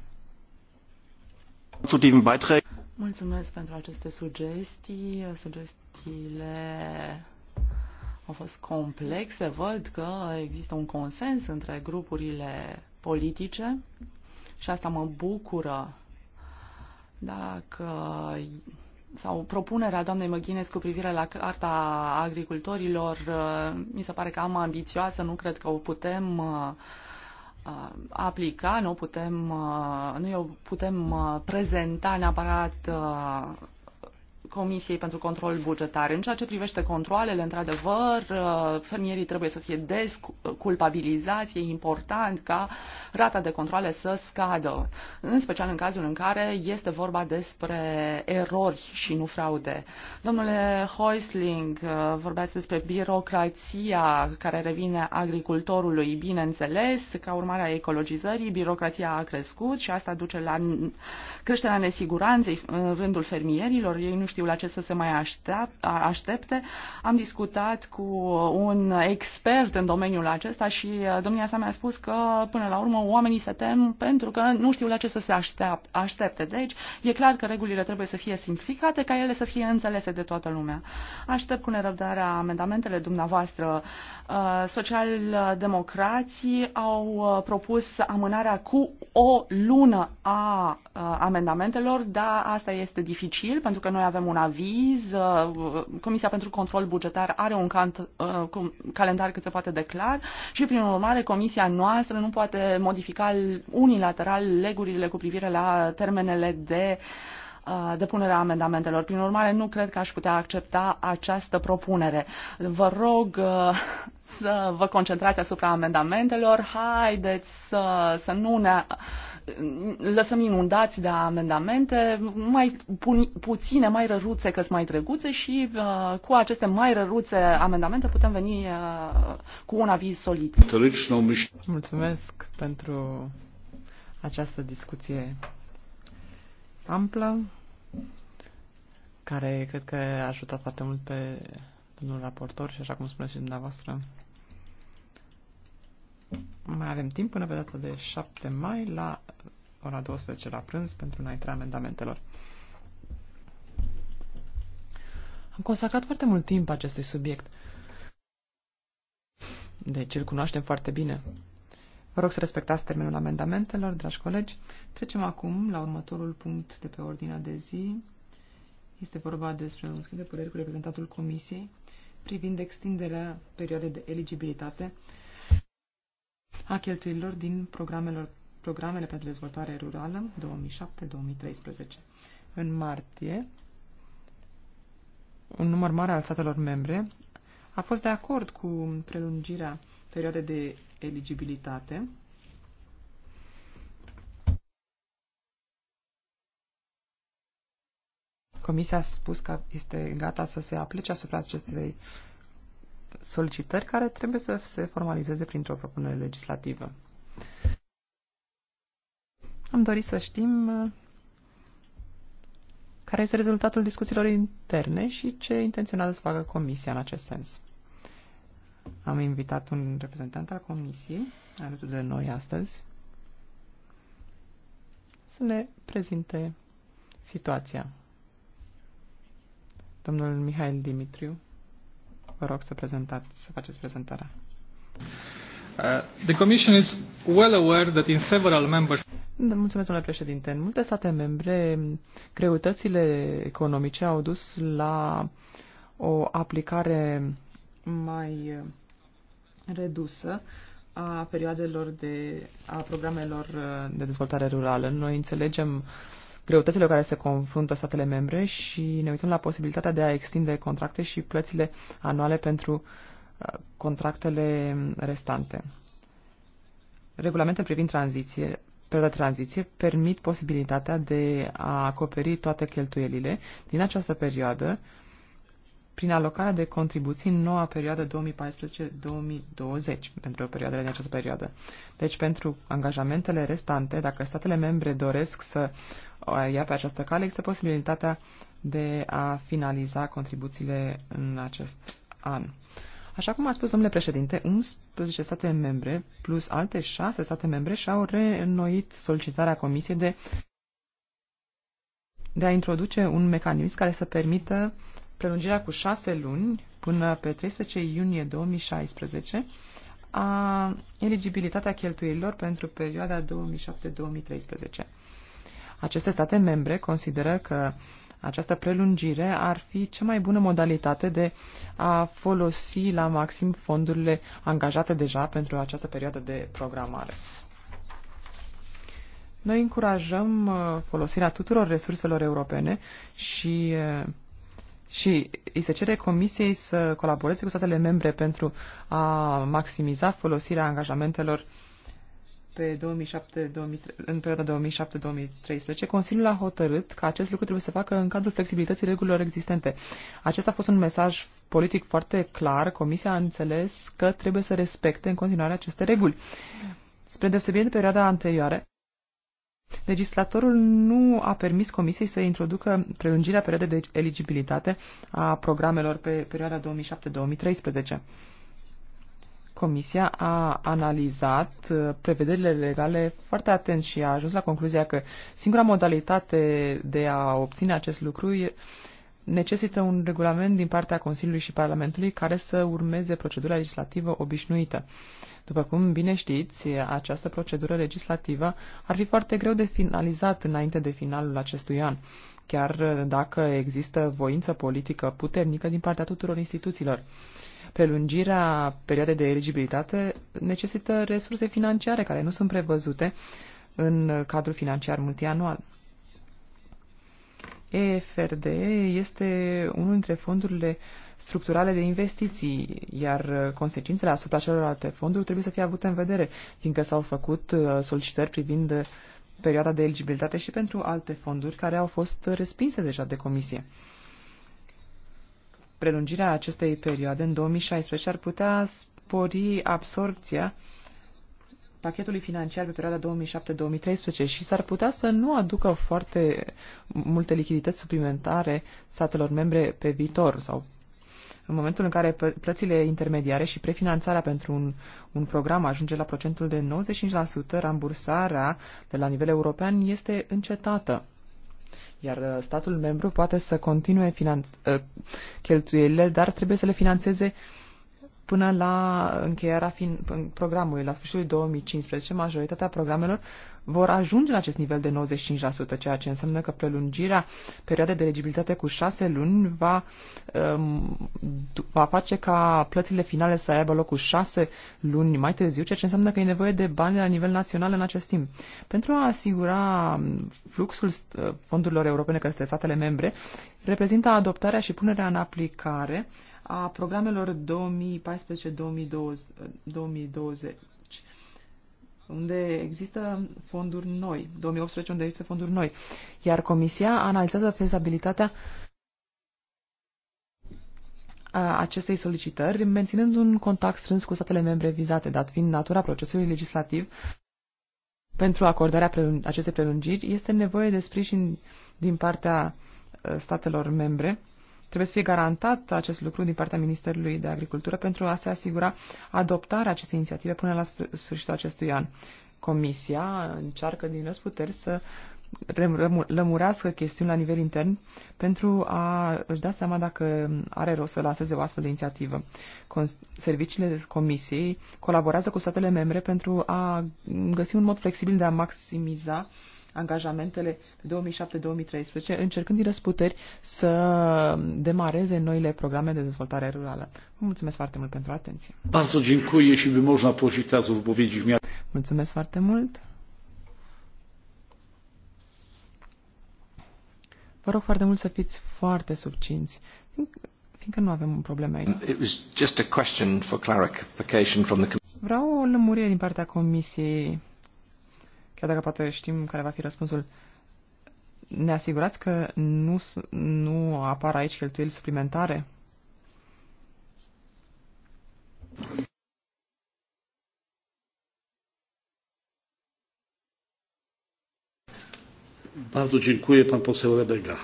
Mulțumesc pentru aceste sugestii. Sugestiile au fost complexe. Văd că există un consens între grupurile politice și asta mă bucură. Dacă sau propunerea doamnei Măghinescu cu privire la Carta Agricultorilor uh, mi se pare cam ambițioasă, nu cred că o putem uh, uh, aplica, nu o putem, nu o putem prezenta neapărat Comisiei pentru Control Bugetar. În ceea ce privește controlele, într-adevăr, uh, fermierii trebuie să fie desculpabilizați. E important ca rata de controle să scadă, în special în cazul în care este vorba despre erori și nu fraude. Domnule Hoisling uh, vorbeați despre birocrația care revine agricultorului, bineînțeles, ca urmare a ecologizării, birocrația a crescut și asta duce la creșterea nesiguranței în rândul fermierilor. Ei nu știu mediul acesta se mai aștepte. Am discutat cu un expert în domeniul acesta și uh, domnia sa mi-a spus că, până la urmă, oamenii se tem pentru că nu știu la ce să se aștepte. Deci, e clar că regulile trebuie să fie simplificate ca ele să fie înțelese de toată lumea. Aștept cu nerăbdare amendamentele dumneavoastră. Uh, socialdemocrații au uh, propus amânarea cu o lună a amendamentelor, dar asta este dificil pentru că noi avem un un aviz. Uh, comisia pentru Control Bugetar are un cant, uh, calendar cât se poate de clar și, prin urmare, Comisia noastră nu poate modifica unilateral legurile cu privire la termenele de uh, depunerea amendamentelor. Prin urmare, nu cred că aș putea accepta această propunere. Vă rog să vă concentrați asupra amendamentelor. Haideți să, să nu ne lăsăm inundați de amendamente, mai pu- puține, mai răruțe că mai drăguțe și uh, cu aceste mai răruțe amendamente putem veni uh, cu un aviz solid. Mulțumesc pentru această discuție amplă, care cred că a ajutat foarte mult pe domnul raportor și așa cum spuneți și dumneavoastră, mai avem timp până pe data de 7 mai la ora 12 la prânz pentru înaintarea amendamentelor. Am consacrat foarte mult timp acestui subiect. Deci îl cunoaștem foarte bine. Vă rog să respectați termenul amendamentelor, dragi colegi. Trecem acum la următorul punct de pe ordinea de zi. Este vorba despre un schimb de păreri cu reprezentantul Comisiei privind extinderea perioadei de eligibilitate a cheltuielilor din programelor, programele pentru dezvoltare rurală 2007-2013. În martie, un număr mare al statelor membre a fost de acord cu prelungirea perioadei de eligibilitate Comisia a spus că este gata să se aplice asupra acestei solicitări care trebuie să se formalizeze printr-o propunere legislativă. Am dorit să știm uh, care este rezultatul discuțiilor interne și ce intenționează să facă Comisia în acest sens. Am invitat un reprezentant al Comisiei alături de noi astăzi să ne prezinte situația. Domnul Mihail Dimitriu Vă rog să prezentați, să faceți prezentarea. Uh, the Commission is well aware that in several members da, Mulțumesc, domnule președinte. În multe state membre, greutățile economice au dus la o aplicare mai redusă a perioadelor de, a programelor de dezvoltare rurală. Noi înțelegem uh, greutățile cu care se confruntă statele membre și ne uităm la posibilitatea de a extinde contracte și plățile anuale pentru uh, contractele restante. Regulamentul privind tranziție, perioada tranziție permit posibilitatea de a acoperi toate cheltuielile din această perioadă prin alocarea de contribuții în noua perioadă 2014-2020, pentru o perioadă din această perioadă. Deci, pentru angajamentele restante, dacă statele membre doresc să ia pe această cale, există posibilitatea de a finaliza contribuțiile în acest an. Așa cum a spus domnule președinte, 11 state membre plus alte 6 state membre și-au reînnoit solicitarea Comisiei de, de a introduce un mecanism care să permită prelungirea cu 6 luni până pe 13 iunie 2016 a eligibilitatea cheltuielor pentru perioada 2007-2013. Aceste state membre consideră că această prelungire ar fi cea mai bună modalitate de a folosi la maxim fondurile angajate deja pentru această perioadă de programare. Noi încurajăm uh, folosirea tuturor resurselor europene și, uh, și îi se cere Comisiei să colaboreze cu statele membre pentru a maximiza folosirea angajamentelor uh, pe 2007, în perioada 2007-2013, Consiliul a hotărât că acest lucru trebuie să facă în cadrul flexibilității regulilor existente. Acesta a fost un mesaj politic foarte clar. Comisia a înțeles că trebuie să respecte în continuare aceste reguli. Spre deosebire de perioada anterioară, Legislatorul nu a permis Comisiei să introducă prelungirea perioadei de eligibilitate a programelor pe perioada 2007-2013. Comisia a analizat uh, prevederile legale foarte atent și a ajuns la concluzia că singura modalitate de a obține acest lucru necesită un regulament din partea Consiliului și Parlamentului care să urmeze procedura legislativă obișnuită. După cum bine știți, această procedură legislativă ar fi foarte greu de finalizat înainte de finalul acestui an, chiar dacă există voință politică puternică din partea tuturor instituțiilor prelungirea perioadei de eligibilitate necesită resurse financiare care nu sunt prevăzute în cadrul financiar multianual. EFRD este unul dintre fondurile structurale de investiții, iar consecințele asupra celorlalte fonduri trebuie să fie avute în vedere, fiindcă s-au făcut uh, solicitări privind perioada de eligibilitate și pentru alte fonduri care au fost respinse deja de comisie prelungirea acestei perioade în 2016 ar putea spori absorpția pachetului financiar pe perioada 2007-2013 și s-ar putea să nu aducă foarte multe lichidități suplimentare statelor membre pe viitor sau în momentul în care plățile intermediare și prefinanțarea pentru un, un program ajunge la procentul de 95%, rambursarea de la nivel european este încetată. Iar uh, statul membru poate să continue finanț- uh, cheltuielile, dar trebuie să le financeze uh, până la încheierea fin, programului, la sfârșitul 2015, majoritatea programelor vor ajunge la acest nivel de 95%, ceea ce înseamnă că prelungirea perioadei de eligibilitate cu 6 luni va, um, va face ca plățile finale să aibă loc cu 6 luni mai târziu, ceea ce înseamnă că e nevoie de bani la nivel național în acest timp. Pentru a asigura um, fluxul uh, fondurilor europene către statele membre, reprezintă adoptarea și punerea în aplicare a programelor 2014-2020, unde există fonduri noi, 2018 unde există fonduri noi, iar Comisia analizează fezabilitatea acestei solicitări, menținând un contact strâns cu statele membre vizate, dat fiind natura procesului legislativ pentru acordarea acestei prelungiri, este nevoie de sprijin din partea statelor membre Trebuie să fie garantat acest lucru din partea Ministerului de Agricultură pentru a se asigura adoptarea acestei inițiative până la sfârșitul acestui an. Comisia încearcă din răsputeri să lămurească chestiuni la nivel intern pentru a își da seama dacă are rost să lanseze o astfel de inițiativă. Serviciile Comisiei colaborează cu statele membre pentru a găsi un mod flexibil de a maximiza uh, angajamentele 2007-2013, încercând din răsputeri să demareze noile programe de dezvoltare rurală. Vă mulțumesc foarte mult pentru atenție. Mulțumesc foarte mult. Vă rog foarte mult să fiți foarte subcinți, fiindcă nu avem un problem aici. It was just a question for clarification from the... Vreau o lămurire din partea Comisiei chiar dacă poate știm care va fi răspunsul, ne asigurați că nu, nu apar aici cheltuieli suplimentare? Bardzo dziękuję, pan poseł Rebega.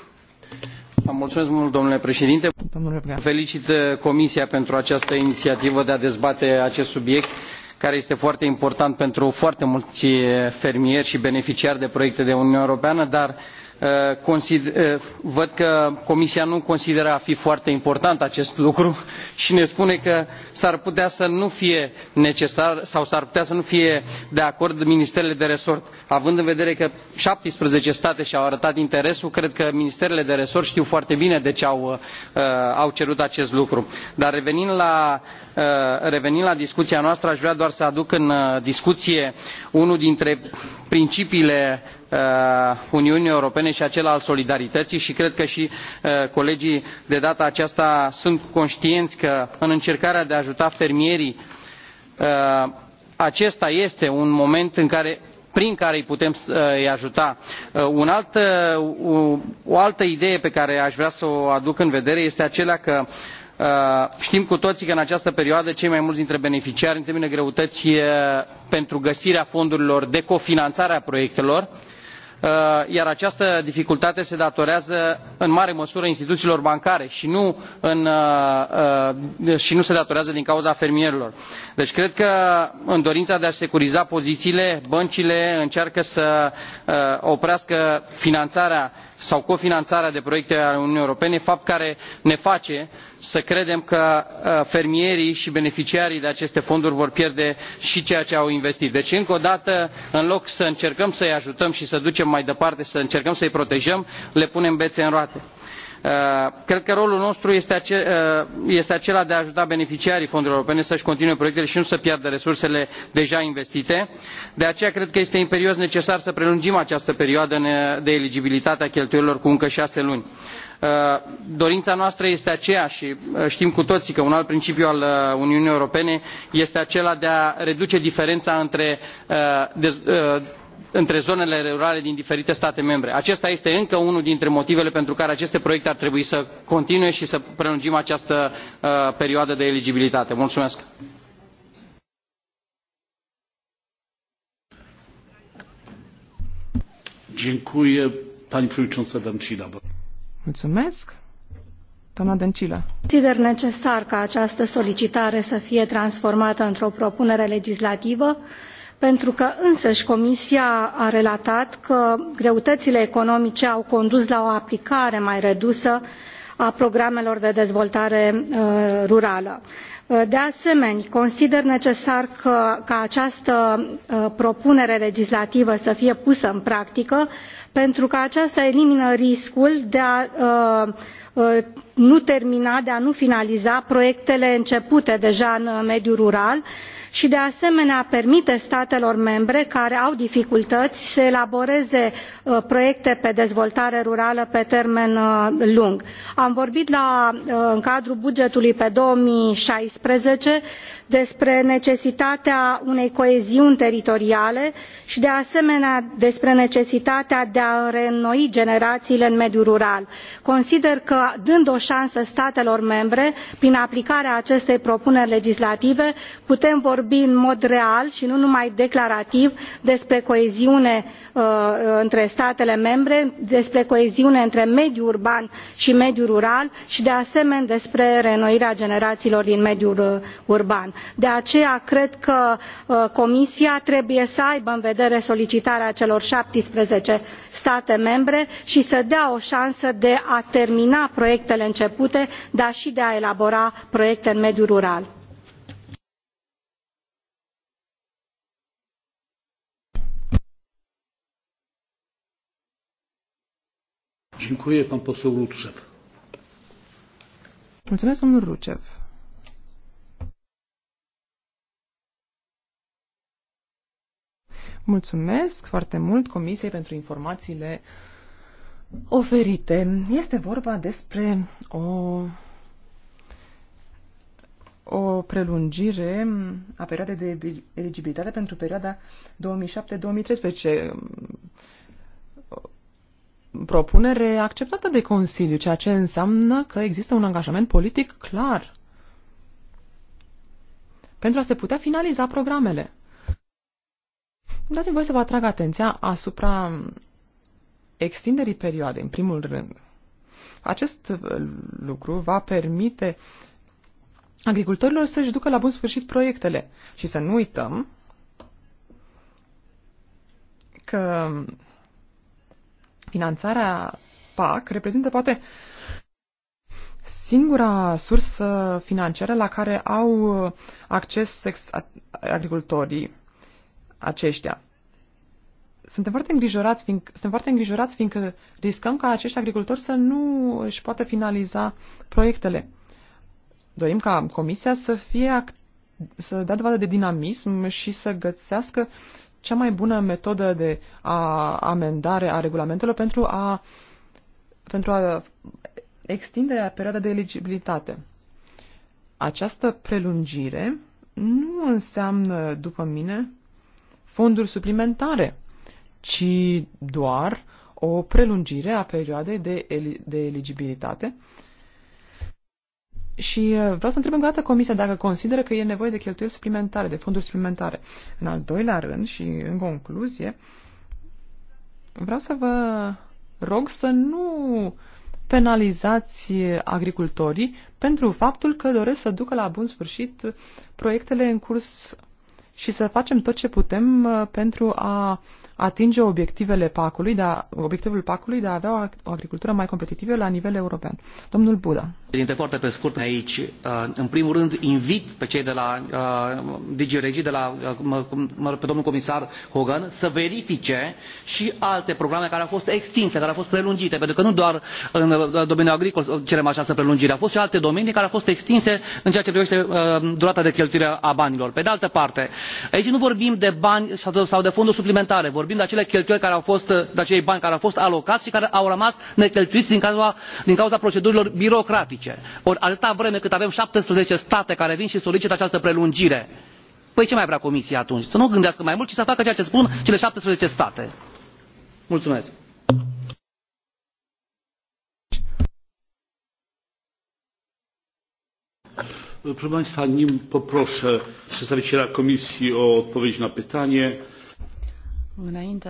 Mulțumesc mult, domnule președinte. Domnule Felicit Comisia pentru această inițiativă de a dezbate acest subiect care este foarte important pentru foarte mulți fermieri și beneficiari de proiecte de uniune europeană dar Uh, uh, văd că comisia nu consideră a fi foarte important acest lucru și ne spune că s ar putea să nu fie necesar sau s ar putea să nu fie de acord ministerele de resort. având în vedere că șaptesprezece state și au arătat interesul cred că ministerele de resort știu foarte bine de ce au, uh, au cerut acest lucru. dar revenind la, revenind la discuția noastră aș vrea doar să aduc în discuție unul dintre principiile Uh, uniunii europene și acela al solidarității și cred că și uh, colegii de data aceasta sunt conștienți că în încercarea de a ajuta fermierii uh, acesta este un moment în care prin care îi putem ajuta. o altă idee pe care aș vrea să o aduc în vedere este aceea că știm cu toții că în această perioadă cei mai mulți dintre beneficiari întâmpină greutăți pentru găsirea fondurilor de cofinanțare a proiectelor și Uh, iar această dificultate se datorează în mare măsură instituțiilor bancare uh, uh, și nu, se datorează din cauza fermierilor. deci cred că în dorința de a și securiza pozițiile băncile încearcă să oprească finanțarea sau cofinanțarea de proiecte ale uniunii europene fapt care ne face să credem că uh, fermierii și beneficiarii de aceste fonduri vor pierde și ceea ce au investit. deci încă o dată în loc să încercăm să i ajutăm și să ducem mai departe să încercăm să i protejăm le punem bețe în roate. Uh, cred că rolul nostru uh, este acela de a ajuta beneficiarii fondurilor europene să își continue proiectele și nu să piardă resursele deja investite de aceea cred că este imperios necesar să prelungim această perioadă de eligibilitate a cheltuielilor cu încă șase luni uh, dorința noastră este aceea și știm cu toții că un alt principiu al uniunii europene este acela de a reduce diferența între între zonele rurale din diferite state membre. acesta este încă unul dintre motivele pentru care aceste proiecte ar trebui să continue și să prelungim această uh, perioadă de eligibilitate. mulțumesc. Mulțumesc. Doamna Dăncilă. Consider necesar ca această solicitare să fie transformată într-o propunere legislativă pentru că însăși comisia a relatat că greutățile economice au condus la o aplicare mai redusă a programelor de dezvoltare uh, rurală. Uh, de asemenea consider necesar ca această uh, propunere legislativă să fie pusă în practică pentru că aceasta elimină riscul de a nu termina de a nu finaliza proiectele începute deja în mediul rural și și de asemenea permite statelor membre care au dificultăți să elaboreze uh, proiecte pe dezvoltare rurală pe termen uh, lung. am vorbit uh, în cadrul bugetului pe două mii șaisprezece despre necesitatea unei coeziuni teritoriale și de asemenea despre necesitatea de a reînnoi generațiile în mediul rural. consider că dând o șansă statelor membre prin aplicarea acestei propuneri legislative putem vorbi în mod real și nu numai declarativ despre coeziune uh, uh, între statele membre despre coeziune între mediul urban și mediul rural și de asemenea despre reînnoirea generațiilor din mediul uh, urban. de aceea cred că comisia trebuie să aibă în vedere solicitarea celor șaptesprezece state membre și să dea o șansă de a termina proiectele începute dar și de a elabora proiecte în mediul rural. Dziękuję, pan poseł Mulțumesc, domnul Rucev. Mulțumesc foarte mult Comisiei pentru informațiile oferite. Este vorba despre o, o prelungire a perioadei de eligibilitate pentru perioada 2007-2013 propunere acceptată de Consiliu, ceea ce înseamnă că există un angajament politic clar pentru a se putea finaliza programele. Dați-mi voi să vă atrag atenția asupra extinderii perioadei, în primul rând. Acest lucru va permite agricultorilor să-și ducă la bun sfârșit proiectele și să nu uităm că Finanțarea PAC reprezintă poate singura sursă financiară la care au acces agricultorii aceștia. Suntem foarte îngrijorați, fiind, suntem foarte îngrijorați fiindcă riscăm ca acești agricultori să nu își poată finaliza proiectele. Dorim ca Comisia să fie act- să dea dovadă de dinamism și să găsească cea mai bună metodă de a amendare a regulamentelor pentru a, pentru a extinde perioada de eligibilitate. Această prelungire nu înseamnă, după mine, fonduri suplimentare, ci doar o prelungire a perioadei de, el- de eligibilitate uh, și uh, vreau să întreb încă o dată Comisia dacă consideră că e nevoie de cheltuieli suplimentare, de fonduri suplimentare. În al doilea rând și în concluzie, vreau să vă rog să nu penalizați agricultorii pentru faptul că doresc să ducă la bun sfârșit proiectele în curs și să facem tot ce putem uh, pentru a atinge obiectivele pacului, de a, obiectivul pacului de a avea o agricultură mai competitivă la nivel european. Domnul Buda. Președinte, foarte pe scurt aici. Uh, în primul rând, invit pe cei de la uh, DigiRegi, de la uh, pe domnul comisar Hogan, să verifice și alte programe care au fost extinse, care au fost prelungite, pentru că nu doar în domeniul agricol cerem această prelungire, au fost și alte domenii care au fost extinse în ceea ce privește durata de cheltuire a banilor. Pe de altă parte, aici nu vorbim de bani sau de fonduri suplimentare vorbim de acele cheltuieli care au fost de acei bani care au fost alocați și care au rămas necheltuiți din cauza, din procedurilor birocratice. ori atâta vreme cât avem șaptesprezece state care vin și solicită această prelungire păi ce mai vrea comisia atunci? să nu gândească mai mult ci să facă ceea ce spun cele șaptesprezece state. mulțumesc. Proszę Państwa, nim poproszę przedstawiciela Komisji o odpowiedź na pytanie. Înainte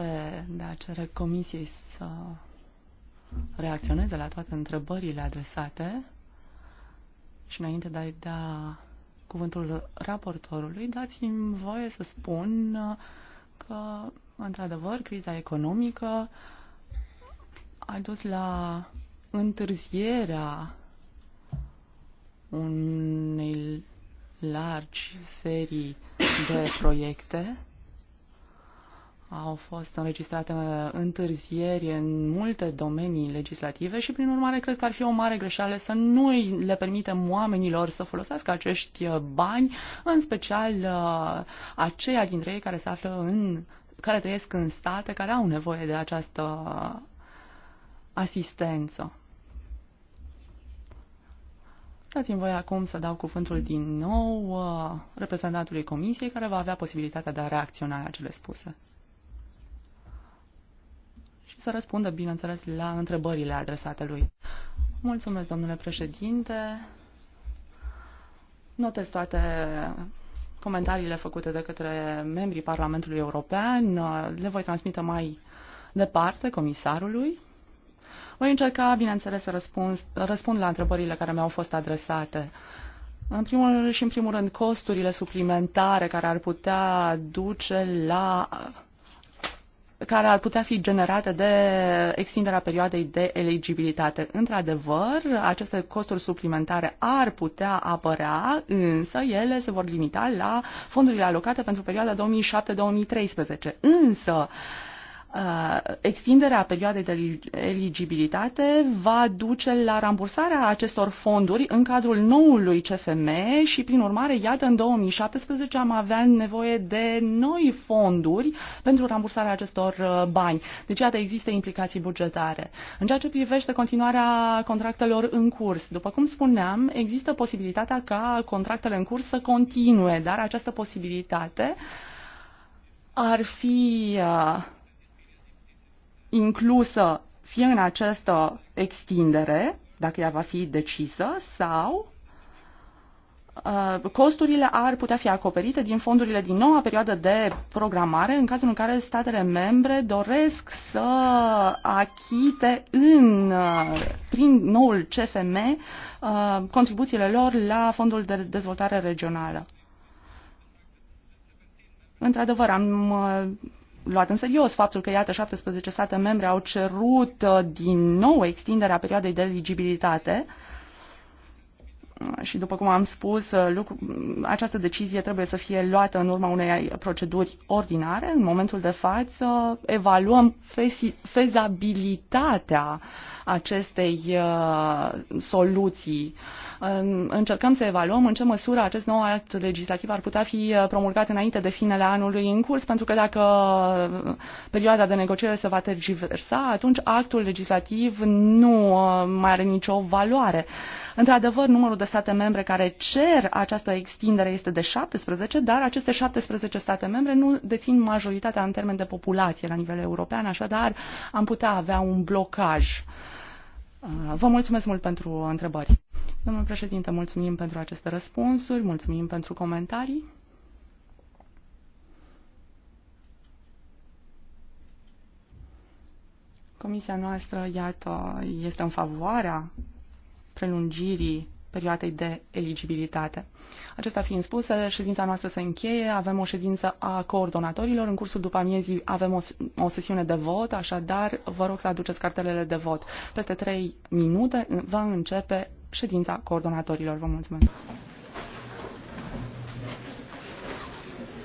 de a cere Comisiei să reacționeze la toate întrebările adresate și înainte de a-i da cuvântul raportorului, dați-mi voie să spun că, într-adevăr, criza economică a dus la întârzierea unei largi serii de proiecte. Au fost înregistrate uh, întârzieri în multe domenii legislative și, prin urmare, cred că ar fi o mare greșeală să nu le permitem oamenilor să folosească acești uh, bani, în special uh, aceia dintre ei care se află în care trăiesc în state, care au nevoie de această asistență. Dați-mi voi acum să dau cuvântul din nou uh, reprezentantului Comisiei, care va avea posibilitatea de a reacționa la cele spuse. Și să răspundă, bineînțeles, la întrebările adresate lui. Mulțumesc, domnule președinte. Notez toate comentariile făcute de către membrii Parlamentului European. Le voi transmite mai departe comisarului. Voi încerca, bineînțeles, să răspund, răspund la întrebările care mi-au fost adresate. În primul și în primul rând, costurile suplimentare care ar putea duce la care ar putea fi generate de extinderea perioadei de eligibilitate. Într-adevăr, aceste costuri suplimentare ar putea apărea, însă ele se vor limita la fondurile alocate pentru perioada 2007-2013. Însă, uh, Uh, extinderea perioadei de eligibilitate va duce la rambursarea acestor fonduri în cadrul noului CFM și, prin urmare, iată, în 2017 am avea nevoie de noi fonduri pentru rambursarea acestor uh, bani. Deci, iată, există implicații bugetare. În ceea ce privește continuarea contractelor în curs, după cum spuneam, există posibilitatea ca contractele în curs să continue, dar această posibilitate ar fi uh, inclusă fie în această extindere, dacă ea va fi decisă, sau uh, costurile ar putea fi acoperite din fondurile din noua perioadă de programare în cazul în care statele membre doresc să achite în, uh, prin noul CFM uh, contribuțiile lor la Fondul de Dezvoltare Regională. Într-adevăr, am luat în serios faptul că, iată, 17 state membre au cerut uh, din nou extinderea perioadei de eligibilitate uh, și după cum am spus, uh, lucru, această decizie trebuie să fie luată în urma unei proceduri ordinare. În momentul de față evaluăm fezabilitatea acestei uh, soluții. Încercăm să evaluăm în ce măsură acest nou act legislativ ar putea fi uh, promulgat înainte de finele anului în curs, pentru că dacă perioada de negociere se va tergiversa, atunci actul legislativ nu mai are nicio valoare. Într-adevăr, numărul de state membre care cer această extindere este de 17, dar aceste 17 state membre nu dețin majoritatea în termen de populație la nivel european, așadar am putea avea un blocaj. Uh, vă mulțumesc mult pentru întrebări. Domnul președinte, mulțumim pentru aceste răspunsuri, mulțumim pentru comentarii. Comisia noastră, iată, este în favoarea prelungirii perioadei de eligibilitate. Acesta fiind spus, ședința noastră se încheie, avem o ședință a coordonatorilor, în cursul după amiezii avem o, o sesiune de vot, așadar vă rog să aduceți cartelele de vot. Peste trei minute va începe ședința coordonatorilor. Vă mulțumesc!